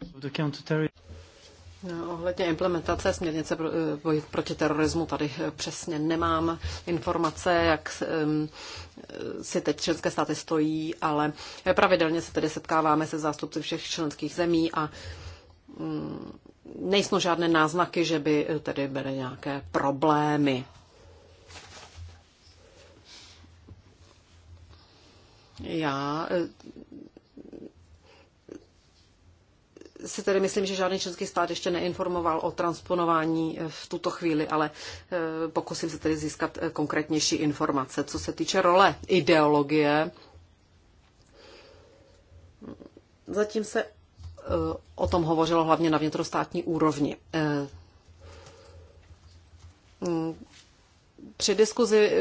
Ohledně implementace směrnice eh, boj proti terorismu tady eh, přesně nemám informace, jak eh, si teď členské státy stojí, ale pravidelně se tedy setkáváme se zástupci všech členských zemí a mm, nejsou žádné náznaky, že by tedy byly nějaké problémy. Já si tedy myslím, že žádný český stát ještě neinformoval o transponování eh, v tuto chvíli, ale eh, pokusím se tedy získat eh, konkrétnější informace, co se týče role ideologie. Zatím se o tom hovořilo hlavně na vnitrostátní úrovni. Mm, při diskuzi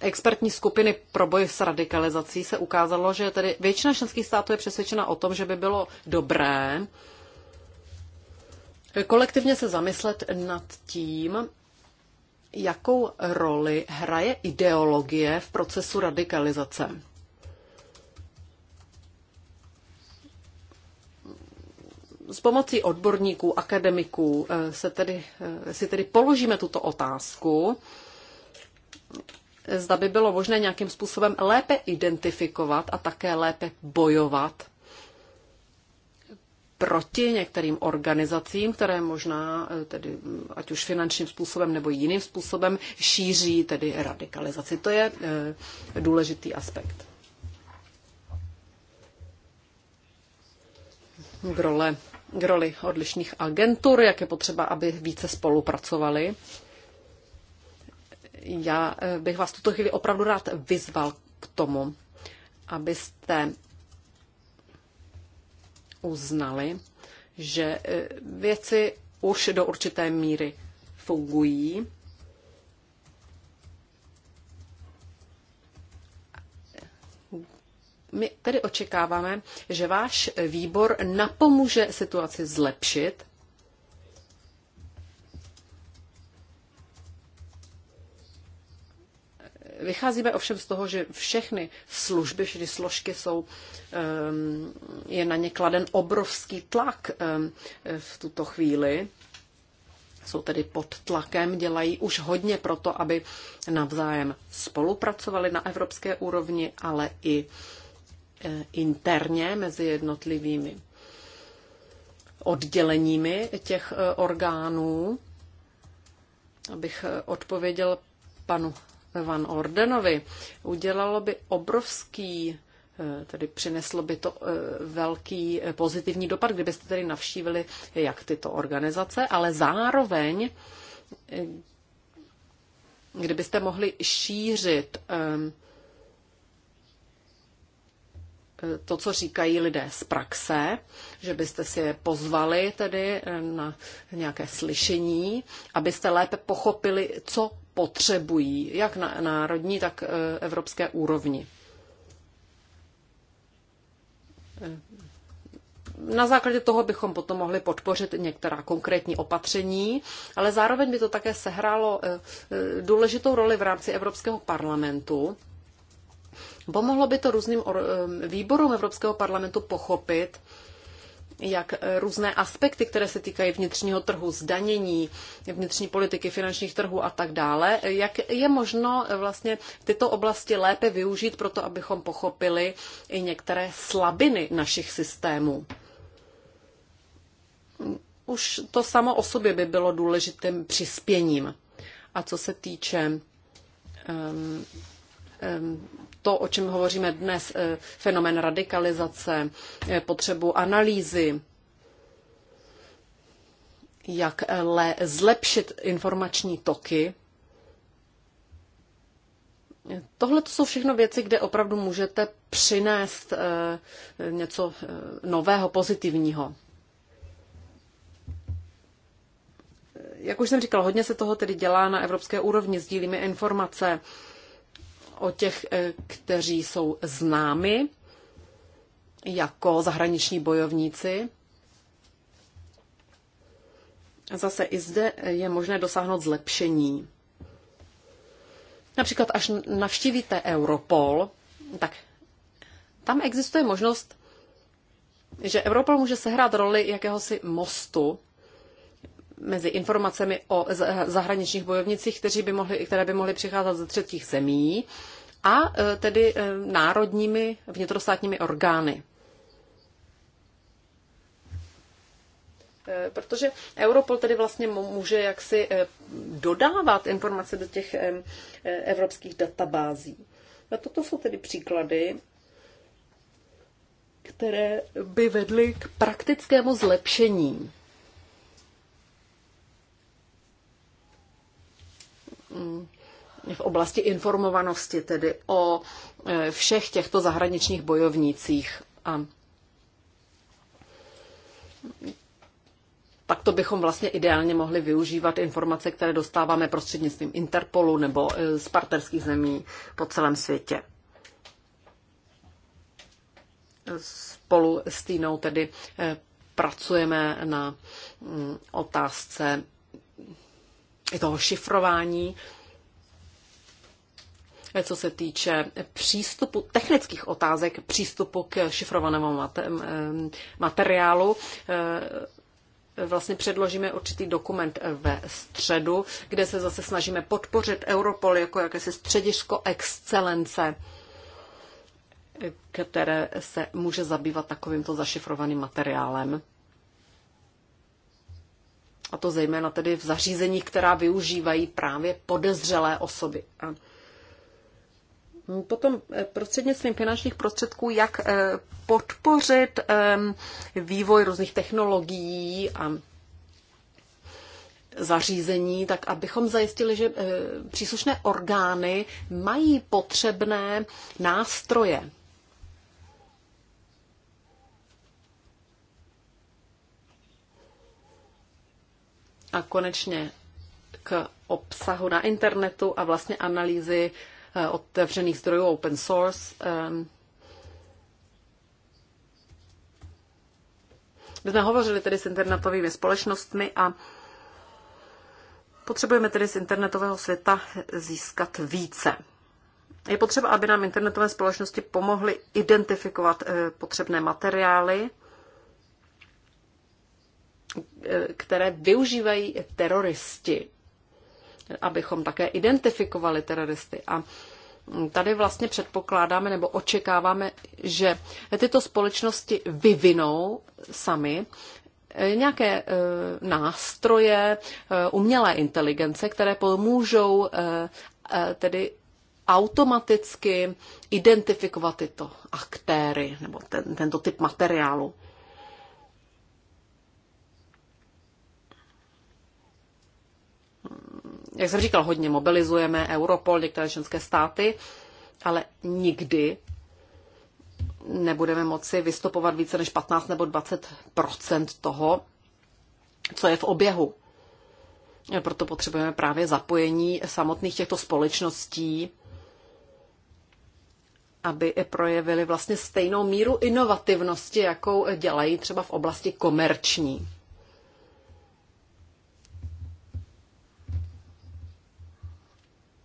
expertní skupiny pro boj s radikalizací se ukázalo, že tedy většina členských států je přesvědčena o tom, že by bylo dobré kolektivně se zamyslet nad tím, jakou roli hraje ideologie v procesu radikalizace. S pomocí odborníků, akademiků eh, se tedy, eh, si tedy položíme tuto otázku zda by bylo možné nějakým způsobem lépe identifikovat a také lépe bojovat proti některým organizacím, které možná eh, tedy mm, ať už finančním způsobem nebo jiným způsobem šíří tedy radikalizaci. To je eh, důležitý aspekt. K role k roli odlišných agentur, jak je potřeba, aby více spolupracovali já eh, bych vás tuto chvíli opravdu rád vyzval k tomu, abyste uznali, že eh, věci už do určité míry fungují. My tedy očekáváme, že váš výbor napomůže situaci zlepšit Vycházíme ovšem z toho, že všechny služby, všechny složky jsou, ehm, je na ně kladen obrovský tlak ehm, v tuto chvíli. Jsou tedy pod tlakem, dělají už hodně proto, aby navzájem spolupracovali na evropské úrovni, ale i e, interně mezi jednotlivými odděleními těch e, orgánů. Abych e, odpověděl panu Van Ordenovi. Udělalo by obrovský eh, tedy přineslo by to eh, velký eh, pozitivní dopad, kdybyste tedy navštívili jak tyto organizace, ale zároveň, kdybyste mohli šířit to, co říkají lidé z praxe, že byste si je pozvali tedy na nějaké slyšení, abyste lépe pochopili, co potřebují, jak na národní, tak eh, evropské úrovni. Eh, na základě toho bychom potom mohli podpořit některá konkrétní opatření, ale zároveň by to také sehrálo eh, důležitou roli v rámci Evropského parlamentu. Pomohlo by to různým výborům Evropského parlamentu pochopit, jak eh, různé aspekty, které se týkají vnitřního trhu, zdanění, vnitřní politiky, finančních trhů a tak dále, jak je možno eh, vlastně tyto oblasti lépe využít pro to, abychom pochopili i některé slabiny našich systémů. Už to samo o sobě by bylo důležitým přispěním. A co se týče um, um, to, o čem hovoříme dnes, eh, fenomen radikalizace, eh, potřebu analýzy, jak eh, zlepšit informační toky. Tohle to jsou všechno věci, kde opravdu můžete přinést něco nového, pozitivního. Jak už jsem říkal, hodně se toho tedy dělá na evropské úrovni, sdílíme informace, o těch, eh, kteří jsou známi jako zahraniční bojovníci. Zase i zde je možné dosáhnout zlepšení. Například, až navštívíte Europol, tak tam existuje možnost, že Europol může sehrát roli jakéhosi mostu mezi informacemi o zahraničních bojovnicích, kteří by mohli, které by mohly přicházet ze třetích zemí a e, tedy e, národními vnitrostátními orgány. E, protože Europol tedy vlastně může jaksi dodávat informace do těch evropských databází. A toto jsou tedy příklady, které by vedly k praktickému zlepšení Mm, v oblasti informovanosti, tedy o e, všech těchto zahraničních bojovnících. A tak to bychom vlastně ideálně mohli využívat informace, které dostáváme prostřednictvím Interpolu nebo e, z partnerských zemí po celém světě. Spolu s Týnou tedy e, pracujeme na mm, otázce i toho šifrování, eh, co se týče přístupu, technických otázek, přístupu k šifrovanému materiálu. Eh, vlastně předložíme určitý dokument ve středu, kde se zase snažíme podpořit Europol jako jakési středisko excelence, eh, které se může zabývat takovýmto zašifrovaným materiálem. A to zejména tedy v zařízeních, která využívají právě podezřelé osoby. A Potom eh, prostřednictvím finančních prostředků, jak eh, podpořit ehm, vývoj různých technologií a zařízení, tak abychom zajistili, že eh, příslušné orgány mají potřebné nástroje. A konečně k obsahu na internetu a vlastně analýzy eh, otevřených zdrojů open source. Ehm. My jsme hovořili tedy s internetovými společnostmi a potřebujeme tedy z internetového světa získat více. Je potřeba, aby nám internetové společnosti pomohly identifikovat eh, potřebné materiály, které využívají teroristi, abychom také identifikovali teroristy. A tady vlastně předpokládáme nebo očekáváme, že tyto společnosti vyvinou sami nějaké e, nástroje e, umělé inteligence, které pomůžou e, tedy automaticky identifikovat tyto aktéry nebo ten, tento typ materiálu. jak jsem říkal, hodně mobilizujeme Europol, některé členské státy, ale nikdy nebudeme moci vystopovat více než 15 nebo 20 toho, co je v oběhu. Proto potřebujeme právě zapojení samotných těchto společností, aby projevili vlastně stejnou míru inovativnosti, jakou dělají třeba v oblasti komerční.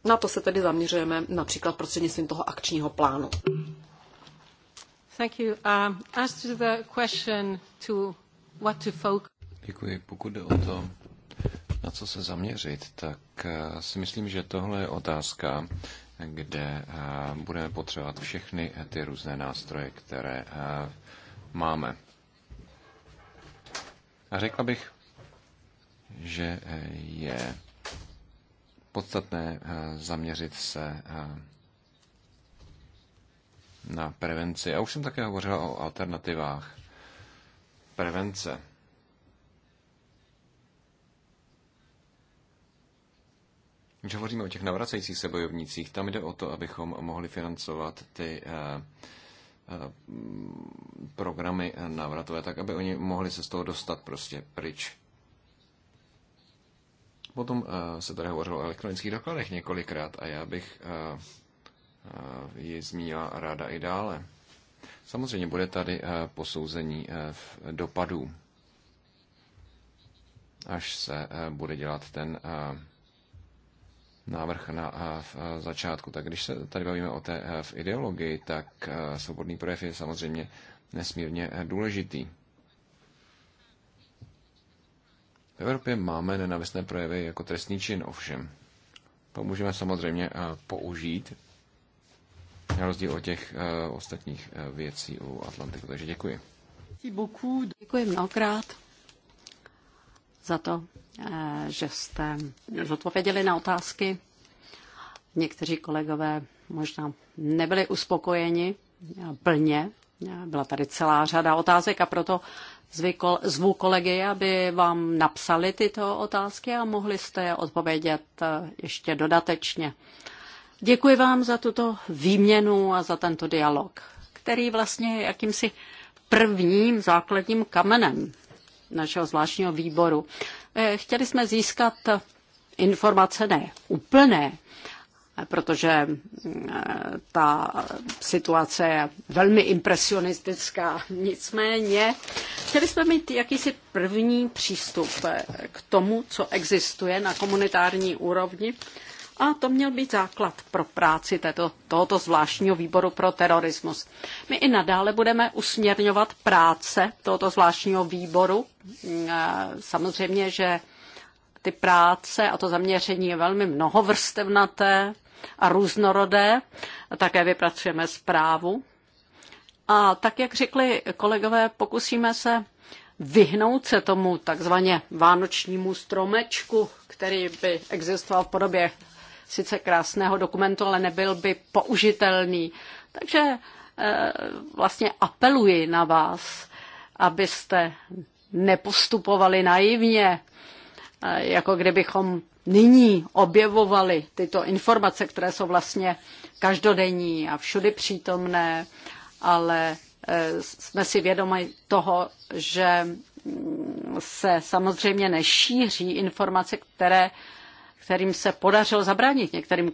Na to se tedy zaměřujeme například prostřednictvím toho akčního plánu. Thank you. Um, as to the question to what to focus. Děkuji. Pokud jde o to, na co se zaměřit, tak eh, si myslím, že tohle je otázka, kde eh, budeme potřebovat všechny ty různé nástroje, které eh, máme. A řekla bych, že je podstatné eh, zaměřit se eh, na prevenci. Já už jsem také hovořil o alternativách prevence. Když hovoříme o těch navracejících se bojovnících, tam jde o to, abychom mohli financovat ty eh, programy návratové, tak aby oni mohli se z toho dostat prostě pryč. Potom eh, se tady hovořilo o elektronických dokladech několikrát a já bych eh, eh, ji zmínila ráda i dále. Samozřejmě bude tady posouzení dopadů, až se bude dělat ten návrh na v začátku. Tak když se tady bavíme o té v ideologii, tak svobodný projev je samozřejmě nesmírně důležitý. Evropě máme nenavistné projevy jako trestní čin, ovšem. To můžeme samozřejmě eh, použít na rozdíl od těch eh, ostatních eh, věcí u Atlantiku. Takže děkuji. Děkuji mnohokrát za to, že jste odpověděli na otázky. Někteří kolegové možná nebyli uspokojeni plně. Byla tady celá řada otázek a proto zvu kolegy, aby vám napsali tyto otázky a mohli jste je odpovědět eh, ještě dodatečně. Děkuji vám za tuto výměnu a za tento dialog, který vlastně je jakýmsi prvním základním kamenem našeho zvláštního výboru. Eh, chtěli jsme získat informace ne úplné, protože eh, ta situace je velmi impresionistická. Nicméně chtěli jsme mít jakýsi první přístup eh, k tomu, co existuje na komunitární úrovni a to měl být základ pro práci této, tohoto zvláštního výboru pro terorismus. My i nadále budeme usměrňovat práce tohoto zvláštního výboru. Mm, samozřejmě, že ty práce a to zaměření je velmi mnohovrstevnaté a různorodé. Také vypracujeme zprávu. A tak, jak řekli kolegové, pokusíme se vyhnout se tomu takzvaně vánočnímu stromečku, který by existoval v podobě sice krásného dokumentu, ale nebyl by použitelný. Takže eh, vlastně apeluji na vás, abyste nepostupovali naivně, eh, jako kdybychom nyní objevovaly tyto informace, které jsou vlastně každodenní a všudy přítomné, ale e, jsme si vědomi toho, že mm, se samozřejmě nešíří informace, které, kterým se podařilo zabránit některým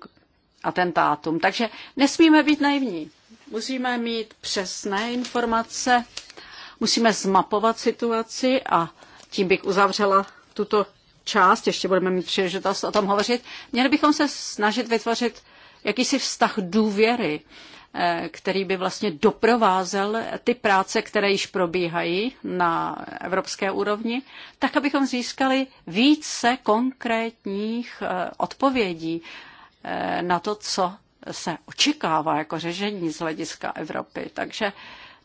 atentátům. Takže nesmíme být naivní. Musíme mít přesné informace, musíme zmapovat situaci a tím bych uzavřela tuto část, ještě budeme mít příležitost o tom hovořit, měli bychom se snažit vytvořit jakýsi vztah důvěry, eh, který by vlastně doprovázel ty práce, které již probíhají na evropské úrovni, tak abychom získali více konkrétních eh, odpovědí eh, na to, co se očekává jako řešení z hlediska Evropy. Takže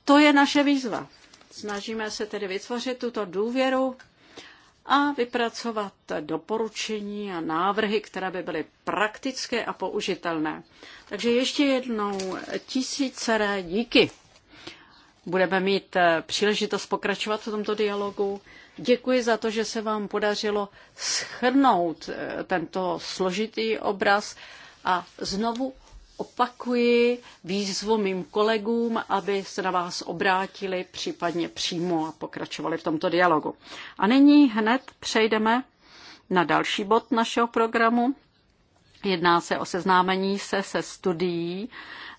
to je naše výzva. Snažíme se tedy vytvořit tuto důvěru a vypracovat doporučení a návrhy, které by byly praktické a použitelné. Takže ještě jednou tisícere díky. Budeme mít eh, příležitost pokračovat v tomto dialogu. Děkuji za to, že se vám podařilo schrnout eh, tento složitý obraz a znovu opakuji výzvu mým kolegům, aby se na vás obrátili případně přímo a pokračovali v tomto dialogu. A nyní hned přejdeme na další bod našeho programu. Jedná se o seznámení se se studií,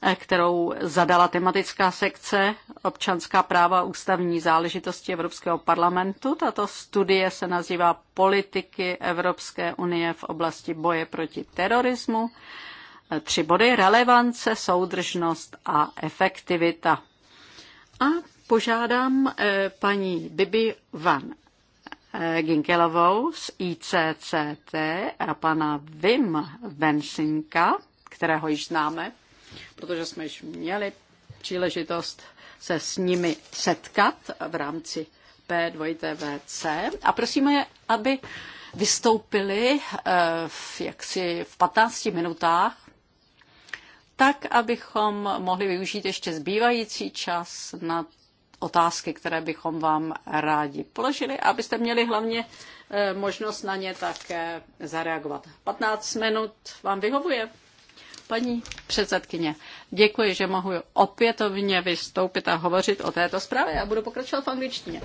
eh, kterou zadala tematická sekce Občanská práva a ústavní záležitosti Evropského parlamentu. Tato studie se nazývá Politiky Evropské unie v oblasti boje proti terorismu E, tři body relevance, soudržnost a efektivita. A požádám e, paní Bibi Van e, Ginkelovou z ICCT a pana Vim Vensinka, kterého již známe, protože jsme již měli příležitost se s nimi setkat v rámci P2VC a prosíme je, aby vystoupili v, jaksi v 15 minutách tak abychom mohli využít ještě zbývající čas na otázky, které bychom vám rádi položili, abyste měli hlavně eh, možnost na ně také zareagovat. 15 minut vám vyhovuje? Paní předsedkyně, děkuji, že mohu opětovně vystoupit a hovořit o této zprávě a budu pokračovat v angličtině.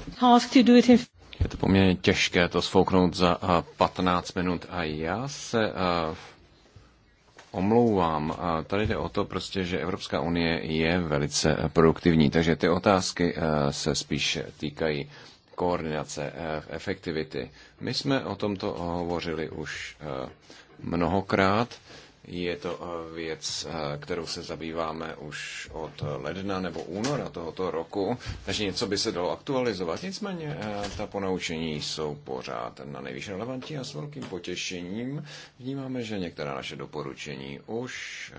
Je to poměrně těžké to sfouknout za 15 eh, minut a já se uh omlouvám. Tady jde o to prostě, že Evropská unie je velice produktivní, takže ty otázky eh, se spíš týkají koordinace, eh, efektivity. My jsme o tomto hovořili už eh, mnohokrát. Je to eh, věc, eh, kterou se zabýváme už od ledna nebo února tohoto roku, takže něco by se dalo aktualizovat. Nicméně eh, ta ponaučení jsou pořád na nejvyšší relevantní a s velkým potěšením vnímáme, že některá naše doporučení už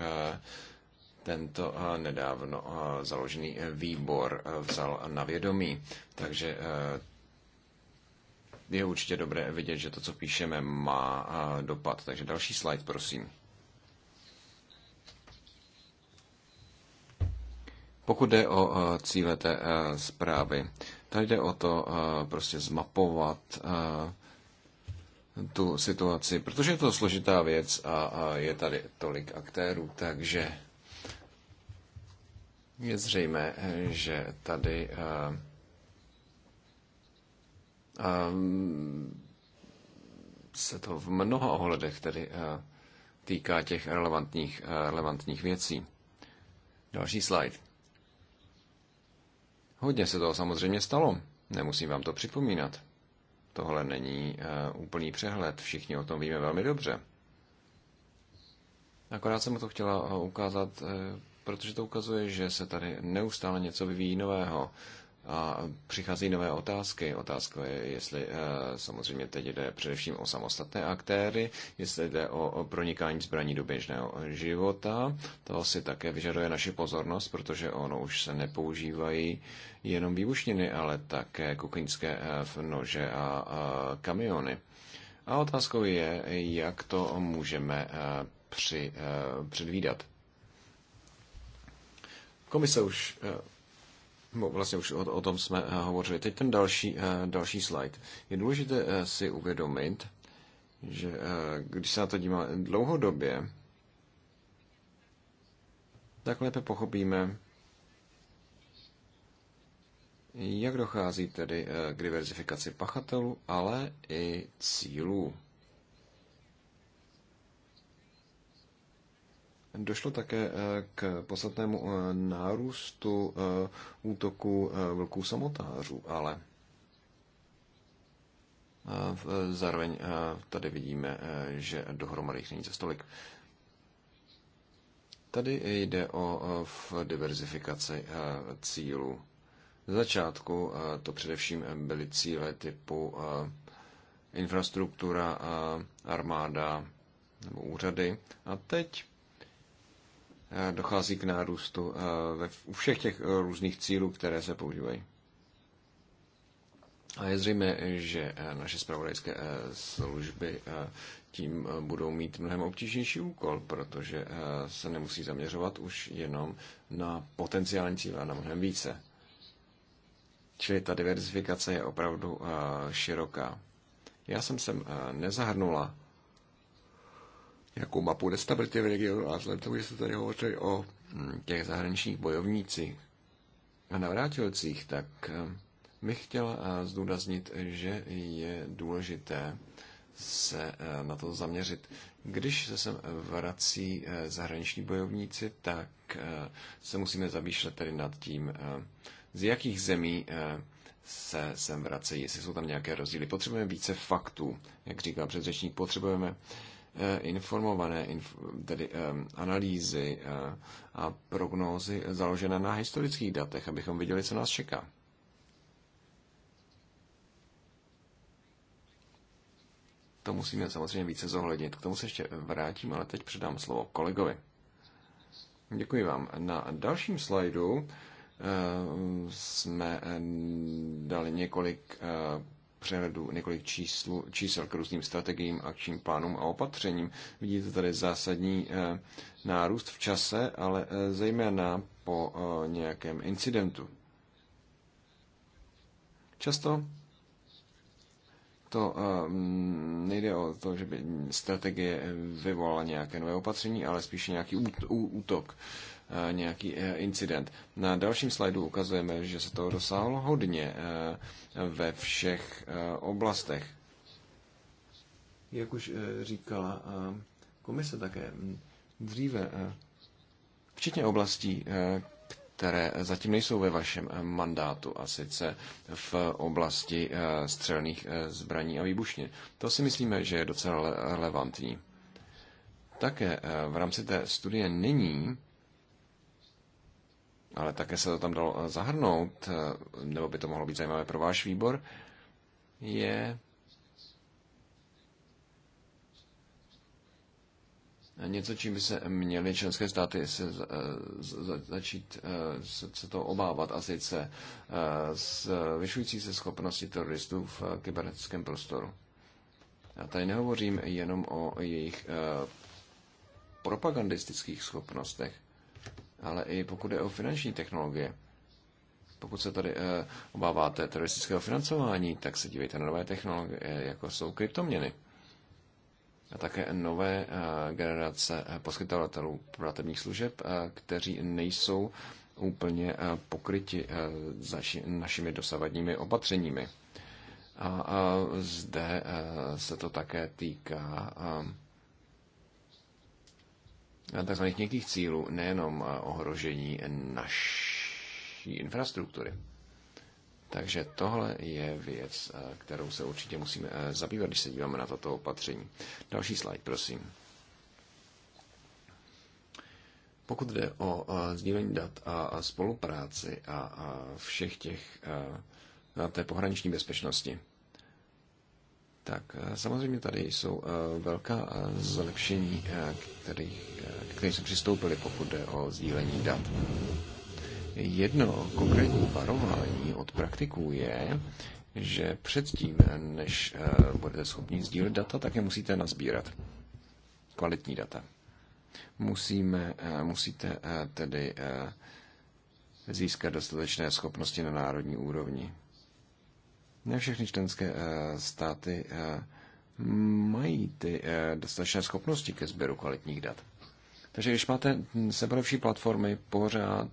tento nedávno založený výbor vzal na vědomí. Takže je určitě dobré vidět, že to, co píšeme, má dopad. Takže další slide, prosím. Pokud jde o eh, cíle té eh, zprávy, tady jde o to eh, prostě zmapovat tu situaci, protože je to složitá věc a je tady tolik aktérů, takže je zřejmé, že tady se to v mnoha ohledech tedy týká těch relevantních, relevantních věcí. Další slide. Hodně se toho samozřejmě stalo, nemusím vám to připomínat. Tohle není uh, úplný přehled, všichni o tom víme velmi dobře. Akorát jsem to chtěla eh, ukázat, eh, protože to ukazuje, že se tady neustále něco vyvíjí nového a přichází nové otázky. Otázka je, jestli eh, samozřejmě teď jde především o samostatné aktéry, jestli jde o pronikání zbraní do běžného života. To asi také vyžaduje naši pozornost, protože ono už se nepoužívají jenom výbušniny, ale také kuchyňské eh, nože a kamiony. A otázkou je, jak to můžeme eh, při, předvídat. Komise už Bo vlastně už o, o tom jsme eh, hovořili. Teď ten další, eh, další slide. Je důležité eh, si uvědomit, že když se na to díváme dlouhodobě, tak lépe pochopíme, jak dochází tedy k diverzifikaci pachatelů, ale i cílů. Došlo také eh, k podstatnému eh, nárůstu eh, útoku vlků samotářů, ale zároveň tady vidíme, že dohromady jich není za stolik. Tady jde o diverzifikaci cílů. Z začátku to především byly cíle typu infrastruktura, armáda nebo úřady. A teď Eh, dochází k nárůstu eh, ve, u všech těch eh, různých cílů, které se používají. A je zřejmé, že naše spravodajské služby tím budou mít mnohem obtížnější úkol, protože se nemusí zaměřovat už jenom na potenciální cíle, na mnohem více. Čili ta diverzifikace je opravdu široká. Já jsem sem nezahrnula nějakou mapu nestability v regionu a vzhledem tomu, že jste tady hovořili o hm, těch zahraničních bojovnících a navrátilcích, tak hm, bych chtěl eh, zdůraznit, že je důležité se eh, na to zaměřit. Když se sem vrací eh, zahraniční bojovníci, tak se musíme zamýšlet tedy nad tím, z jakých zemí se sem vracejí, jestli jsou tam nějaké rozdíly. Potřebujeme více faktů, jak říká předřečník, potřebujeme Eh, informované tedy eh, analýzy eh, a prognózy založené na historických datech, abychom viděli, co nás čeká. To musíme samozřejmě více zohlednit. K tomu se ještě vrátím, ale teď předám slovo kolegovi. Děkuji vám. Na dalším slajdu jsme dali několik přehledu několik číslu, čísel k různým strategiím, akčním plánům a opatřením. Vidíte tady zásadní eh, nárůst v čase, ale eh, zejména po eh, nějakém incidentu. Často to nejde o to, že by strategie vyvolala nějaké nové opatření, ale spíše nějaký útok. Eh, nějaký eh, incident. Na dalším slajdu ukazujeme, že se toho dosáhlo hodně eh, ve všech oblastech. Jak už říkala komise také dříve, včetně oblastí, které zatím nejsou ve vašem mandátu, a sice v oblasti střelných zbraní a výbušně. To si myslíme, že je docela relevantní. Také v rámci té studie není ale také se to tam dalo eh, zahrnout, eh, nebo by to mohlo být zajímavé pro váš výbor, je eh, něco, čím by se měly členské státy se začít se, se to obávat, a sice vyšující se schopnosti teroristů v kybernetickém prostoru. Já tady nehovořím jenom o jejich propagandistických schopnostech, ale i pokud je o finanční technologie. Pokud se tady eh, obáváte teroristického financování, tak se dívejte na nové technologie, eh, jako jsou kryptoměny. A také nové eh, generace poskytovatelů platebních služeb, kteří nejsou úplně pokryti našimi dosavadními opatřeními. A zde se to také týká tzv. měkkých cílů, nejenom eh, ohrožení naší infrastruktury. Takže tohle je věc, eh, kterou se určitě musíme eh, zabývat, když se díváme na toto opatření. Další slide, prosím. Pokud jde o sdílení dat a spolupráci a všech těch té pohraniční bezpečnosti, tak eh, samozřejmě tady jsou eh, velká eh, zlepšení, který, kterým jsme přistoupili, pokud jde o sdílení dat. Jedno konkrétní varování od praktiků je, že předtím, než budete schopni sdílet data, tak je musíte nazbírat. Kvalitní data. Musíme, musíte tedy získat dostatečné schopnosti na národní úrovni ne všechny členské eh, státy eh, mají ty eh, dostatečné schopnosti ke sběru kvalitních dat. Takže když máte sebelepší platformy, pořád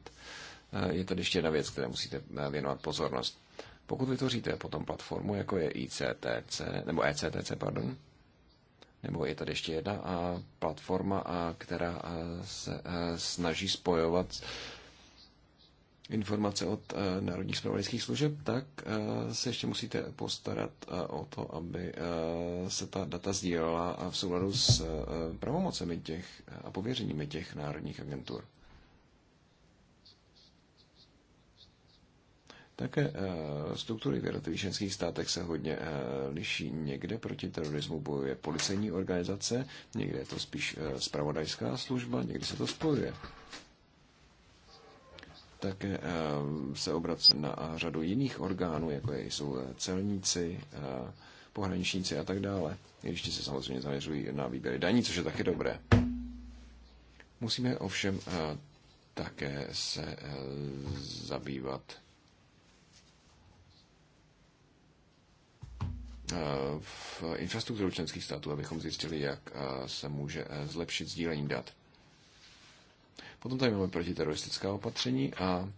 je tady ještě jedna věc, které musíte věnovat pozornost. Pokud vytvoříte potom platformu, jako je ICTC, nebo ECTC, pardon, nebo je tady ještě jedna platforma, která se snaží spojovat informace od eh, národních zpravodajských služeb, tak eh, se ještě musíte postarat eh, o to, aby se ta data sdílela v souladu s pravomocemi těch a pověřeními těch národních agentur. Také struktury v jednotlivých členských státech se hodně liší. Někde proti terorismu bojuje policejní organizace, někde je to spíš spravodajská služba, někdy se to spojuje také eh, se obrací na řadu jiných orgánů, jako jsou celníci, eh, pohraničníci a tak dále. I když se samozřejmě zaměřují na výběry daní, což je taky dobré. Musíme ovšem eh, také se zabývat v infrastrukturu členských států, abychom zjistili, jak se může zlepšit sdílení dat. Potom tady máme protiteroristická opatření a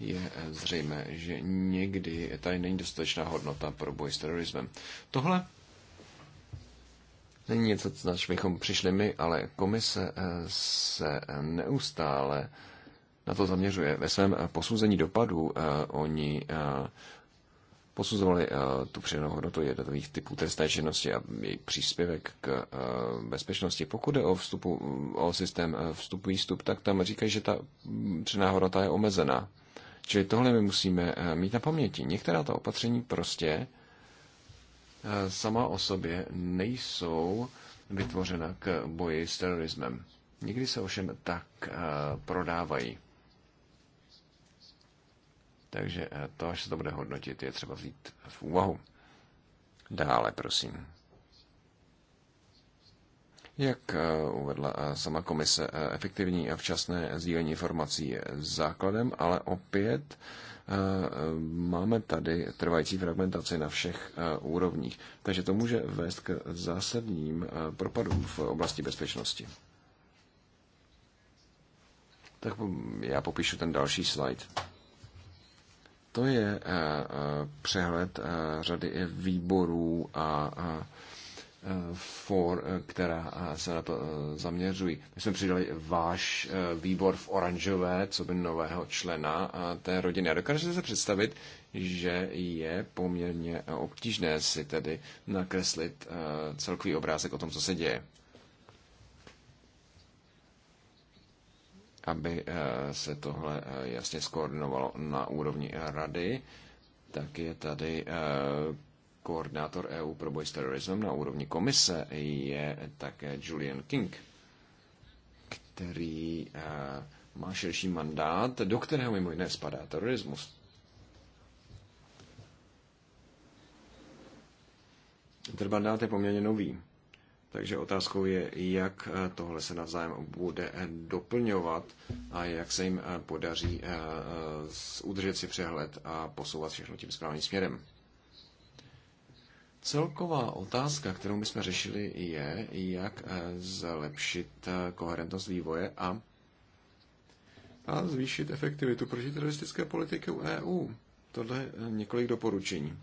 je zřejmé, že někdy tady není dostatečná hodnota pro boj s terorismem. Tohle není něco, na co bychom přišli my, ale komise eh, se neustále na to zaměřuje. Ve svém eh, posouzení dopadů eh, oni posuzovali eh, tu přidanou hodnotu jednotlivých typů trestné činnosti a její příspěvek k eh, bezpečnosti. Pokud jde o, vstupu, o systém eh, vstupu výstup, tak tam říkají, že ta přidaná hodnota je omezená. Čili tohle my musíme mít na paměti. Některá ta opatření prostě sama o sobě nejsou vytvořena k boji s terorismem. Někdy se ovšem tak prodávají. Takže eh, to, až se to bude hodnotit, je třeba vzít v úvahu. Dále, prosím. Jak eh, uvedla eh, sama komise, efektivní a včasné sdílení informací je základem, ale opět máme tady trvající fragmentaci na všech úrovních. Takže to může vést k zásadním propadům v oblasti bezpečnosti. Tak já popíšu ten další slide to je eh, eh, přehled eh, řady výborů a for, která se na to zaměřují. My jsme přidali váš výbor v oranžové, co by nového člena té rodiny. A dokážete se představit, že je poměrně obtížné si tedy nakreslit celkový obrázek o tom, co se děje. aby eh, se tohle eh, jasně skoordinovalo na úrovni rady, tak je tady eh, koordinátor EU pro boj s terorismem na úrovni komise je také Julian King, který má širší mandát, do kterého mimo jiné spadá terorismus. Ten mandát je poměrně nový. Takže otázkou je, jak eh, tohle se navzájem bude eh, doplňovat a jak se jim eh, podaří udržet si přehled a posouvat všechno tím správným směrem. Celková otázka, kterou my jsme řešili, je, jak zlepšit koherentnost vývoje a, a zvýšit efektivitu protiteroristické politiky u EU. Tohle je několik doporučení.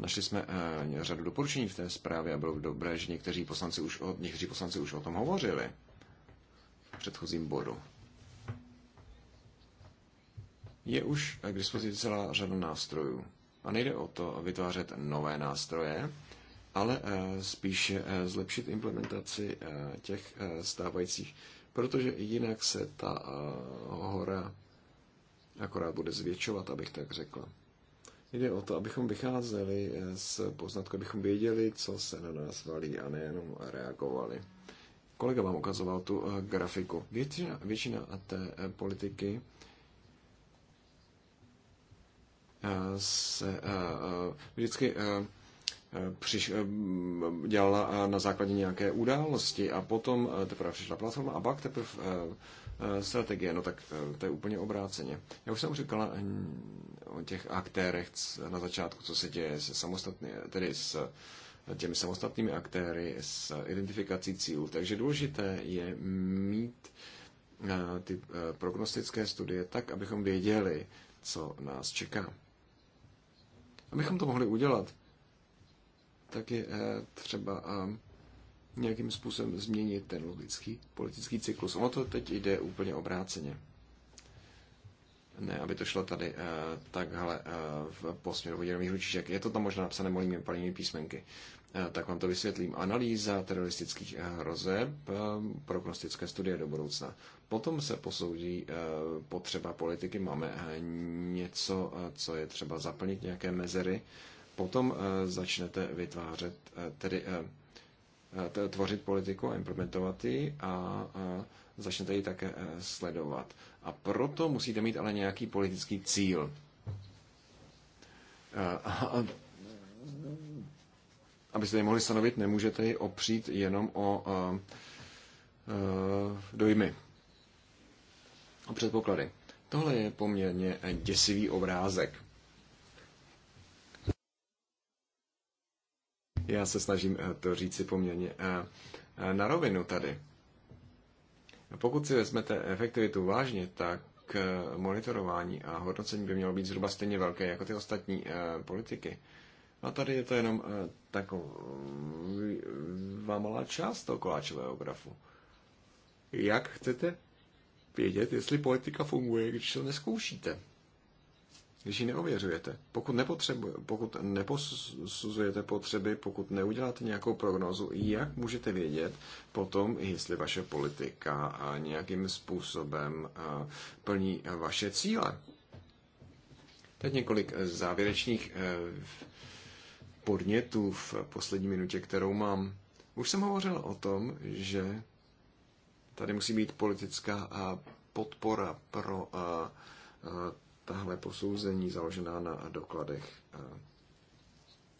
Našli jsme eh, řadu doporučení v té zprávě a bylo dobré, že někteří poslanci už o, někteří poslanci už o tom hovořili v předchozím bodu. Je už eh, k dispozici celá řada nástrojů. A nejde o to vytvářet nové nástroje, ale eh, spíše zlepšit implementaci těch stávajících, protože jinak se ta hora akorát bude zvětšovat, abych tak řekla. Jde o to, abychom vycházeli eh, z poznatku, abychom věděli, co se na nás valí a nejenom reagovali. Kolega vám ukazoval tu eh, grafiku. Většina, většina té eh, politiky se vždycky přiš, dělala na základě nějaké události a potom teprve přišla platforma a pak teprve Eh, strategie. No tak eh, to je úplně obráceně. Já už jsem říkala eh, o těch aktérech na začátku, co se děje se samostatný, tedy s těmi samostatnými aktéry, s identifikací cílů. Takže důležité je mít ty prognostické studie tak, abychom věděli, co nás čeká. Abychom to mohli udělat, tak je třeba nějakým způsobem změnit ten logický politický cyklus. Ono to teď jde úplně obráceně. Ne, aby to šlo tady uh, takhle uh, v posměru voděnových ručiček. Je to tam možná napsané malými palými písmenky. Uh, tak vám to vysvětlím. Analýza teroristických hrozeb, uh, prognostické studie do budoucna. Potom se posoudí uh, potřeba politiky. Máme uh, něco, uh, co je třeba zaplnit, nějaké mezery. Potom uh, začnete vytvářet uh, tedy. Uh, Eh, tvořit politiku a implementovat ji a začnete ji také eh, sledovat. A proto musíte mít ale nějaký politický cíl. Eh, a abyste ji mohli stanovit, nemůžete ji opřít jenom o dojmy, o předpoklady. Tohle je poměrně děsivý obrázek. Já se snažím eh, to říci poměrně eh, eh, na rovinu tady. Pokud si vezmete efektivitu vážně, tak monitorování a hodnocení by mělo být zhruba stejně velké jako ty ostatní politiky. A tady je to jenom taková malá část toho koláčového grafu. Jak chcete vědět, jestli politika funguje, když to neskoušíte? když ji neověřujete, pokud, pokud neposuzujete potřeby, pokud neuděláte nějakou prognózu, jak můžete vědět potom, jestli vaše politika nějakým způsobem plní vaše cíle? Teď několik e, závěrečných e, podnětů v poslední minutě, kterou mám. Už jsem hovořil o tom, že tady musí být politická podpora pro tahle posouzení založená na dokladech.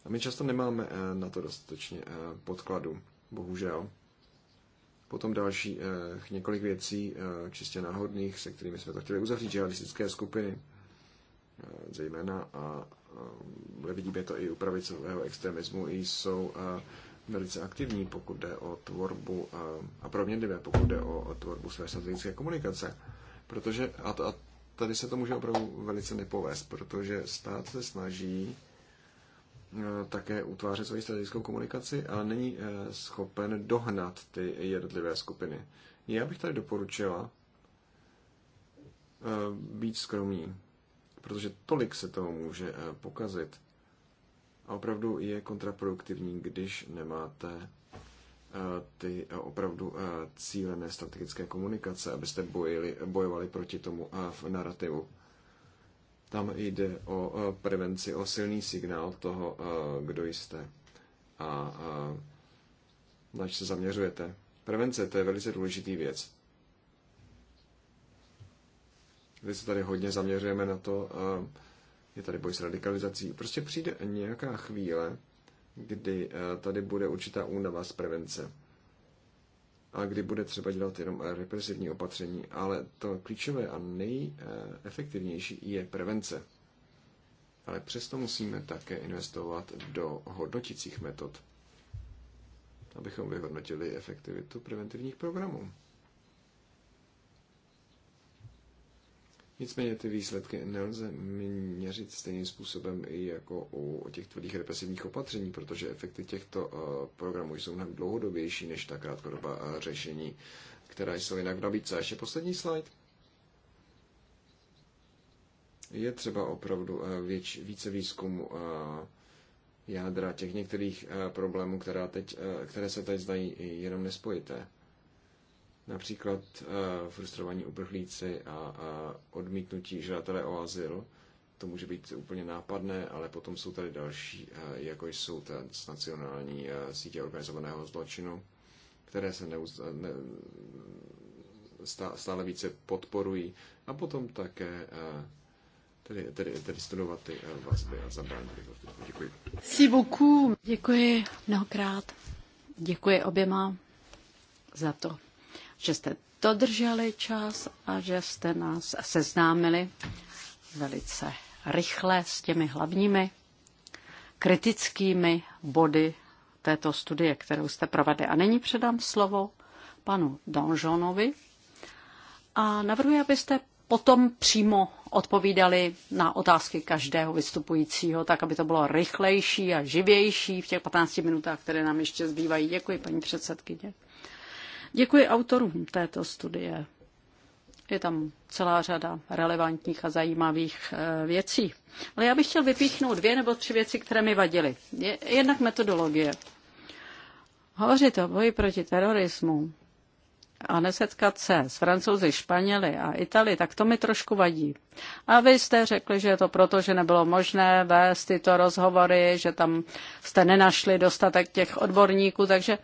A my často nemáme eh, na to dostatečně eh, podkladu, bohužel. Potom další eh, několik věcí čistě náhodných, se kterými jsme to chtěli uzavřít, žihadistické skupiny, zejména a vidíme to i u pravicového extremismu, i jsou velice aktivní, pokud jde o tvorbu a proměnlivé, pokud jde o, tvorbu své strategické komunikace. Protože, a, to, a tady se to může opravdu velice nepovést, protože stát se snaží eh, také utvářet svoji strategickou komunikaci a není eh, schopen dohnat ty jednotlivé skupiny. Já bych tady doporučila eh, být skromný, protože tolik se toho může pokazit. A opravdu je kontraproduktivní, když nemáte ty eh, opravdu eh, cílené strategické komunikace, abyste bojili, bojovali proti tomu eh, v narrativu. Tam jde o prevenci, o silný signál toho, kdo jste a nač se zaměřujete. Prevence to je velice důležitý věc. Když se tady hodně zaměřujeme na to, je tady boj s radikalizací. Prostě přijde nějaká chvíle, kdy eh, tady bude určitá únava z prevence a kdy bude třeba dělat jenom represivní opatření, ale to klíčové a nejefektivnější je prevence. Ale přesto musíme také investovat do hodnoticích metod, abychom vyhodnotili efektivitu preventivních programů. Nicméně ty výsledky nelze měřit stejným způsobem i jako u těch tvrdých represivních opatření, protože efekty těchto eh, programů jsou mnohem dlouhodobější než ta krátkodobá eh, řešení, která jsou jinak v nabídce. Ještě poslední slide. Je třeba opravdu eh, věč, více výzkumu jádra těch některých problémů, která teď, které se tady zdají jenom nespojité například eh, frustrovaní uprchlíci a odmítnutí žadatele o azyl. To může být úplně nápadné, ale potom jsou tady další, eh, jako jsou nacionální eh, sítě organizovaného zločinu, které se neuz, ne, stále více podporují a potom také tedy, tedy, tedy studovat ty vazby a zabránit. Děkuji. Si beaucoup. Děkuji mnohokrát. Děkuji oběma za to, že jste dodrželi čas a že jste nás seznámili velice rychle s těmi hlavními kritickými body této studie, kterou jste provedli. A nyní předám slovo panu Donžonovi a navrhuji, abyste potom přímo odpovídali na otázky každého vystupujícího, tak aby to bylo rychlejší a živější v těch 15 minutách, které nám ještě zbývají. Děkuji, paní předsedkyně. Děkuji autorům této studie. Je tam celá řada relevantních a zajímavých eh, věcí. Ale já bych chtěl vypíchnout dvě nebo tři věci, které mi vadily. Jednak metodologie. Hovořit o boji proti terorismu a nesetkat se s francouzi, španěli a itali, tak to mi trošku vadí. A vy jste řekli, že je to proto, že nebylo možné vést tyto rozhovory, že tam jste nenašli dostatek těch odborníků, takže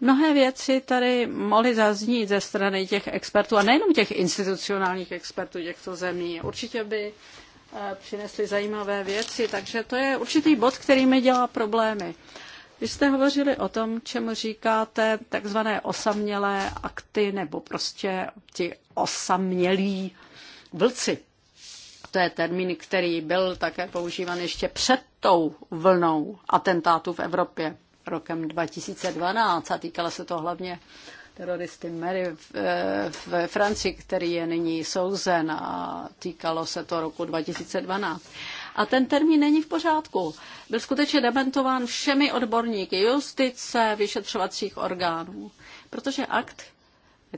Mnohé věci tady mohly zaznít ze strany těch expertů a nejenom těch institucionálních expertů těchto zemí. Určitě by eh, přinesly zajímavé věci, takže to je určitý bod, který mi dělá problémy. Vy jste hovořili o tom, čemu říkáte takzvané osamělé akty nebo prostě ti osamělí vlci. To je termín, který byl také používán ještě před tou vlnou atentátů v Evropě rokem 2012 a týkala se to hlavně teroristy Mary ve Francii, který je nyní souzen a týkalo se to roku 2012. A ten termín není v pořádku. Byl skutečně dementován všemi odborníky, justice, vyšetřovacích orgánů. Protože akt,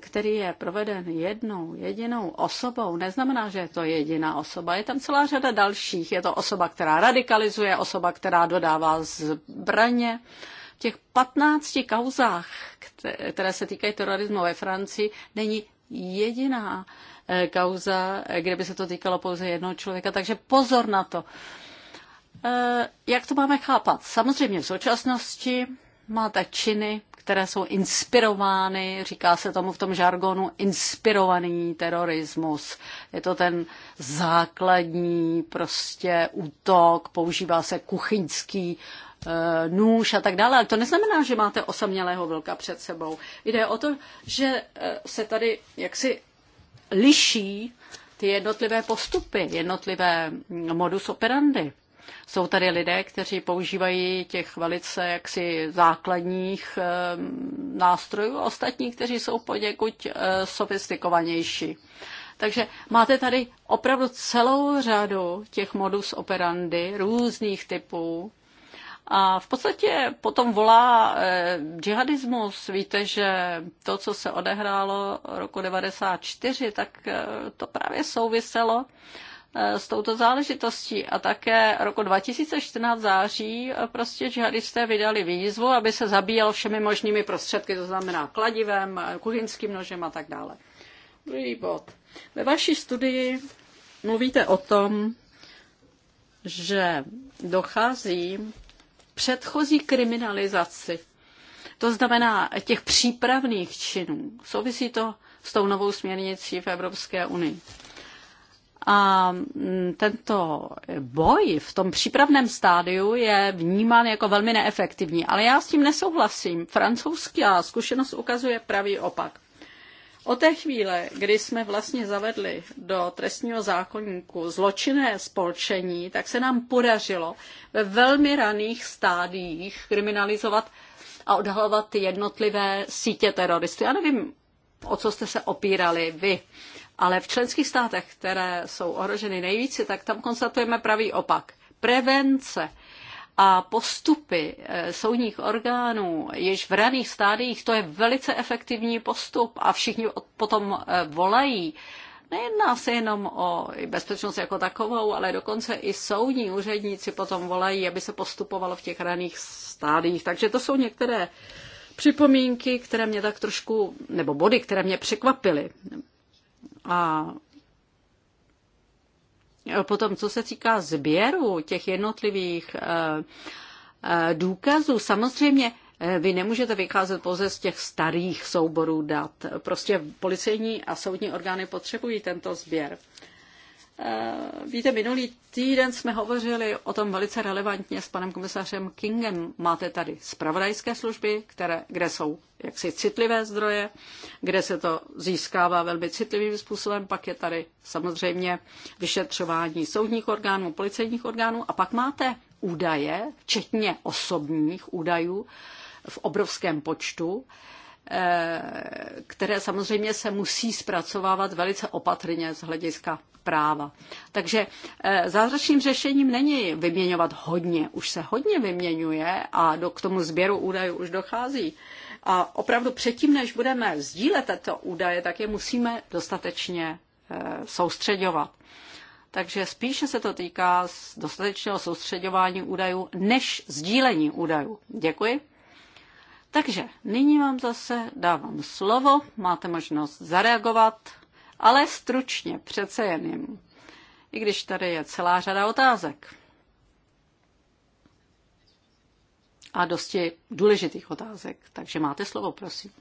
který je proveden jednou, jedinou osobou, neznamená, že je to jediná osoba. Je tam celá řada dalších. Je to osoba, která radikalizuje, osoba, která dodává zbraně, těch 15 kauzách, které se týkají terorismu ve Francii, není jediná e, kauza, e, kde by se to týkalo pouze jednoho člověka. Takže pozor na to. E, jak to máme chápat? Samozřejmě v současnosti máte činy, které jsou inspirovány, říká se tomu v tom žargonu, inspirovaný terorismus. Je to ten základní prostě útok, používá se kuchyňský Eh, nůž a tak dále, ale to neznamená, že máte osamělého vlka před sebou. Jde o to, že eh, se tady jaksi liší ty jednotlivé postupy, jednotlivé mm, modus operandi. Jsou tady lidé, kteří používají těch velice jaksi základních eh, nástrojů a ostatní, kteří jsou poněkud sofistikovanější. Takže máte tady opravdu celou řadu těch modus operandi různých typů a v podstatě potom volá eh, džihadismus. Víte, že to, co se odehrálo roku 94, tak eh, to právě souviselo eh, s touto záležitostí. A také roku 2014 září eh, prostě džihadisté vydali výzvu, aby se zabíjel všemi možnými prostředky, to znamená kladivem, eh, kuchyňským nožem a tak dále. Druhý bod. Ve vaší studii mluvíte o tom, že dochází předchozí kriminalizaci, to znamená těch přípravných činů. Souvisí to s tou novou směrnicí v Evropské unii. A mm, tento boj v tom přípravném stádiu je vnímán jako velmi neefektivní. Ale já s tím nesouhlasím. Francouzská zkušenost ukazuje pravý opak. Od té chvíle, kdy jsme vlastně zavedli do trestního zákonníku zločinné spolčení, tak se nám podařilo ve velmi raných stádiích kriminalizovat a odhalovat jednotlivé sítě teroristů. Já nevím, o co jste se opírali vy, ale v členských státech, které jsou ohroženy nejvíce, tak tam konstatujeme pravý opak. Prevence a postupy eh, soudních orgánů již v raných stádiích, to je velice efektivní postup a všichni potom eh, volají. Nejedná se jenom o bezpečnost jako takovou, ale dokonce i soudní úředníci potom volají, aby se postupovalo v těch raných stádiích. Takže to jsou některé připomínky, které mě tak trošku, nebo body, které mě překvapily. A Potom, co se týká sběru těch jednotlivých eh, eh, důkazů, samozřejmě eh, vy nemůžete vycházet pouze z těch starých souborů dat. Prostě policejní a soudní orgány potřebují tento sběr. Eh, víte, minulý týden jsme hovořili o tom velice relevantně s panem komisařem Kingem. Máte tady spravodajské služby, které, kde jsou jaksi citlivé zdroje, kde se to získává velmi citlivým způsobem. Pak je tady samozřejmě vyšetřování soudních orgánů, policejních orgánů a pak máte údaje, včetně osobních údajů v obrovském počtu, Eh, které samozřejmě se musí zpracovávat velice opatrně z hlediska práva. Takže eh, zázračným řešením není vyměňovat hodně. Už se hodně vyměňuje a do, k tomu sběru údajů už dochází. A opravdu předtím, než budeme sdílet tyto údaje, tak je musíme dostatečně eh, soustředovat. Takže spíše se to týká dostatečného soustředování údajů než sdílení údajů. Děkuji. Takže nyní vám zase dávám slovo, máte možnost zareagovat, ale stručně, přece jen jim, i když tady je celá řada otázek. A dosti důležitých otázek, takže máte slovo, prosím.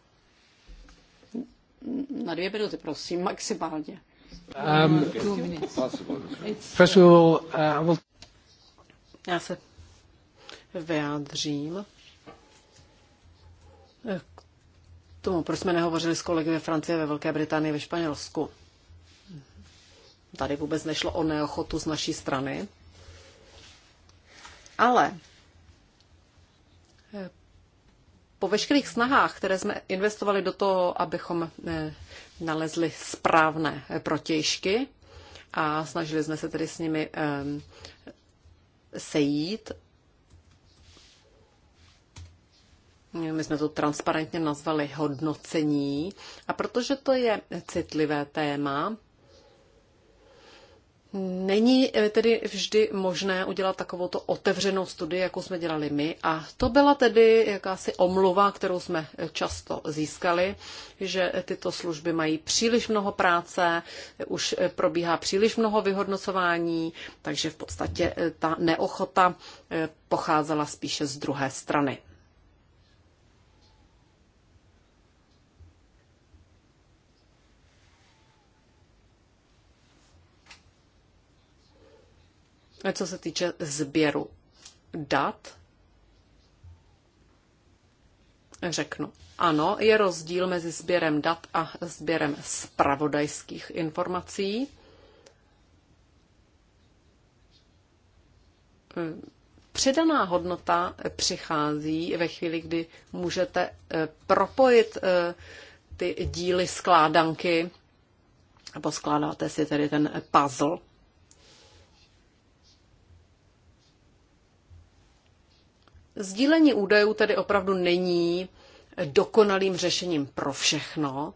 Na dvě minuty, prosím, maximálně. Um, first of all, uh, I will... Já se vyjádřím k tomu, proč jsme nehovořili s kolegy ve Francii, ve Velké Británii, ve Španělsku. Tady vůbec nešlo o neochotu z naší strany. Ale eh, po veškerých snahách, které jsme investovali do toho, abychom eh, nalezli správné eh, protějšky a snažili jsme se tedy s nimi sejít, my jsme to transparentně nazvali hodnocení. A protože to je citlivé téma, Není tedy vždy možné udělat takovou otevřenou studii, jako jsme dělali my. A to byla tedy jakási omluva, kterou jsme často získali, že tyto služby mají příliš mnoho práce, už probíhá příliš mnoho vyhodnocování, takže v podstatě ta neochota pocházela spíše z druhé strany. co se týče sběru dat, řeknu. Ano, je rozdíl mezi sběrem dat a sběrem spravodajských informací. Přidaná hodnota přichází ve chvíli, kdy můžete eh, propojit eh, ty díly skládanky, nebo skládáte si tedy ten puzzle. Sdílení údajů tedy opravdu není dokonalým řešením pro všechno,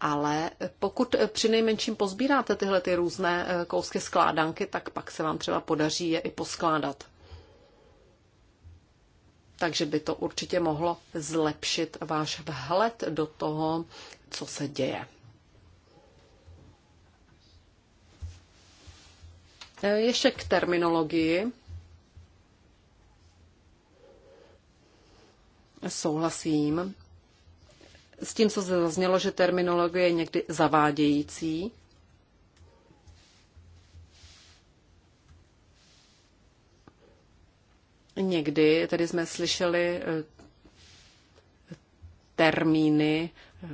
ale pokud při nejmenším pozbíráte tyhle ty různé eh, kousky skládanky, tak pak se vám třeba podaří je i poskládat. Takže by to určitě mohlo zlepšit váš vhled do toho, co se děje. Eh, ještě k terminologii. souhlasím s tím, co se zaznělo, že terminologie je někdy zavádějící. Někdy tedy jsme slyšeli eh, termíny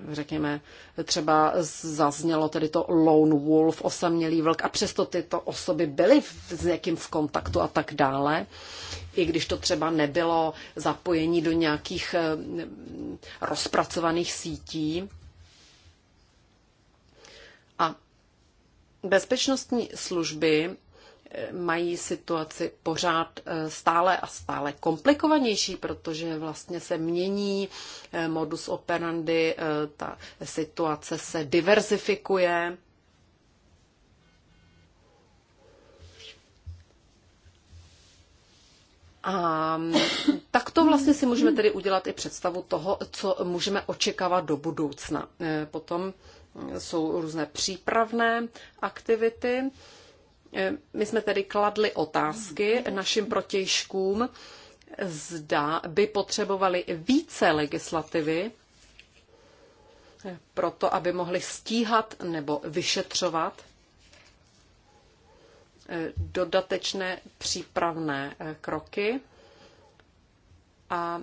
řekněme, třeba zaznělo tedy to lone wolf, osamělý vlk a přesto tyto osoby byly s někým v kontaktu a tak dále, i když to třeba nebylo zapojení do nějakých eh, rozpracovaných sítí. A bezpečnostní služby mají situaci pořád eh, stále a stále komplikovanější, protože vlastně se mění eh, modus operandi, eh, ta situace se diverzifikuje. A mm, to vlastně si můžeme tedy udělat i představu toho, co můžeme očekávat do budoucna. Potom mm, jsou různé přípravné aktivity, Eh, my jsme tedy kladli otázky našim protějškům, zda by potřebovali více legislativy eh, proto, aby mohli stíhat nebo vyšetřovat eh, dodatečné přípravné kroky. A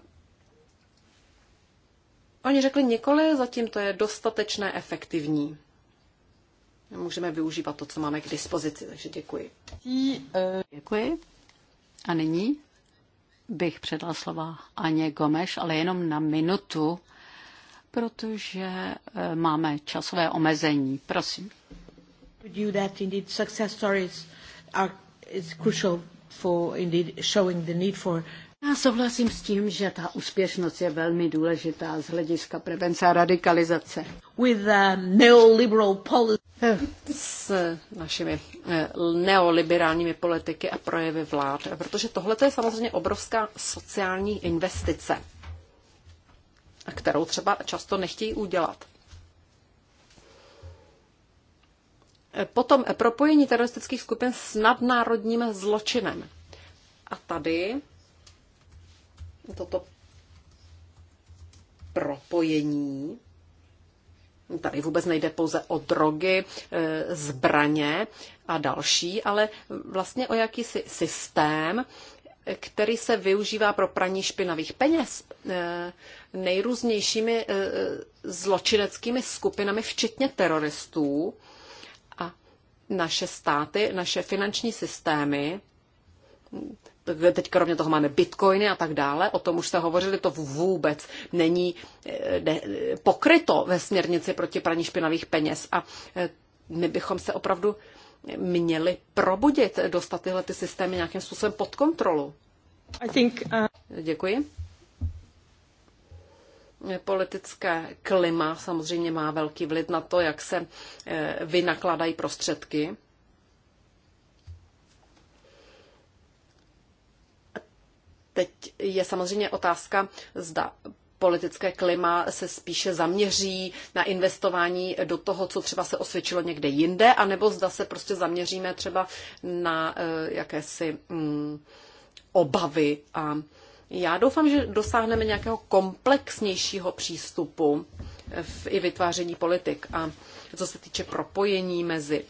oni řekli nikoli, zatím to je dostatečné efektivní můžeme využívat to, co máme k dispozici, takže děkuji. E, děkuji. A nyní bych předala slova Aně Gomeš, ale jenom na minutu, protože e, máme časové omezení. Prosím. Já souhlasím s tím, že ta úspěšnost je velmi důležitá z hlediska prevence a radikalizace. With uh, neoliberal policy s našimi eh, neoliberálními politiky a projevy vlád, protože tohle je samozřejmě obrovská sociální investice, kterou třeba často nechtějí udělat. Potom propojení teroristických skupin s nadnárodním zločinem. A tady toto propojení Tady vůbec nejde pouze o drogy, e, zbraně a další, ale vlastně o jakýsi systém, který se využívá pro praní špinavých peněz e, nejrůznějšími e, zločineckými skupinami, včetně teroristů. A naše státy, naše finanční systémy Teď kromě toho máme bitcoiny a tak dále, o tom už jste hovořili, to vůbec není eh, pokryto ve směrnici proti praní špinavých peněz a eh, my bychom se opravdu měli probudit, dostat tyhle ty systémy nějakým způsobem pod kontrolu. I think, uh... Děkuji. Politické klima samozřejmě má velký vliv na to, jak se eh, vynakladají prostředky. Teď je samozřejmě otázka, zda politické klima se spíše zaměří na investování do toho, co třeba se osvědčilo někde jinde, anebo zda se prostě zaměříme třeba na eh, jakési mm, obavy. A já doufám, že dosáhneme nějakého komplexnějšího přístupu v i vytváření politik. A co se týče propojení mezi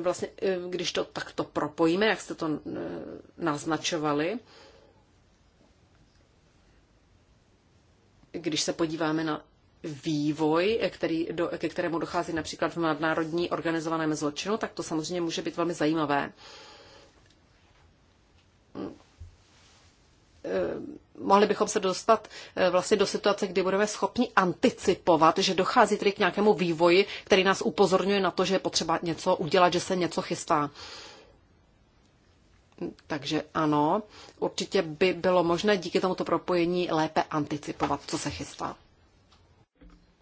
vlastně, e, když to takto propojíme, jak jste to e, naznačovali, když se podíváme na vývoj, e, který, do, ke kterému dochází například v nadnárodní organizovaném zločinu, tak to samozřejmě může být velmi zajímavé mohli bychom se dostat eh, vlastně do situace, kdy budeme schopni anticipovat, že dochází tedy k nějakému vývoji, který nás upozorňuje na to, že je potřeba něco udělat, že se něco chystá. Takže ano, určitě by bylo možné díky tomuto propojení lépe anticipovat, co se chystá.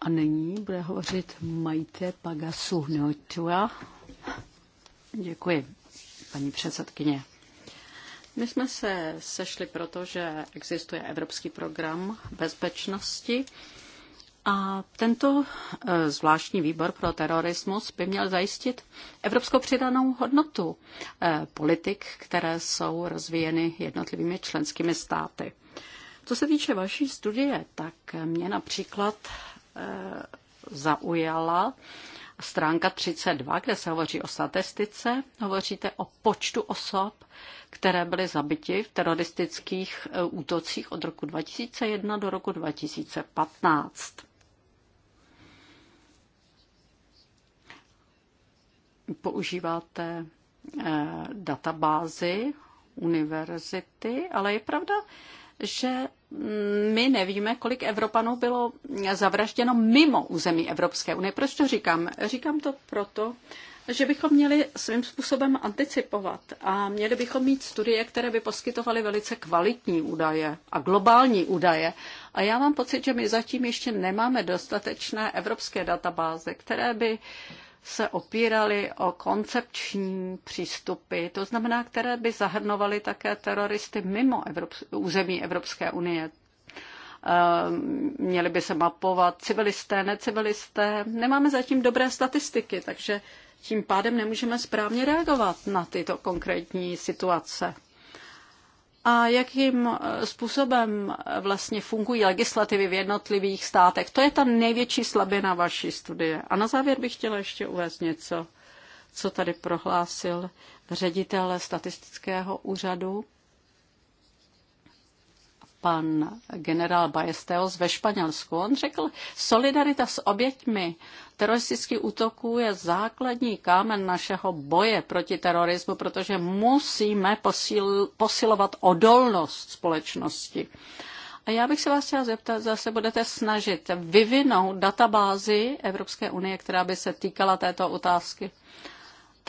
A nyní bude hovořit Majte Pagasuhnočua. Děkuji, paní předsedkyně. My jsme se sešli proto, že existuje Evropský program bezpečnosti a tento e, zvláštní výbor pro terorismus by měl zajistit evropskou přidanou hodnotu e, politik, které jsou rozvíjeny jednotlivými členskými státy. Co se týče vaší studie, tak mě například e, zaujala stránka 32, kde se hovoří o statistice, hovoříte o počtu osob, které byly zabiti v teroristických e, útocích od roku 2001 do roku 2015. Používáte e, databázy univerzity, ale je pravda, že my nevíme, kolik Evropanů bylo zavražděno mimo území Evropské unie. Proč to říkám? Říkám to proto, že bychom měli svým způsobem anticipovat a měli bychom mít studie, které by poskytovaly velice kvalitní údaje a globální údaje. A já mám pocit, že my zatím ještě nemáme dostatečné evropské databáze, které by uh, se opírali o koncepční přístupy, to znamená, které by zahrnovaly také teroristy mimo Evropsk- území Evropské unie. Ehm, měli by se mapovat civilisté, necivilisté. Nemáme zatím dobré statistiky, takže tím pádem nemůžeme správně reagovat na tyto konkrétní situace a jakým eh, způsobem eh, vlastně fungují legislativy v jednotlivých státech. To je ta největší slabina vaší studie. A na závěr bych chtěla ještě uvést něco, co tady prohlásil ředitel statistického úřadu pan generál Baesteos ve Španělsku. On řekl, solidarita s oběťmi teroristických útoků je základní kámen našeho boje proti terorismu, protože musíme posil, posilovat odolnost společnosti. A já bych se vás chtěla zeptat, zase budete snažit vyvinout databázi Evropské unie, která by se týkala této otázky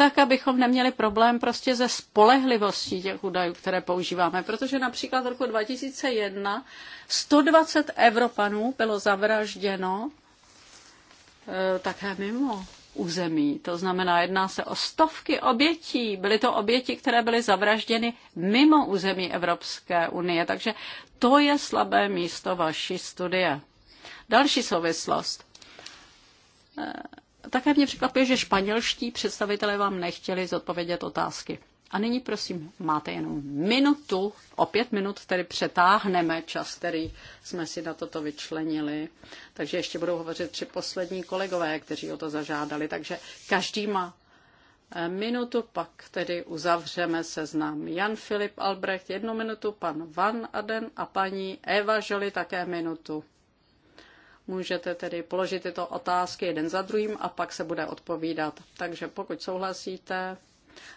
tak abychom neměli problém prostě ze spolehlivostí těch údajů, které používáme. Protože například v roku 2001 120 Evropanů bylo zavražděno eh, také mimo území. To znamená, jedná se o stovky obětí. Byly to oběti, které byly zavražděny mimo území Evropské unie. Takže to je slabé místo vaší studie. Další souvislost. Eh, také mě překvapuje, že španělští představitelé vám nechtěli zodpovědět otázky. A nyní prosím, máte jenom minutu, o pět minut tedy přetáhneme čas, který jsme si na toto vyčlenili. Takže ještě budou hovořit tři poslední kolegové, kteří o to zažádali. Takže každý má eh, minutu, pak tedy uzavřeme seznam. Jan Filip Albrecht jednu minutu, pan Van Aden a paní Eva Žoli také minutu. Můžete tedy položit tyto otázky jeden za druhým a pak se bude odpovídat. Takže pokud souhlasíte,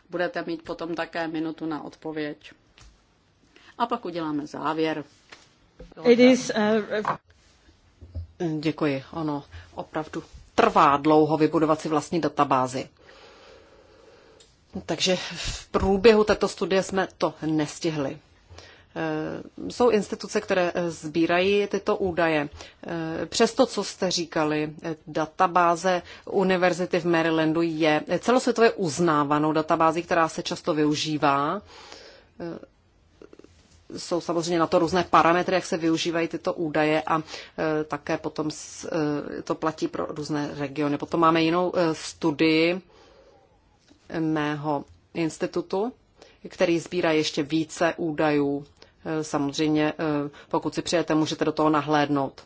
budete mít potom také minutu na odpověď. A pak uděláme závěr. It is, uh... Děkuji. Ono opravdu trvá dlouho vybudovat si vlastní databázi. Takže v průběhu této studie jsme to nestihli. Eh, jsou instituce, které eh, sbírají tyto údaje. Eh, přesto, co jste říkali, databáze Univerzity v Marylandu je celosvětově uznávanou databází, která se často využívá. Jsou samozřejmě na to různé parametry, jak se využívají tyto údaje a také potom to platí pro různé regiony. Potom máme jinou studii mého institutu, který sbírá ještě více údajů Eh, samozřejmě, eh, pokud si přijete, můžete do toho nahlédnout,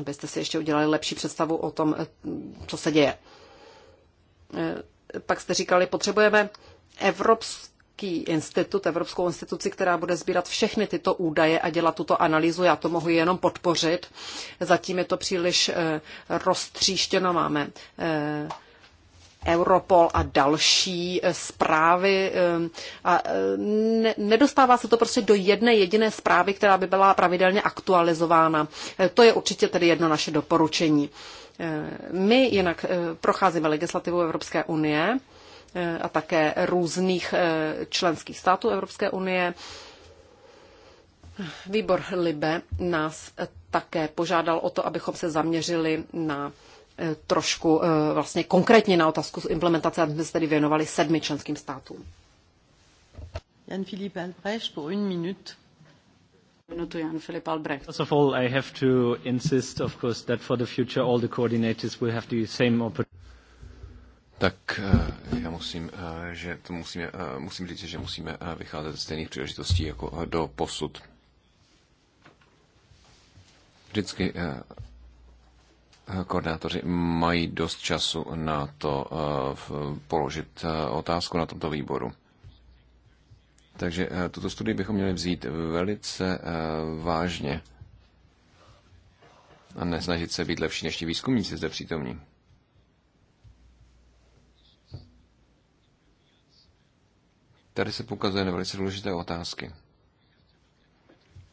abyste si ještě udělali lepší představu o tom, eh, co se děje. Pak jste říkali, potřebujeme Evropský institut, Evropskou instituci, která bude sbírat všechny tyto údaje a dělat tuto analýzu. Já to mohu jenom podpořit. Zatím je to příliš roztříštěno. Máme Europol a další eh, zprávy eh, a eh, nedostává se to prostě do jedné jediné zprávy, která by byla pravidelně aktualizována. To je určitě tedy jedno naše doporučení. My jinak procházíme legislativu Evropské unie a také různých členských států Evropské unie. Výbor Libe nás také požádal o to, abychom se zaměřili na Eh, trošku eh, vlastně konkrétně na otázku implementace, aby jsme se tedy věnovali sedmi členským státům. Jan Filip Albrecht po une minute. Minutu Jan Filip Albrecht. First of all, I have to insist, of course, that for the future all the coordinators will have the same opportunity. Tak eh, já musím, že to musíme, musím říct, že musíme vycházet ze stejných příležitostí jako do posud. Vždycky koordinátoři mají dost času na to eh, položit eh, otázku na tomto výboru. Takže eh, tuto studii bychom měli vzít velice vážně a nesnažit se být lepší než ti výzkumníci zde přítomní. Tady se pokazuje na velice důležité otázky.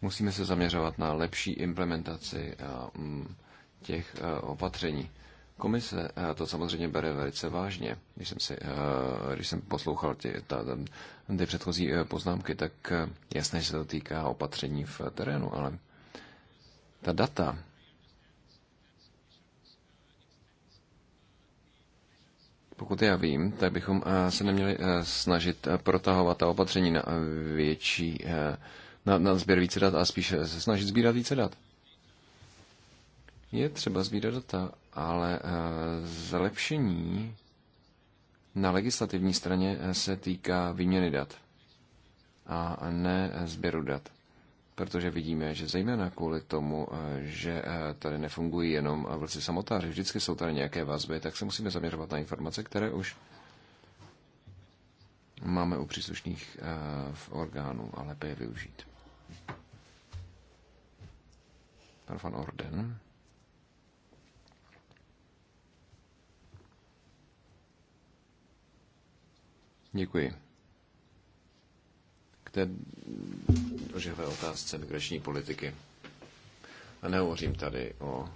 Musíme se zaměřovat na lepší implementaci a mm, těch eh, opatření. Komise eh, to samozřejmě bere velice vážně. Když jsem, si, eh, když jsem poslouchal ty, ta, ty předchozí poznámky, tak jasné, že se to týká opatření v terénu, ale ta data, pokud já vím, tak bychom se neměli snažit protahovat ta opatření na větší, na, na sběr více dat a spíše se snažit sbírat více dat. Je třeba sbírat data, ale eh, zlepšení na legislativní straně eh, se týká výměny dat a ne eh, sběru dat. Protože vidíme, že zejména kvůli tomu, že tady nefungují jenom vlci samotáři, vždycky jsou tady nějaké vazby, tak se musíme zaměřovat na informace, které už máme u příslušných v orgánů a lépe je využít. Pan van Orden. Děkuji. K té doživé otázce migrační politiky. A nehovořím tady o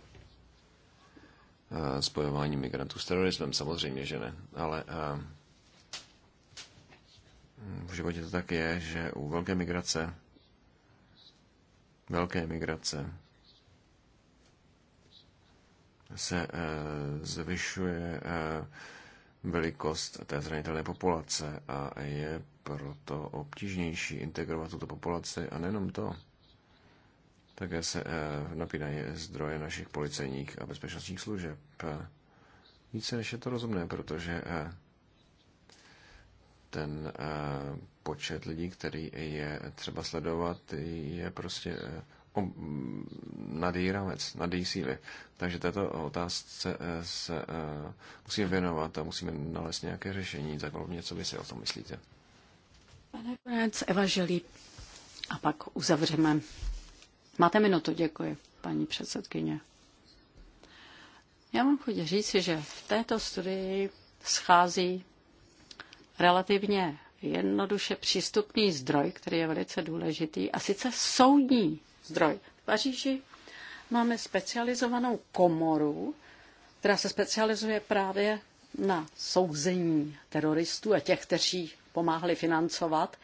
e, spojování migrantů s terorismem, samozřejmě, že ne, ale e, v životě to tak je, že u velké migrace, velké migrace, se e, zvyšuje velikost té zranitelné populace a je proto obtížnější integrovat tuto populaci a nejenom to. Také se eh, napínají zdroje našich policejních a bezpečnostních služeb. Více než je to rozumné, protože eh, ten eh, počet lidí, který je třeba sledovat, je prostě na její rámec, na její síly. Takže této otázce eh, se eh, musíme věnovat a musíme nalézt nějaké řešení. Tak hlavně, co vy si o tom myslíte. Pane konec, Eva Želí a pak uzavřeme. Máte minutu, děkuji, paní předsedkyně. Já mám chuť říci, že v této studii schází relativně jednoduše přístupný zdroj, který je velice důležitý, a sice soudní zdroj. V Paříži máme specializovanou komoru, která se specializuje právě na souzení teroristů a těch, kteří pomáhali financovat.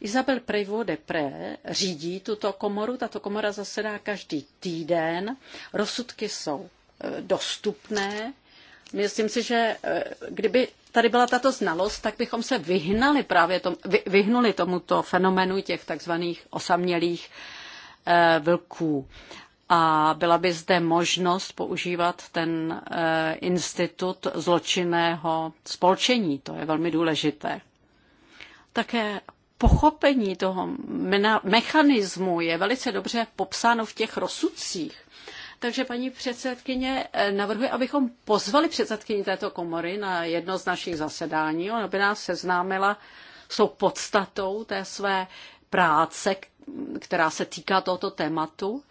Isabel Prevo de Pré řídí tuto komoru. Tato komora zasedá každý týden. Rozsudky jsou e, dostupné. Myslím si, že e, kdyby tady byla tato znalost, tak bychom se vyhnali právě tom, vy, vyhnuli tomuto fenomenu těch takzvaných osamělých uh, Eh, vlků. A byla by zde možnost používat ten eh, institut zločinného spolčení. To je velmi důležité. Také pochopení toho mechanismu je velice dobře popsáno v těch rozsudcích. Takže paní předsedkyně eh, navrhuje, abychom pozvali předsedkyni této komory na jedno z našich zasedání. Ona by nás seznámila s tou podstatou té své práce, která se týká tohoto tématu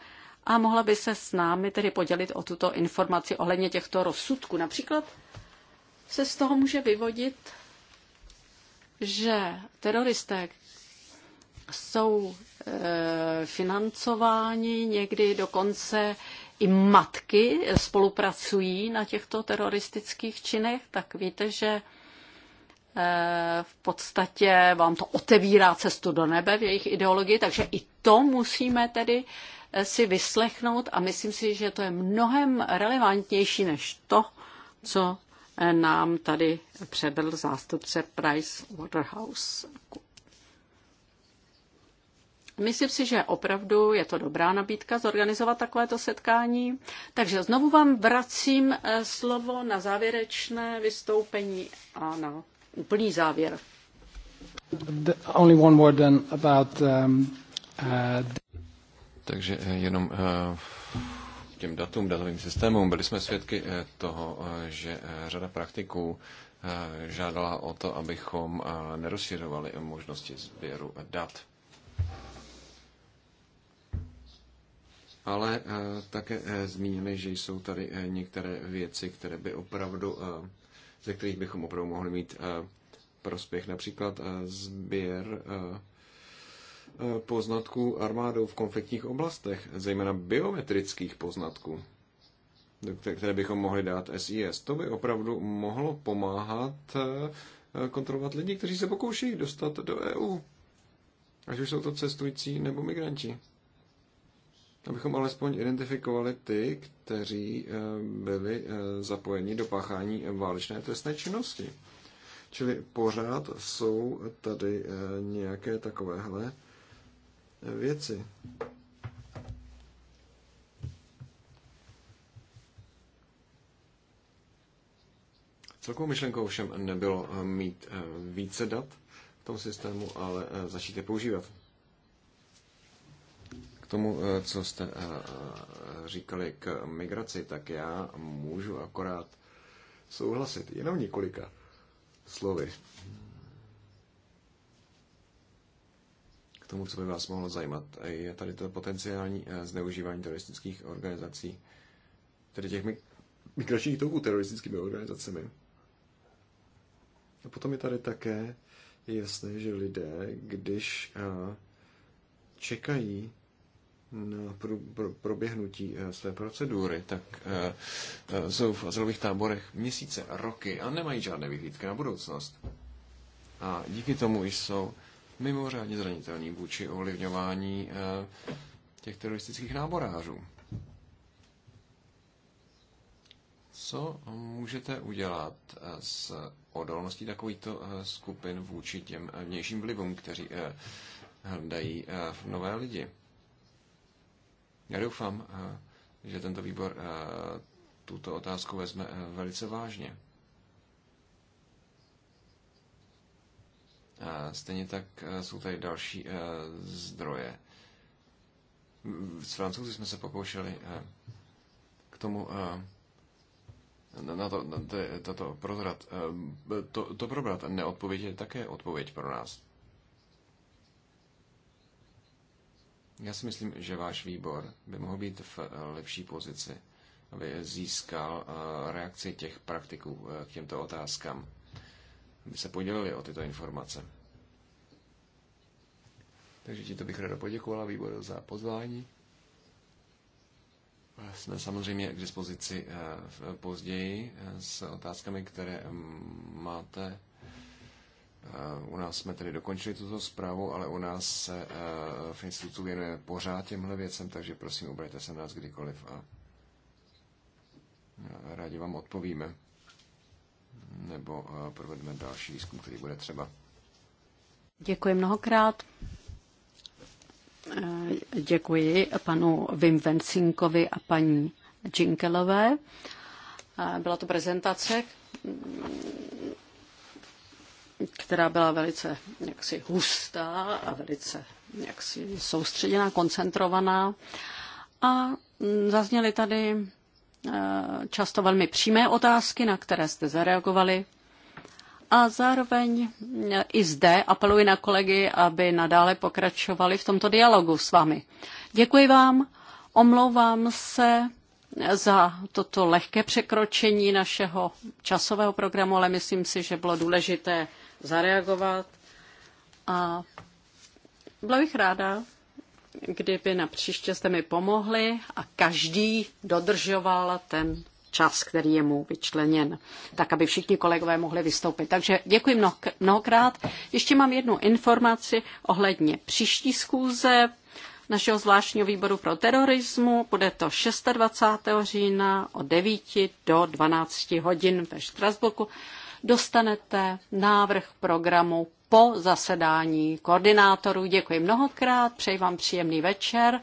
a mohla by se s námi tedy podělit o tuto informaci ohledně těchto rozsudků. Například se z toho může vyvodit, že teroristé jsou e, financováni někdy dokonce i matky spolupracují na těchto teroristických činech, tak víte, že Eh, v podstatě vám to otevírá cestu do nebe v jejich ideologii, takže i to musíme tedy eh, si vyslechnout a myslím si, že to je mnohem relevantnější než to, co eh, nám tady předl zástupce Price Waterhouse. Myslím si, že opravdu je to dobrá nabídka zorganizovat takovéto setkání. Takže znovu vám vracím slovo na závěrečné vystoupení Ano úplný závěr. The only one then about, um, uh, Takže eh, jenom uh, těm datům, datovým systémům. Byli jsme svědky eh, toho, že řada praktiků žádala o to, abychom nerozšiřovali možnosti sběru dat. Ale také zmínili, že jsou tady některé věci, které by opravdu ze kterých bychom opravdu mohli mít eh, prospěch. Například eh, sběr eh, poznatků armádou v konfliktních oblastech, zejména biometrických poznatků, které bychom mohli dát SIS. To by opravdu mohlo pomáhat kontrolovat lidi, kteří se pokouší dostat do EU, ať už jsou to cestující nebo migranti abychom alespoň identifikovali ty, kteří eh, byli eh, zapojeni do páchání válečné trestné činnosti. Čili pořád jsou tady eh, nějaké takovéhle věci. Celkovou myšlenkou všem nebylo mít více dat v tom systému, ale začít je používat tomu, eh, co jste eh, říkali k migraci, tak já můžu akorát souhlasit jenom několika slovy k tomu, co by vás mohlo zajímat. Je tady to potenciální eh, zneužívání teroristických organizací, tedy těch migračních toků teroristickými organizacemi. A potom je tady také jasné, že lidé, když čekají na proběhnutí eh, své procedury, tak eh, eh, jsou v azylových táborech měsíce, roky a nemají žádné vyhlídky na budoucnost. A díky tomu jsou mimořádně zranitelní vůči ovlivňování těch teroristických náborářů. Co můžete udělat s odolností takovýchto skupin vůči těm vnějším vlivům, kteří hledají nové lidi? Já doufám, eh, že tento výbor eh, tuto otázku vezme eh, velice vážně. Stejně tak jsou tady další zdroje. S francouzi jsme se pokoušeli k tomu na to, na to, to prozrat, to, to probrat neodpověď je také odpověď pro nás. Já si myslím, že váš výbor by mohl být v eh, lepší pozici, aby získal eh, reakci těch praktiků eh, k těmto otázkám, aby se podělili o tyto informace. Takže ti to bych rád poděkovala výboru za pozvání. Jsme samozřejmě k dispozici později s otázkami, které mm, máte Eh, u nás jsme tedy dokončili tuto zprávu, ale u nás se eh, v institutu věnuje pořád těmhle věcem, takže prosím, obraťte se na nás kdykoliv a eh, rádi vám odpovíme nebo provedeme další výzkum, který bude třeba. Děkuji mnohokrát. Děkuji panu Vim Vencinkovi a paní Džinkelové. Byla to prezentace, která byla velice jaksi hustá a velice jaksi soustředěná, koncentrovaná. A zazněly tady eh, často velmi přímé otázky, na které jste zareagovali. A zároveň eh, i zde apeluji na kolegy, aby nadále pokračovali v tomto dialogu s vámi. Děkuji vám, omlouvám se za toto lehké překročení našeho časového programu, ale myslím si, že bylo důležité zareagovat. A byla bych ráda, kdyby na příště jste mi pomohli a každý dodržoval ten čas, který je mu vyčleněn, tak aby všichni kolegové mohli vystoupit. Takže děkuji mnohokrát. Ještě mám jednu informaci ohledně příští schůze našeho zvláštního výboru pro terorismu. Bude to 26. října od 9 do 12 hodin ve Štrasburku dostanete návrh programu po zasedání koordinátorů. Děkuji mnohokrát, přeji vám příjemný večer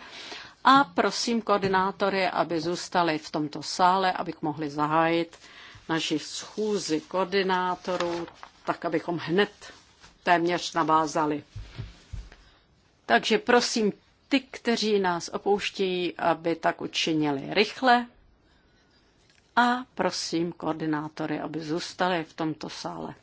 a prosím koordinátory, aby zůstali v tomto sále, abych mohli zahájit naši schůzi koordinátorů, tak abychom hned téměř navázali. Takže prosím ty, kteří nás opouštějí, aby tak učinili rychle a prosím koordinátory, aby zůstali v tomto sále.